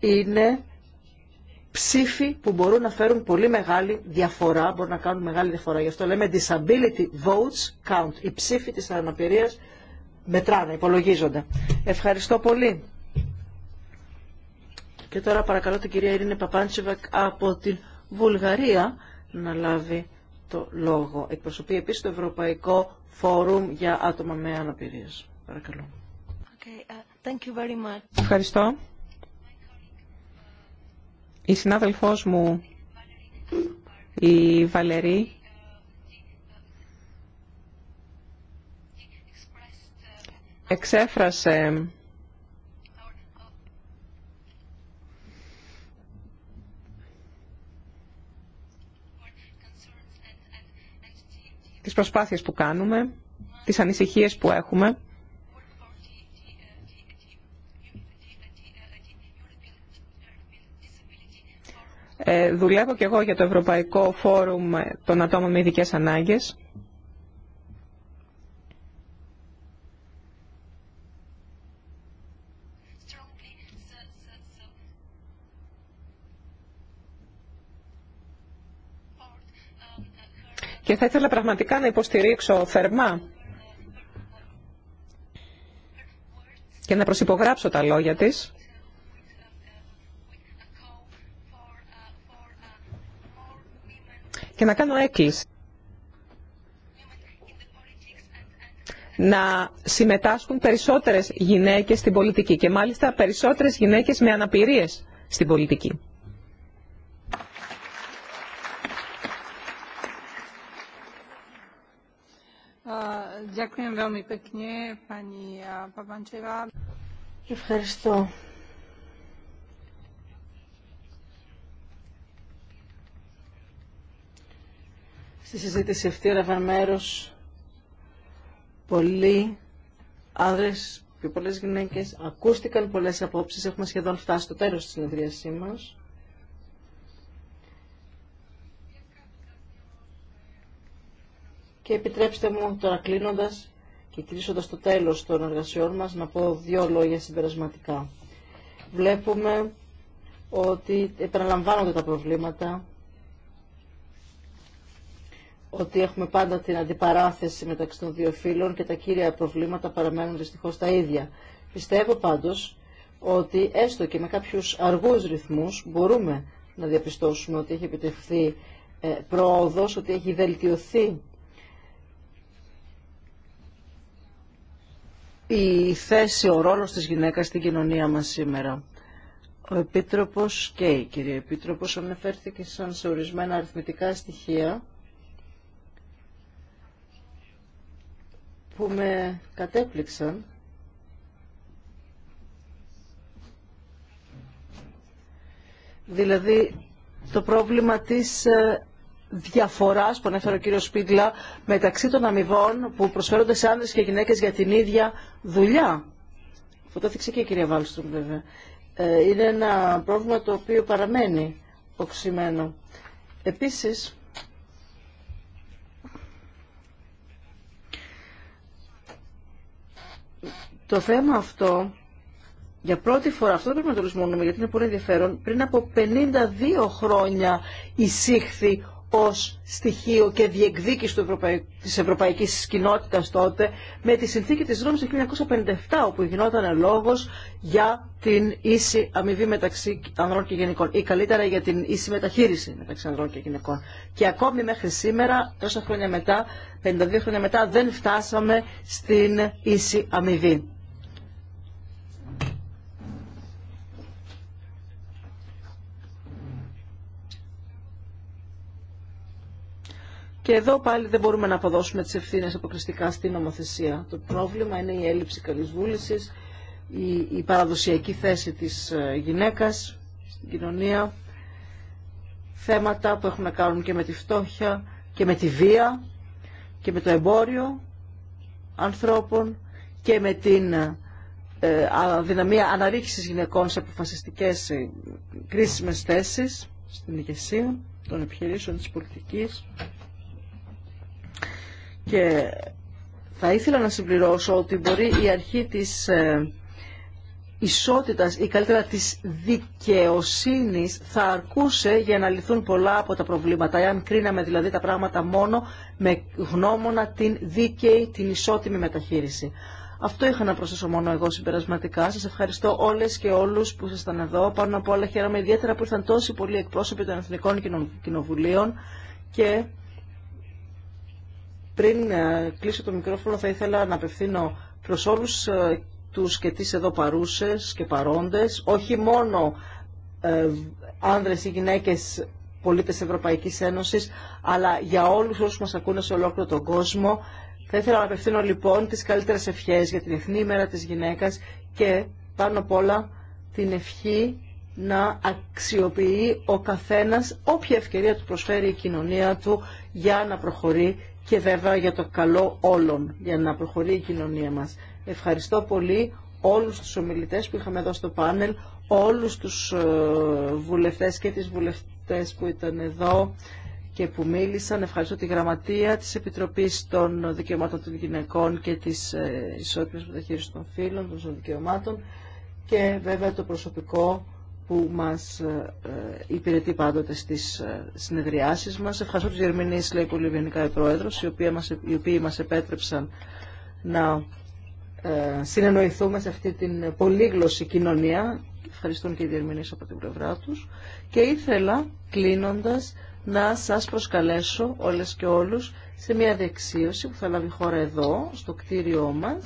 [SPEAKER 1] είναι ψήφοι που μπορούν να φέρουν πολύ μεγάλη διαφορά, μπορούν να κάνουν μεγάλη διαφορά. Γι' αυτό λέμε disability votes count. Οι ψήφοι της αναπηρίας μετράνε, υπολογίζονται. Ευχαριστώ πολύ. Και τώρα παρακαλώ την κυρία Ειρήνη Παπάντσεβακ από την Βουλγαρία να λάβει το λόγο. Εκπροσωπεί επίση το Ευρωπαϊκό Φόρουμ για άτομα με αναπηρίες. Παρακαλώ. Okay, uh, thank you very much.
[SPEAKER 3] Ευχαριστώ η συνάδελφός μου, η Βαλερή, εξέφρασε τις προσπάθειες που κάνουμε, τις ανησυχίες που έχουμε. Ε, δουλεύω και εγώ για το Ευρωπαϊκό Φόρουμ των Ατόμων με Ειδικές Ανάγκες. Και θα ήθελα πραγματικά να υποστηρίξω θερμά και να προσυπογράψω τα λόγια της. και να κάνω έκκληση. να συμμετάσχουν περισσότερες γυναίκες στην πολιτική και μάλιστα περισσότερες γυναίκες με αναπηρίες στην πολιτική.
[SPEAKER 2] Ευχαριστώ.
[SPEAKER 1] Στη συζήτηση αυτή έλαβαν μέρο πολλοί άνδρε και πολλέ γυναίκε. Ακούστηκαν πολλές απόψει. Έχουμε σχεδόν φτάσει στο τέλος της συνεδρίασή μας. Και επιτρέψτε μου τώρα κλείνοντα και κλείσοντας το τέλος των εργασιών μας να πω δύο λόγια συμπερασματικά. Βλέπουμε ότι επαναλαμβάνονται τα προβλήματα ότι έχουμε πάντα την αντιπαράθεση μεταξύ των δύο φύλων και τα κύρια προβλήματα παραμένουν δυστυχώς τα ίδια. Πιστεύω πάντως ότι έστω και με κάποιους αργούς ρυθμούς μπορούμε να διαπιστώσουμε ότι έχει επιτευχθεί ε, πρόοδος, ότι έχει βελτιωθεί η θέση, ο ρόλος της γυναίκας στην κοινωνία μας σήμερα. Ο Επίτροπος και η κυρία Επίτροπος αναφέρθηκε σαν σε ορισμένα αριθμητικά στοιχεία που με κατέπληξαν δηλαδή το πρόβλημα της ε, διαφοράς που ανέφερε ο κύριος Σπίγκλα μεταξύ των αμοιβών που προσφέρονται σε άνδρες και γυναίκες για την ίδια δουλειά. φωτόθηξε και η κυρία Βάλστον βέβαια. Ε, είναι ένα πρόβλημα το οποίο παραμένει οξυμένο. Επίσης, Το θέμα αυτό για πρώτη φορά, αυτό δεν πρέπει να το λησμονούμε γιατί είναι πολύ ενδιαφέρον, πριν από 52 χρόνια εισήχθη ως στοιχείο και διεκδίκηση του της ευρωπαϊκής κοινότητας τότε με τη συνθήκη της Ρώμης του 1957 όπου γινόταν λόγος για την ίση αμοιβή μεταξύ ανδρών και γυναικών ή καλύτερα για την ίση μεταχείριση μεταξύ ανδρών και γυναικών. Και ακόμη μέχρι σήμερα, τόσα χρόνια μετά, 52 χρόνια μετά, δεν φτάσαμε στην ίση αμοιβή. Και εδώ πάλι δεν μπορούμε να αποδώσουμε τις ευθύνες αποκριστικά στην νομοθεσία. Το πρόβλημα είναι η έλλειψη καλής βούλησης, η, η παραδοσιακή θέση της ε, γυναίκας στην κοινωνία, θέματα που έχουν να κάνουν και με τη φτώχεια και με τη βία και με το εμπόριο ανθρώπων και με την ε, ε δυναμία αναρρίχησης γυναικών σε αποφασιστικές ε, κρίσιμες θέσεις στην ηγεσία των επιχειρήσεων της πολιτικής. Και θα ήθελα να συμπληρώσω ότι μπορεί η αρχή της ε, ισότητας ή καλύτερα της δικαιοσύνης θα αρκούσε για να λυθούν πολλά από τα προβλήματα. Εάν κρίναμε δηλαδή τα πράγματα μόνο με γνώμονα την δίκαιη, την ισότιμη μεταχείριση. Αυτό είχα να προσθέσω μόνο εγώ συμπερασματικά. Σας ευχαριστώ όλες και όλους που ήσασταν εδώ. Πάνω από όλα χαίρομαι ιδιαίτερα που ήρθαν τόσοι πολλοί εκπρόσωποι των Εθνικών Κοινοβουλίων και πριν ε, κλείσω το μικρόφωνο θα ήθελα να απευθύνω προς όλους ε, τους και τις εδώ παρούσες και παρόντες, όχι μόνο ε, άνδρες ή γυναίκες πολίτες Ευρωπαϊκής Ένωσης, αλλά για όλους όσους μας ακούνε σε ολόκληρο τον κόσμο. Θα ήθελα να απευθύνω λοιπόν τις καλύτερες ευχές για την Εθνή μέρα της γυναίκας και πάνω απ' όλα την ευχή να αξιοποιεί ο καθένας όποια ευκαιρία του προσφέρει η κοινωνία του για να προχωρεί και βέβαια για το καλό όλων, για να προχωρεί η κοινωνία μας. Ευχαριστώ πολύ όλους τους ομιλητές που είχαμε εδώ στο πάνελ, όλους τους ε, βουλευτές και τις βουλευτές που ήταν εδώ και που μίλησαν. Ευχαριστώ τη Γραμματεία της Επιτροπής των Δικαιωμάτων των Γυναικών και της ε, Ισότητας Μεταχείρισης των Φίλων των Δικαιωμάτων και βέβαια το προσωπικό που μας ε, ε, υπηρετεί πάντοτε στις ε, συνεδριάσεις μας. Ευχαριστώ τους Γερμηνείς, λέει πολύ ευγενικά η Πρόεδρος, οι οποίοι μας, οι οποίοι μας επέτρεψαν να συνεννοηθούμε σε αυτή την πολύγλωση κοινωνία. Ευχαριστούν και οι Διερμηνείς από την πλευρά τους. Και ήθελα, κλείνοντας, να σας προσκαλέσω όλες και όλους σε μια δεξίωση που θα λάβει χώρα εδώ, στο κτίριό μας,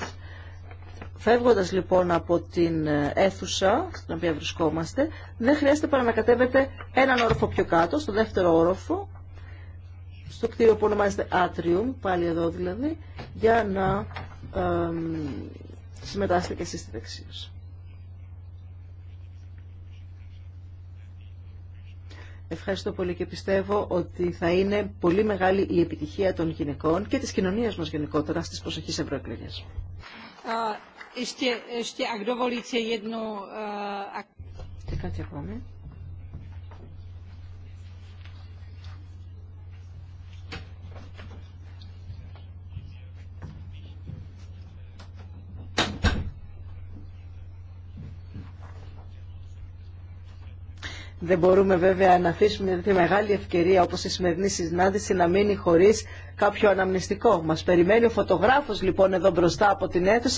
[SPEAKER 1] Φεύγοντας λοιπόν από την ε, αίθουσα στην οποία βρισκόμαστε, δεν χρειάζεται παρά να κατέβετε έναν όροφο πιο κάτω, στο δεύτερο όροφο, στο κτίριο που ονομάζεται Atrium, πάλι εδώ δηλαδή, για να ε, συμμετάσχετε και εσείς στη δεξίωση. Ευχαριστώ πολύ και πιστεύω ότι θα είναι πολύ μεγάλη η επιτυχία των γυναικών και της κοινωνίας μας γενικότερα στις προσεχείς ευρωεκλογές
[SPEAKER 2] ešte, eh, ak dovolíte jednu...
[SPEAKER 1] Δεν μπορούμε βέβαια να αφήσουμε τη μεγάλη ευκαιρία όπως η σημερινή συνάντηση να μείνει χωρίς κάποιο αναμνηστικό. Μας περιμένει ο φωτογράφος λοιπόν εδώ μπροστά από την αίθουσα.